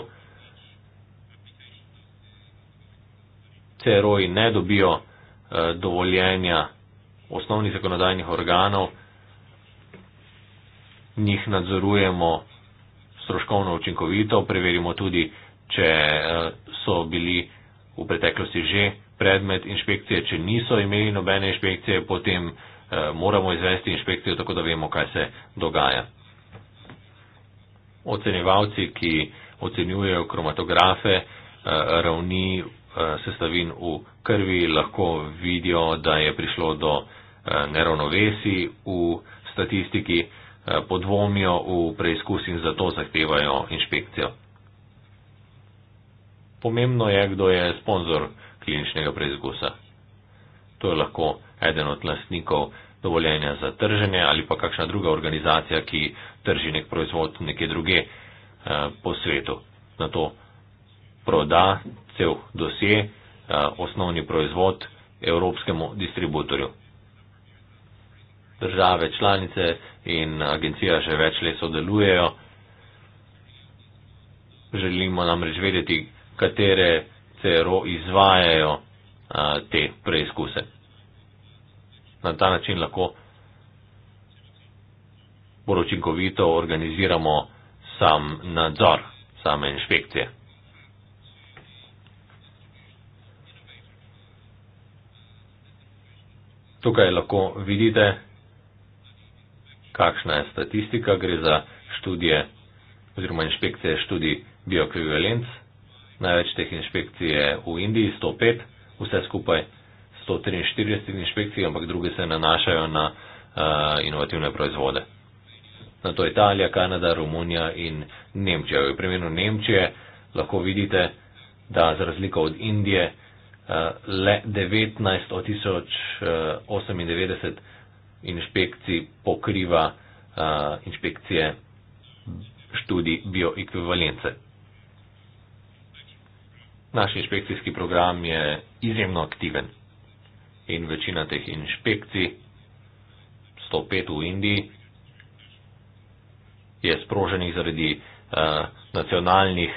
A: CRO-ji ne dobijo eh, dovoljenja osnovnih zakonodajnih organov, njih nadzorujemo stroškovno učinkovito, preverimo tudi, če eh, so bili v preteklosti že predmet inšpekcije, če niso imeli nobene inšpekcije, potem eh, moramo izvesti inšpekcijo, tako da vemo, kaj se dogaja ocenjevalci, ki ocenjujejo kromatografe, eh, ravni eh, sestavin v krvi, lahko vidijo, da je prišlo do eh, neravnovesi v statistiki, podvomijo v preizkus in zato zahtevajo inšpekcijo. Pomembno je, kdo je sponzor kliničnega preizkusa. To je lahko eden od lastnikov dovoljenja za trženje ali pa kakšna druga organizacija, ki trži nek proizvod nekje druge eh, po svetu. Na to proda cel dosje, eh, osnovni proizvod evropskemu distributorju. Države članice in agencija že več let sodelujejo. Želimo namreč vedeti, katere CRO izvajajo eh, te preizkuse na ta način lahko bolj učinkovito organiziramo sam nadzor, same inšpekcije. Tukaj lahko vidite, kakšna je statistika, gre za študije oziroma inšpekcije študij bioekvivalenc. Največ teh inšpekcij je v Indiji 105, vse skupaj 143 inšpekcij, ampak druge se nanašajo na uh, inovativne proizvode. Na to Italija, Kanada, Romunija in Nemčija. V primeru Nemčije lahko vidite, da za razliko od Indije uh, le 19 od 1098 eh, inšpekcij pokriva uh, inšpekcije študij bioekvivalence. Naš inšpekcijski program je izjemno aktiven in večina teh inšpekcij, 105 v Indiji, je sproženih zaradi eh, nacionalnih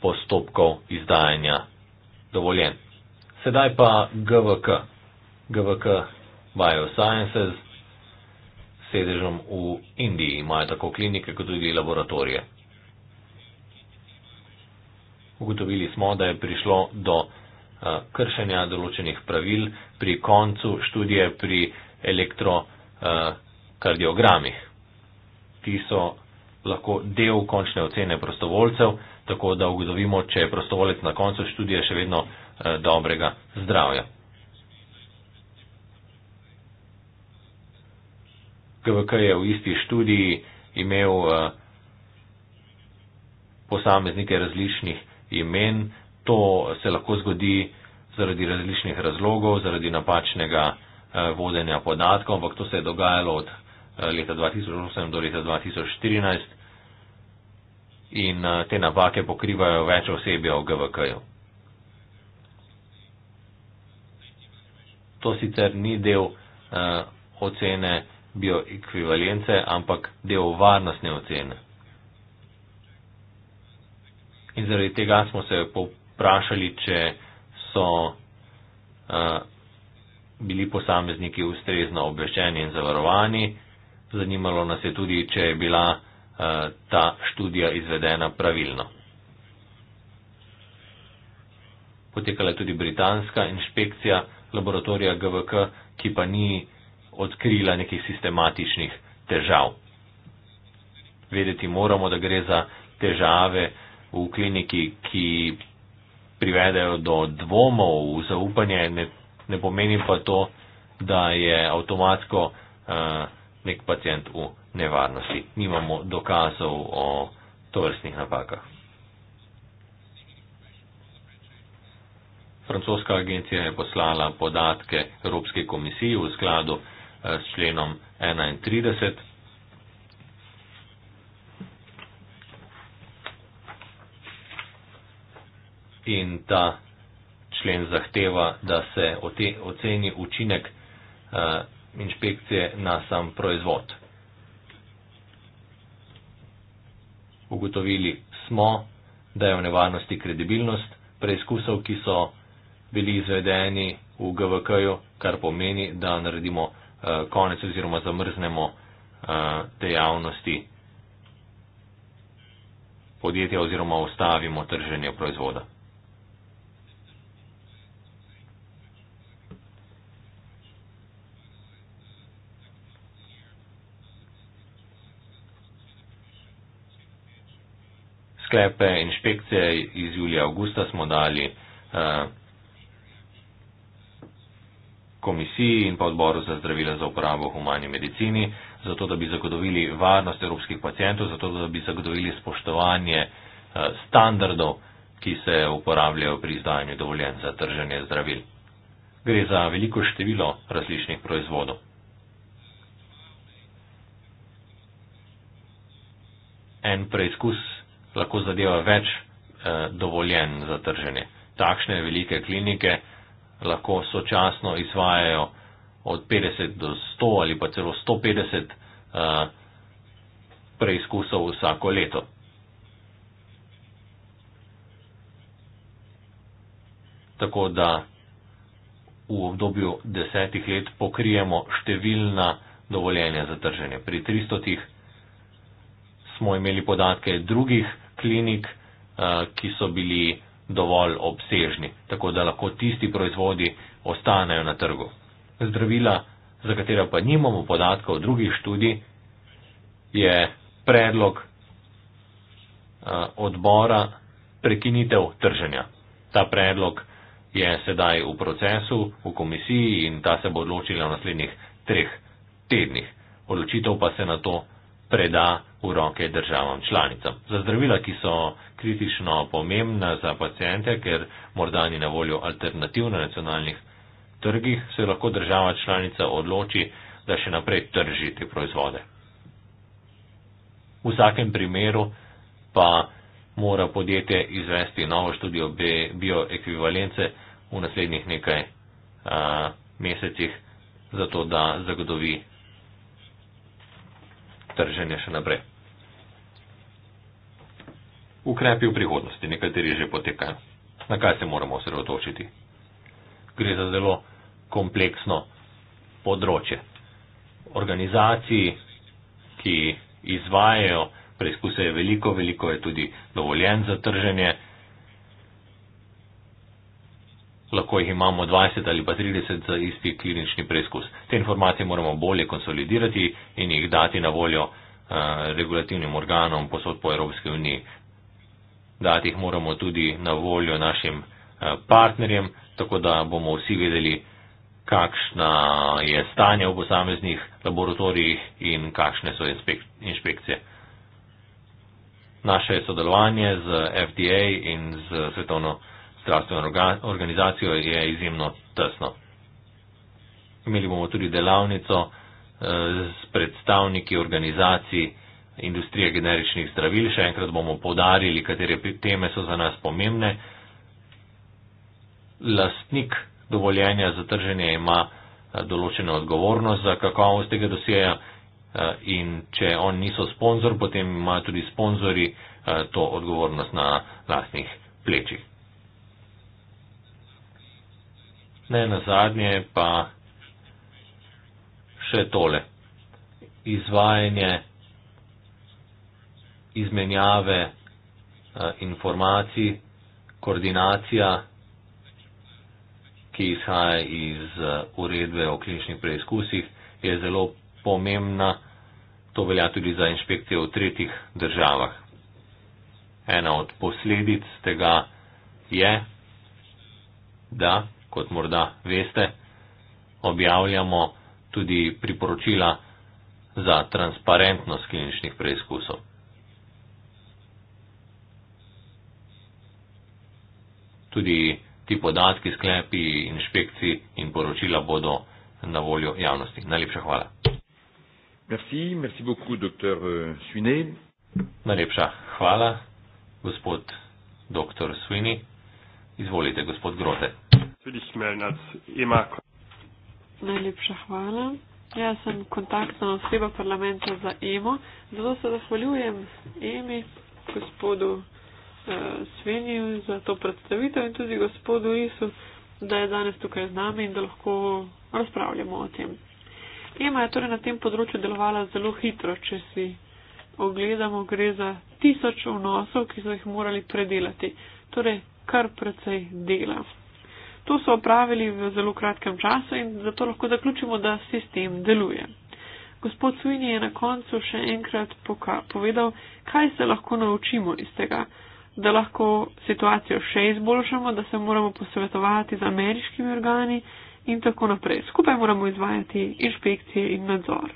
A: postopkov izdajanja dovoljen. Sedaj pa GVK, GVK Biosciences, sedežem v Indiji, imajo tako klinike kot tudi laboratorije. Ugotovili smo, da je prišlo do Eh, kršenja določenih pravil pri koncu študije pri elektrokardiogramih. Ti so lahko del končne ocene prostovoljcev, tako da ugotovimo, če je prostovolec na koncu študije še vedno eh, dobrega zdravja. GVK je v isti študiji imel eh, posameznike različnih imen, to se lahko zgodi zaradi različnih razlogov, zaradi napačnega eh, vodenja podatkov, ampak to se je dogajalo od eh, leta 2008 do leta 2014 in eh, te napake pokrivajo več osebja v GVK-ju. To sicer ni del eh, ocene bioekvivalence, ampak del varnostne ocene. In zaradi tega smo se po, vprašali, če so uh, bili posamezniki ustrezno obveščeni in zavarovani. Zanimalo nas je tudi, če je bila uh, ta študija izvedena pravilno. Potekala je tudi britanska inšpekcija laboratorija GVK, ki pa ni odkrila nekih sistematičnih težav. Vedeti moramo, da gre za težave v kliniki, ki privedejo do dvomov v zaupanje, ne, ne pomeni pa to, da je avtomatsko uh, nek pacijent v nevarnosti. Nimamo dokazov o tovrstnih napakah. Francoska agencija je poslala podatke Evropske komisije v skladu eh, s členom 31. in ta člen zahteva, da se oceni učinek eh, inšpekcije na sam proizvod. Ugotovili smo, da je v nevarnosti kredibilnost preizkusov, ki so bili izvedeni v GVK-ju, kar pomeni, da naredimo eh, konec oziroma zamrznemo dejavnosti eh, podjetja oziroma ustavimo trženje proizvoda. ukrepe, inšpekcije iz julija, augusta smo dali eh, komisiji in pa odboru za zdravila za uporabo v humani medicini, zato da bi zagotovili varnost evropskih pacijentov, zato da bi zagotovili spoštovanje eh, standardov, ki se uporabljajo pri izdajanju dovoljen za trženje zdravil. Gre za veliko število različnih proizvodov. En preizkus lahko zadeva več eh, dovoljen za trženje. Takšne velike klinike lahko sočasno izvajajo od 50 do 100 ali pa celo 150 eh, preizkusov vsako leto. Tako da v obdobju desetih let pokrijemo številna dovoljenja za trženje. Pri 300 tih smo imeli podatke drugih klinik, eh, ki so bili dovolj obsežni, tako da lahko tisti proizvodi ostanejo na trgu. Zdravila, za katera pa nimamo podatkov drugih študij, je predlog eh, odbora prekinitev trženja. Ta predlog je sedaj v procesu, v komisiji in ta se bo odločila v naslednjih treh tednih. Odločitev pa se na to preda v roke državam članicam. Za zdravila, ki so kritično pomembna za pacijente, ker morda ni na voljo alternativ na nacionalnih trgih, se lahko država članica odloči, da še naprej trži te proizvode. V vsakem primeru pa mora podjetje izvesti novo študijo bioekvivalence v naslednjih nekaj a, mesecih, zato da zagotovi trženje še naprej. Ukrepi v prihodnosti, nekateri že potekajo. Na kaj se moramo osredotočiti? Gre za zelo kompleksno področje. Organizaciji, ki izvajajo preizkuse, je veliko, veliko je tudi dovoljen za trženje lahko jih imamo 20 ali pa 30 za isti klinični preizkus. Te informacije moramo bolje konsolidirati in jih dati na voljo eh, regulativnim organom posod po Evropske unije. Dati jih moramo tudi na voljo našim eh, partnerjem, tako da bomo vsi vedeli, kakšna je stanje v posameznih laboratorijih in kakšne so inšpekcije. Naše sodelovanje z FDA in z svetovno organizacijo zdravstveno organizacijo je izjemno tesno. Imeli bomo tudi delavnico eh, s predstavniki organizacij industrije generičnih zdravil. Še enkrat bomo podarili, katere teme so za nas pomembne. Lastnik dovoljenja za trženje ima eh, določeno odgovornost za kakovost tega dosjeja eh, in če on niso sponzor, potem imajo tudi sponzori to odgovornost na lastnih plečih. ne na zadnje pa še tole. Izvajanje izmenjave eh, informacij, koordinacija, ki izhaja iz eh, uredbe o kliničnih preizkusih, je zelo pomembna. To velja tudi za inšpekcije v tretjih državah. Ena od posledic tega je, da kot morda veste, objavljamo tudi priporočila za transparentnost kliničnih preizkusov. Tudi ti podatki, sklepi, inšpekcij in poročila bodo na voljo javnosti. Najlepša hvala.
C: Merci, merci beaucoup, dr. Euh,
A: Sviney. Najlepša hvala, gospod dr. Sviney. Izvolite, gospod Grote für dich melden als EMA.
C: Najlepša hvala. Jaz sem kontaktna oseba parlamenta za EMO. Zelo se zahvaljujem EMI, gospodu eh, Sveniju za to predstavitev in tudi gospodu Isu, da je danes tukaj z nami in da lahko razpravljamo o tem. EMA je torej na tem področju delovala zelo hitro, če si ogledamo, gre za tisoč vnosov, ki so jih morali predelati. Torej, kar precej dela. To so opravili v zelo kratkem času in zato lahko zaključimo, da sistem deluje. Gospod Suini je na koncu še enkrat povedal, kaj se lahko naučimo iz tega, da lahko situacijo še izboljšamo, da se moramo posvetovati z ameriškimi organi in tako naprej. Skupaj moramo izvajati inšpekcije in nadzor.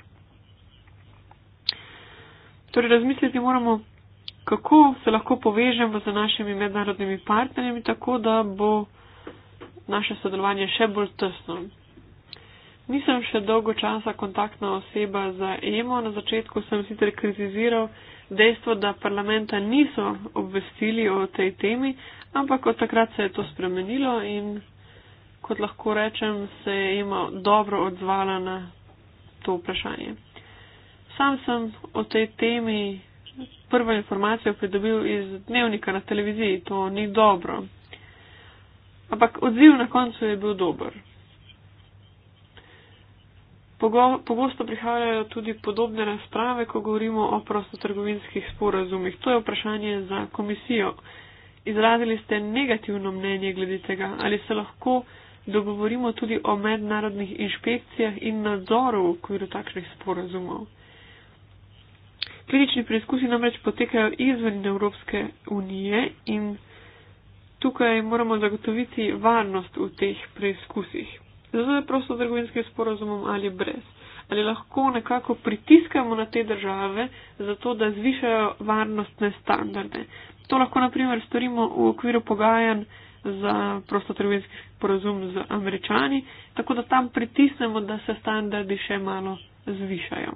C: Torej razmisliti moramo, kako se lahko povežemo z našimi mednarodnimi partnerjami, tako da bo naše sodelovanje še bolj tesno. Nisem še dolgo časa kontaktna oseba za EMO. Na začetku sem sicer kritiziral dejstvo, da parlamenta niso obvestili o tej temi, ampak od takrat se je to spremenilo in kot lahko rečem, se je EMO dobro odzvala na to vprašanje. Sam sem o tej temi prvo informacijo pridobil iz dnevnika na televiziji. To ni dobro. Ampak odziv na koncu je bil dober. Pogosto prihajajo tudi podobne razprave, ko govorimo o prostotrgovinskih sporazumih. To je vprašanje za komisijo. Izrazili ste negativno mnenje glede tega, ali se lahko dogovorimo tudi o mednarodnih inšpekcijah in nadzoru v okviru takšnih sporazumov. Klinični preizkusi namreč potekajo izven Evropske unije in tukaj moramo zagotoviti varnost v teh preizkusih. Zato je prosto trgovinski sporozumom ali brez. Ali lahko nekako pritiskamo na te države, zato da zvišajo varnostne standarde. To lahko naprimer storimo v okviru pogajanj za prostotrovinski porazum z američani, tako da tam pritisnemo, da se standardi še malo zvišajo.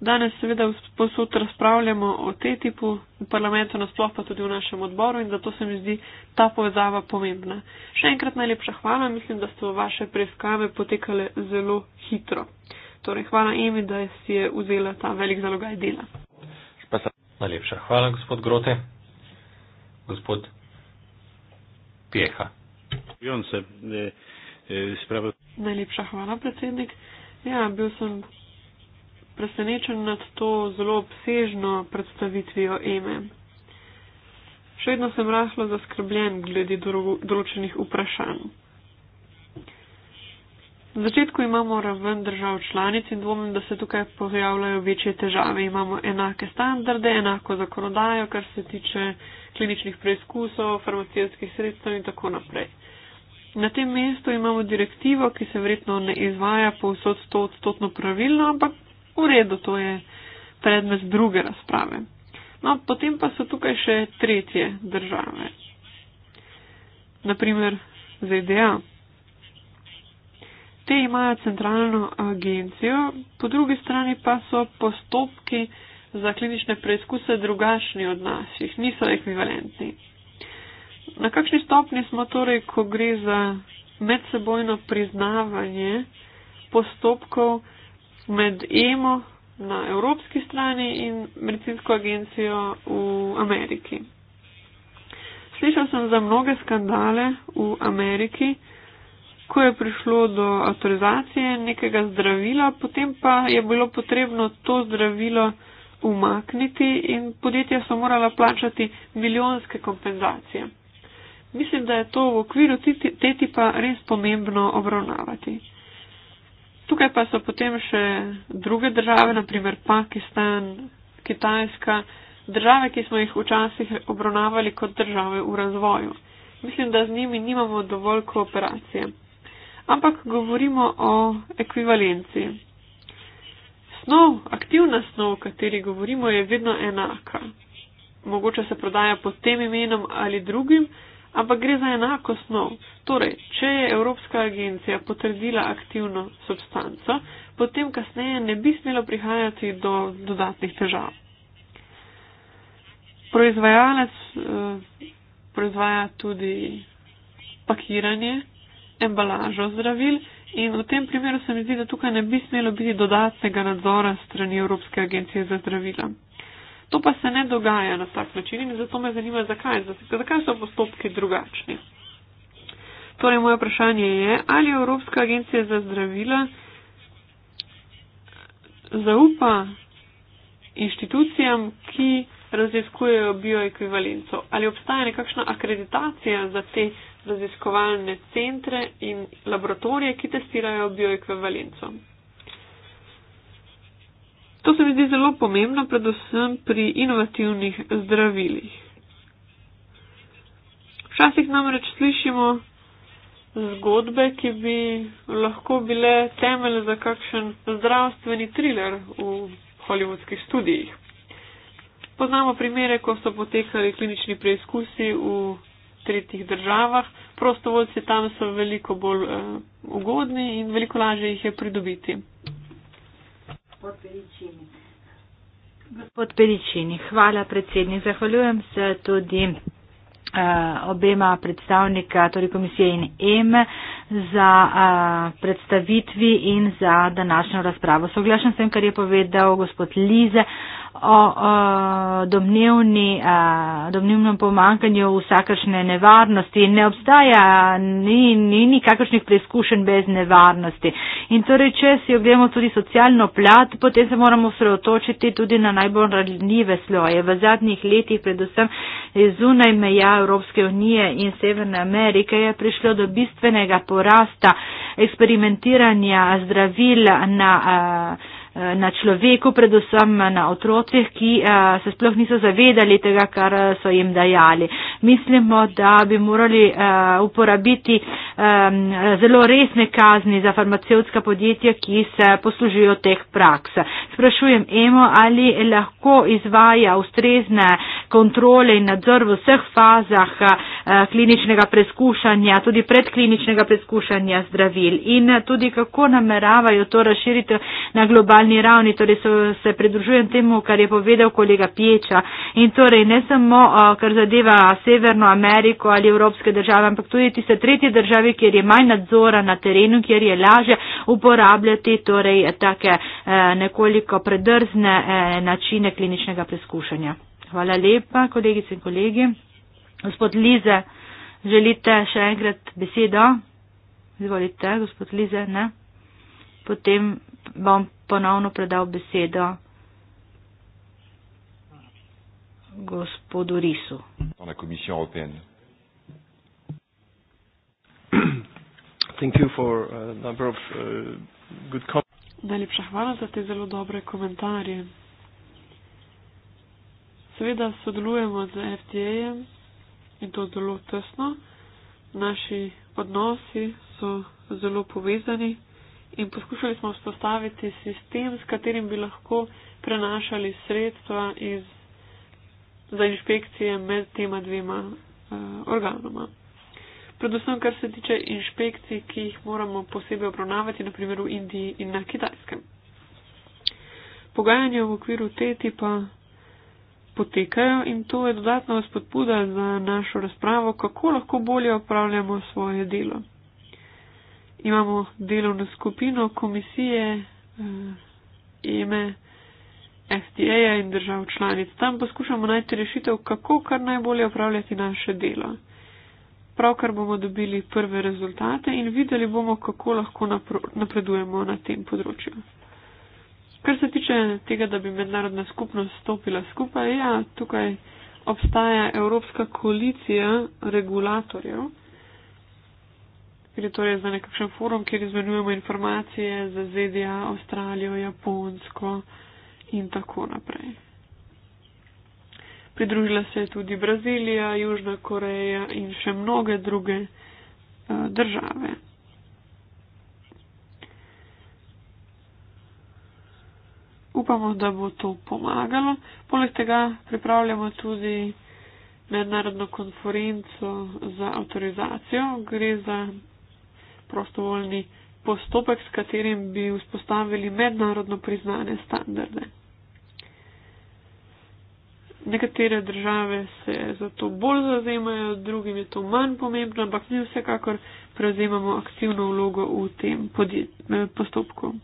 C: Danes seveda posod razpravljamo o TTIP-u v parlamentu, nasploh pa tudi v našem odboru in zato se mi zdi ta povezava pomembna. Še enkrat najlepša hvala, mislim, da so vaše preiskave potekale zelo hitro. Torej, hvala Emi, da si je vzela ta velik zalogaj dela.
A: Najlepša hvala, gospod Grote. Gospod Pjeha. Eh, eh,
C: najlepša hvala, predsednik. Ja, bil sem presenečen nad to zelo obsežno predstavitvijo Eme. Še vedno sem rahlo zaskrbljen glede določenih vprašanj. Na začetku imamo raven držav članic in dvomim, da se tukaj pojavljajo večje težave. Imamo enake standarde, enako zakonodajo, kar se tiče kliničnih preizkusov, farmacijskih sredstev in tako naprej. Na tem mestu imamo direktivo, ki se verjetno ne izvaja povsod 100-odstotno pravilno, ampak v redu, to je predmet druge razprave. No, potem pa so tukaj še tretje države. Naprimer ZDA. Te imajo centralno agencijo, po drugi strani pa so postopki za klinične preizkuse drugačni od naših, niso ekvivalentni. Na kakšni stopni smo torej, ko gre za medsebojno priznavanje postopkov, med EMO na evropski strani in medicinsko agencijo v Ameriki. Slišal sem za mnoge skandale v Ameriki, ko je prišlo do avtorizacije nekega zdravila, potem pa je bilo potrebno to zdravilo umakniti in podjetja so morala plačati milijonske kompenzacije. Mislim, da je to v okviru te tipa res pomembno obravnavati. Tukaj pa so potem še druge države, naprimer Pakistan, Kitajska, države, ki smo jih včasih obravnavali kot države v razvoju. Mislim, da z njimi nimamo dovolj kooperacije. Ampak govorimo o ekvivalenci. Snov, aktivna snov, o kateri govorimo, je vedno enaka. Mogoče se prodaja pod tem imenom ali drugim, ampak gre za enako snov. Torej, če je Evropska agencija potrdila aktivno substanco, potem kasneje ne bi smelo prihajati do dodatnih težav. Proizvajalec eh, proizvaja tudi pakiranje, embalažo zdravil in v tem primeru se mi zdi, da tukaj ne bi smelo biti dodatnega nadzora strani Evropske agencije za zdravila. To pa se ne dogaja na tak način in zato me zanima, zakaj, zakaj so postopki drugačni. Torej, moje vprašanje je, ali Evropska agencija za zdravila zaupa inštitucijam, ki raziskujejo bioekvivalenco. Ali obstaja nekakšna akreditacija za te raziskovalne centre in laboratorije, ki testirajo bioekvivalenco? To se mi zdi zelo pomembno, predvsem pri inovativnih zdravilih. Včasih namreč slišimo zgodbe, ki bi lahko bile temelj za kakšen zdravstveni thriller v hollywoodskih študijih. Poznamo primere, ko so potekali klinični preizkusi v tretjih državah. Prostovoljci tam so veliko bolj eh, ugodni in veliko lažje jih je pridobiti.
B: Gospod Peričini. Gospod Peričini, hvala predsednik. Zahvaljujem se tudi eh, obema predstavnika, torej komisije in M, za eh, predstavitvi in za današnjo razpravo. Soglašam s tem, kar je povedal gospod Lize o, o domnevni, a, domnevnem pomankanju vsakršne nevarnosti. Ne obstaja ni nikakršnih ni preizkušenj brez nevarnosti. In torej, če si ogledamo tudi socialno plat, potem se moramo sreotočiti tudi na najbolj ranljive sloje. V zadnjih letih, predvsem zunaj meja Evropske unije in Severne Amerike, je prišlo do bistvenega porasta eksperimentiranja zdravil na a, na človeku, predvsem na otrocih, ki eh, se sploh niso zavedali tega, kar eh, so jim dajali. Mislimo, da bi morali eh, uporabiti ehm, zelo resne kazni za farmacevtska podjetja, ki se poslužijo teh praks. Sprašujem Emo, ali lahko izvaja ustrezne kontrole in nadzor v vseh fazah kliničnega preskušanja, tudi predkliničnega preskušanja zdravil in tudi kako nameravajo to razširiti na globalni nacionalni ravni, torej so, se pridružujem temu, kar je povedal kolega Pječa. In torej ne samo, kar zadeva Severno Ameriko ali Evropske države, ampak tudi tiste tretje države, kjer je manj nadzora na terenu, kjer je laže uporabljati torej take e, nekoliko predrzne e, načine kliničnega preskušanja. Hvala lepa, kolegice in kolegi. Gospod Lize, želite še enkrat besedo? Izvolite, gospod Lize, ne? Potem vam ponovno predal besedo gospodu Risu.
C: Uh, uh, Najlepša hvala za te zelo dobre komentarje. Seveda sodelujemo z FDA-jem in to zelo tesno. Naši odnosi so zelo povezani in poskušali smo vzpostaviti sistem, s katerim bi lahko prenašali sredstva iz, za inšpekcije med tema dvema uh, organoma. Predvsem, kar se tiče inšpekcij, ki jih moramo posebej obravnavati, naprimer v Indiji in na Kitajskem. Pogajanja v okviru TETI pa potekajo in to je dodatna spodbuda za našo razpravo, kako lahko bolje upravljamo svoje delo imamo delovno skupino komisije, eh, EME, FDA-ja in držav članic. Tam poskušamo najti rešitev, kako kar najbolje upravljati naše delo. Pravkar bomo dobili prve rezultate in videli bomo, kako lahko napredujemo na tem področju. Kar se tiče tega, da bi mednarodna skupnost stopila skupaj, ja, tukaj obstaja Evropska koalicija regulatorjev. Gre torej za nekakšen forum, kjer izmenjujemo informacije za ZDA, Avstralijo, Japonsko in tako naprej. Pridružila se je tudi Brazilija, Južna Koreja in še mnoge druge eh, države. Upamo, da bo to pomagalo. Poleg tega pripravljamo tudi mednarodno konferenco za avtorizacijo. Gre za prostovoljni postopek, s katerim bi vzpostavili mednarodno priznane standarde. Nekatere države se za to bolj zazemajo, drugim je to manj pomembno, ampak mi vsekakor prevzemamo aktivno vlogo v tem eh, postopku.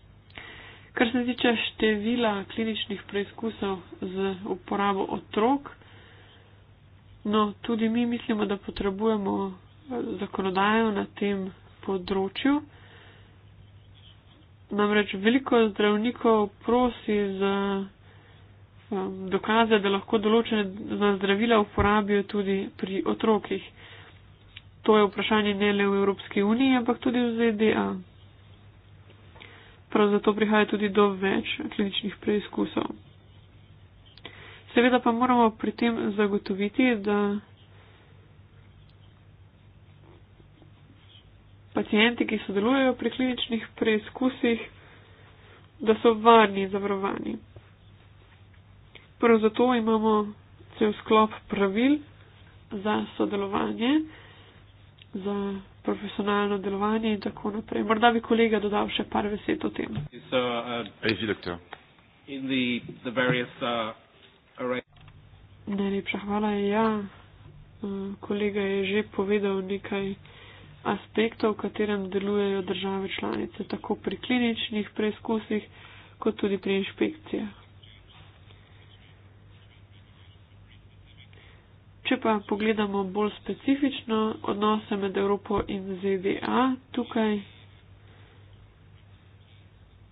C: Kar se tiče števila kliničnih preizkusov z uporabo otrok, no tudi mi mislimo, da potrebujemo eh, zakonodajo na tem področju. Namreč veliko zdravnikov prosi za um, dokaze, da lahko določene zdravila uporabijo tudi pri otrokih. To je vprašanje ne le v Evropski uniji, ampak tudi v ZDA. Prav zato prihaja tudi do več kliničnih preizkusov. Seveda pa moramo pri tem zagotoviti, da pacijenti, ki sodelujejo pri kliničnih preizkusih, da so varni in zavarovani. Prav zato imamo cel sklop pravil za sodelovanje, za profesionalno delovanje in tako naprej. Morda bi kolega dodal še par besed o tem. Uh, uh, Najlepša hvala. Ja, uh, kolega je že povedal nekaj aspekta, v katerem delujejo države članice, tako pri kliničnih preizkusih, kot tudi pri inšpekcijah. Če pa pogledamo bolj specifično odnose med Evropo in ZDA, tukaj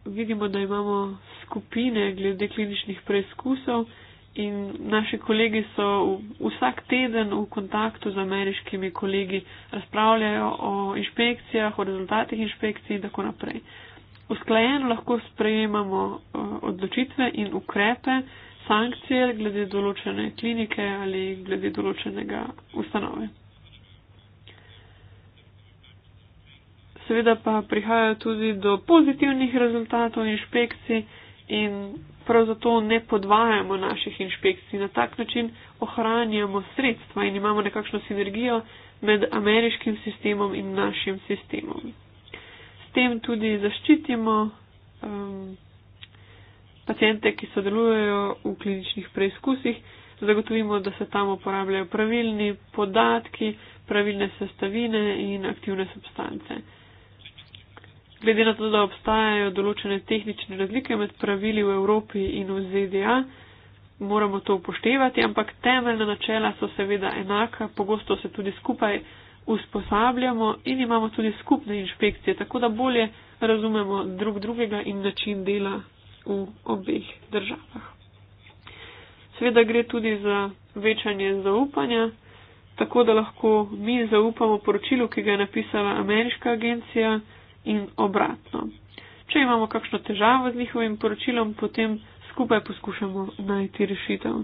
C: vidimo, da imamo skupine glede kliničnih preizkusov, In naši kolegi so vsak teden v kontaktu z ameriškimi kolegi, razpravljajo o inšpekcijah, o rezultatih inšpekcij in tako naprej. Usklajeno lahko sprejemamo eh, odločitve in ukrepe, sankcije glede določene klinike ali glede določenega ustanove. Seveda pa prihajajo tudi do pozitivnih rezultatov inšpekcij in prav zato ne podvajamo naših inšpekcij. Na tak način ohranjamo sredstva in imamo nekakšno sinergijo med ameriškim sistemom in našim sistemom. S tem tudi zaščitimo um, pacijente, ki sodelujejo v kliničnih preizkusih, zagotovimo, da se tam uporabljajo pravilni podatki, pravilne sestavine in aktivne substance. Glede na to, da obstajajo določene tehnične razlike med pravili v Evropi in v ZDA, moramo to upoštevati, ampak temeljna načela so seveda enaka, pogosto se tudi skupaj usposabljamo in imamo tudi skupne inšpekcije, tako da bolje razumemo drug drugega in način dela v obeh državah. Sveda gre tudi za večanje zaupanja, tako da lahko mi zaupamo poročilu, ki ga je napisala ameriška agencija in obratno. Če imamo kakšno težavo z njihovim poročilom, potem skupaj poskušamo najti rešitev.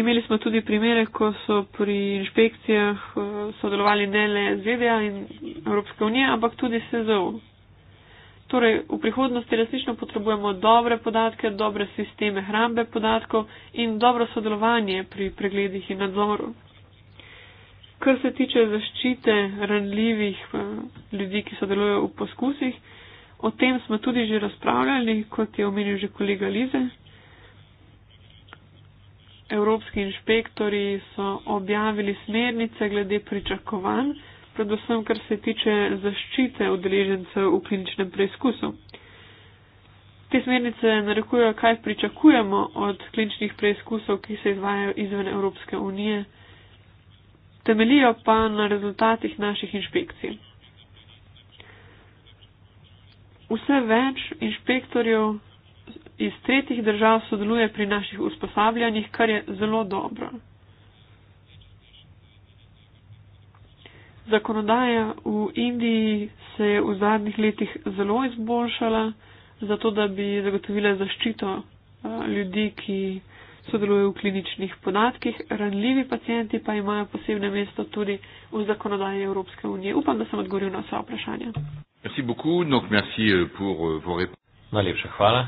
C: Imeli smo tudi primere, ko so pri inšpekcijah eh, sodelovali ne le ZDA in Evropska unija, ampak tudi SZO. Torej, v prihodnosti resnično potrebujemo dobre podatke, dobre sisteme hrambe podatkov in dobro sodelovanje pri pregledih in nadzoru kar se tiče zaščite ranljivih eh, ljudi, ki sodelujo v poskusih, o tem smo tudi že razpravljali, kot je omenil že kolega Lize. Evropski inšpektori so objavili smernice glede pričakovanj, predvsem kar se tiče zaščite udeležencev v kliničnem preizkusu. Te smernice narekujejo, kaj pričakujemo od kliničnih preizkusov, ki se izvajajo izven Evropske unije temelijo pa na rezultatih naših inšpekcij. Vse več inšpektorjev iz tretjih držav sodeluje pri naših usposabljanjih, kar je zelo dobro. Zakonodaja v Indiji se je v zadnjih letih zelo izboljšala, zato da bi zagotovila zaščito eh, ljudi, ki sodeluje v kliničnih podatkih, ranljivi pacijenti pa imajo posebne mesto tudi v zakonodaji Evropske unije. Upam, da sem odgovoril na vsa vprašanja.
A: Euh, euh, Najlepša hvala.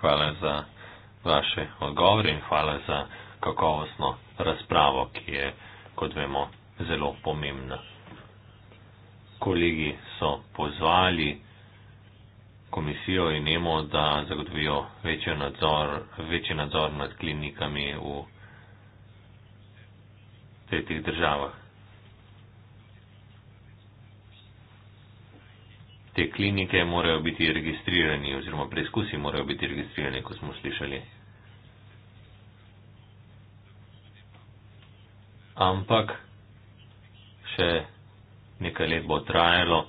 A: Hvala za vaše odgovore in hvala za kakovostno razpravo, ki je, kot vemo, zelo pomembna. Kolegi so pozvali komisijo in emo, da zagotovijo večji nadzor, večji nadzor nad klinikami v tretjih državah. Te klinike morajo biti registrirani oziroma preizkusi morajo biti registrirani, kot smo slišali. Ampak še nekaj let bo trajalo,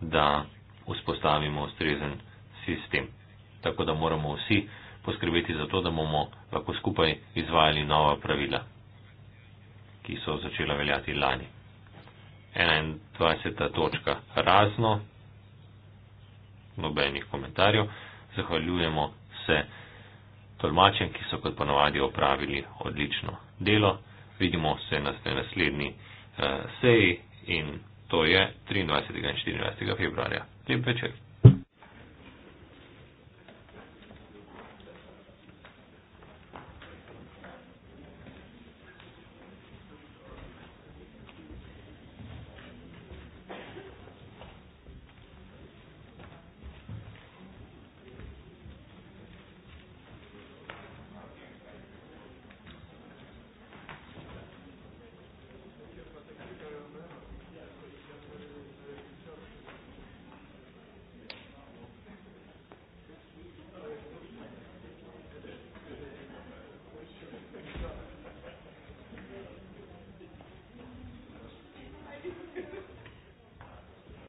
A: da vzpostavimo ustrezen sistem. Tako da moramo vsi poskrbeti za to, da bomo lahko skupaj izvajali nova pravila, ki so začela veljati lani. 21. točka razno, nobenih komentarjev, zahvaljujemo se tolmačem, ki so kot ponovadi opravili odlično delo. Vidimo se na naslednji uh, seji in to je 23. in 24. februarja. Lep večer.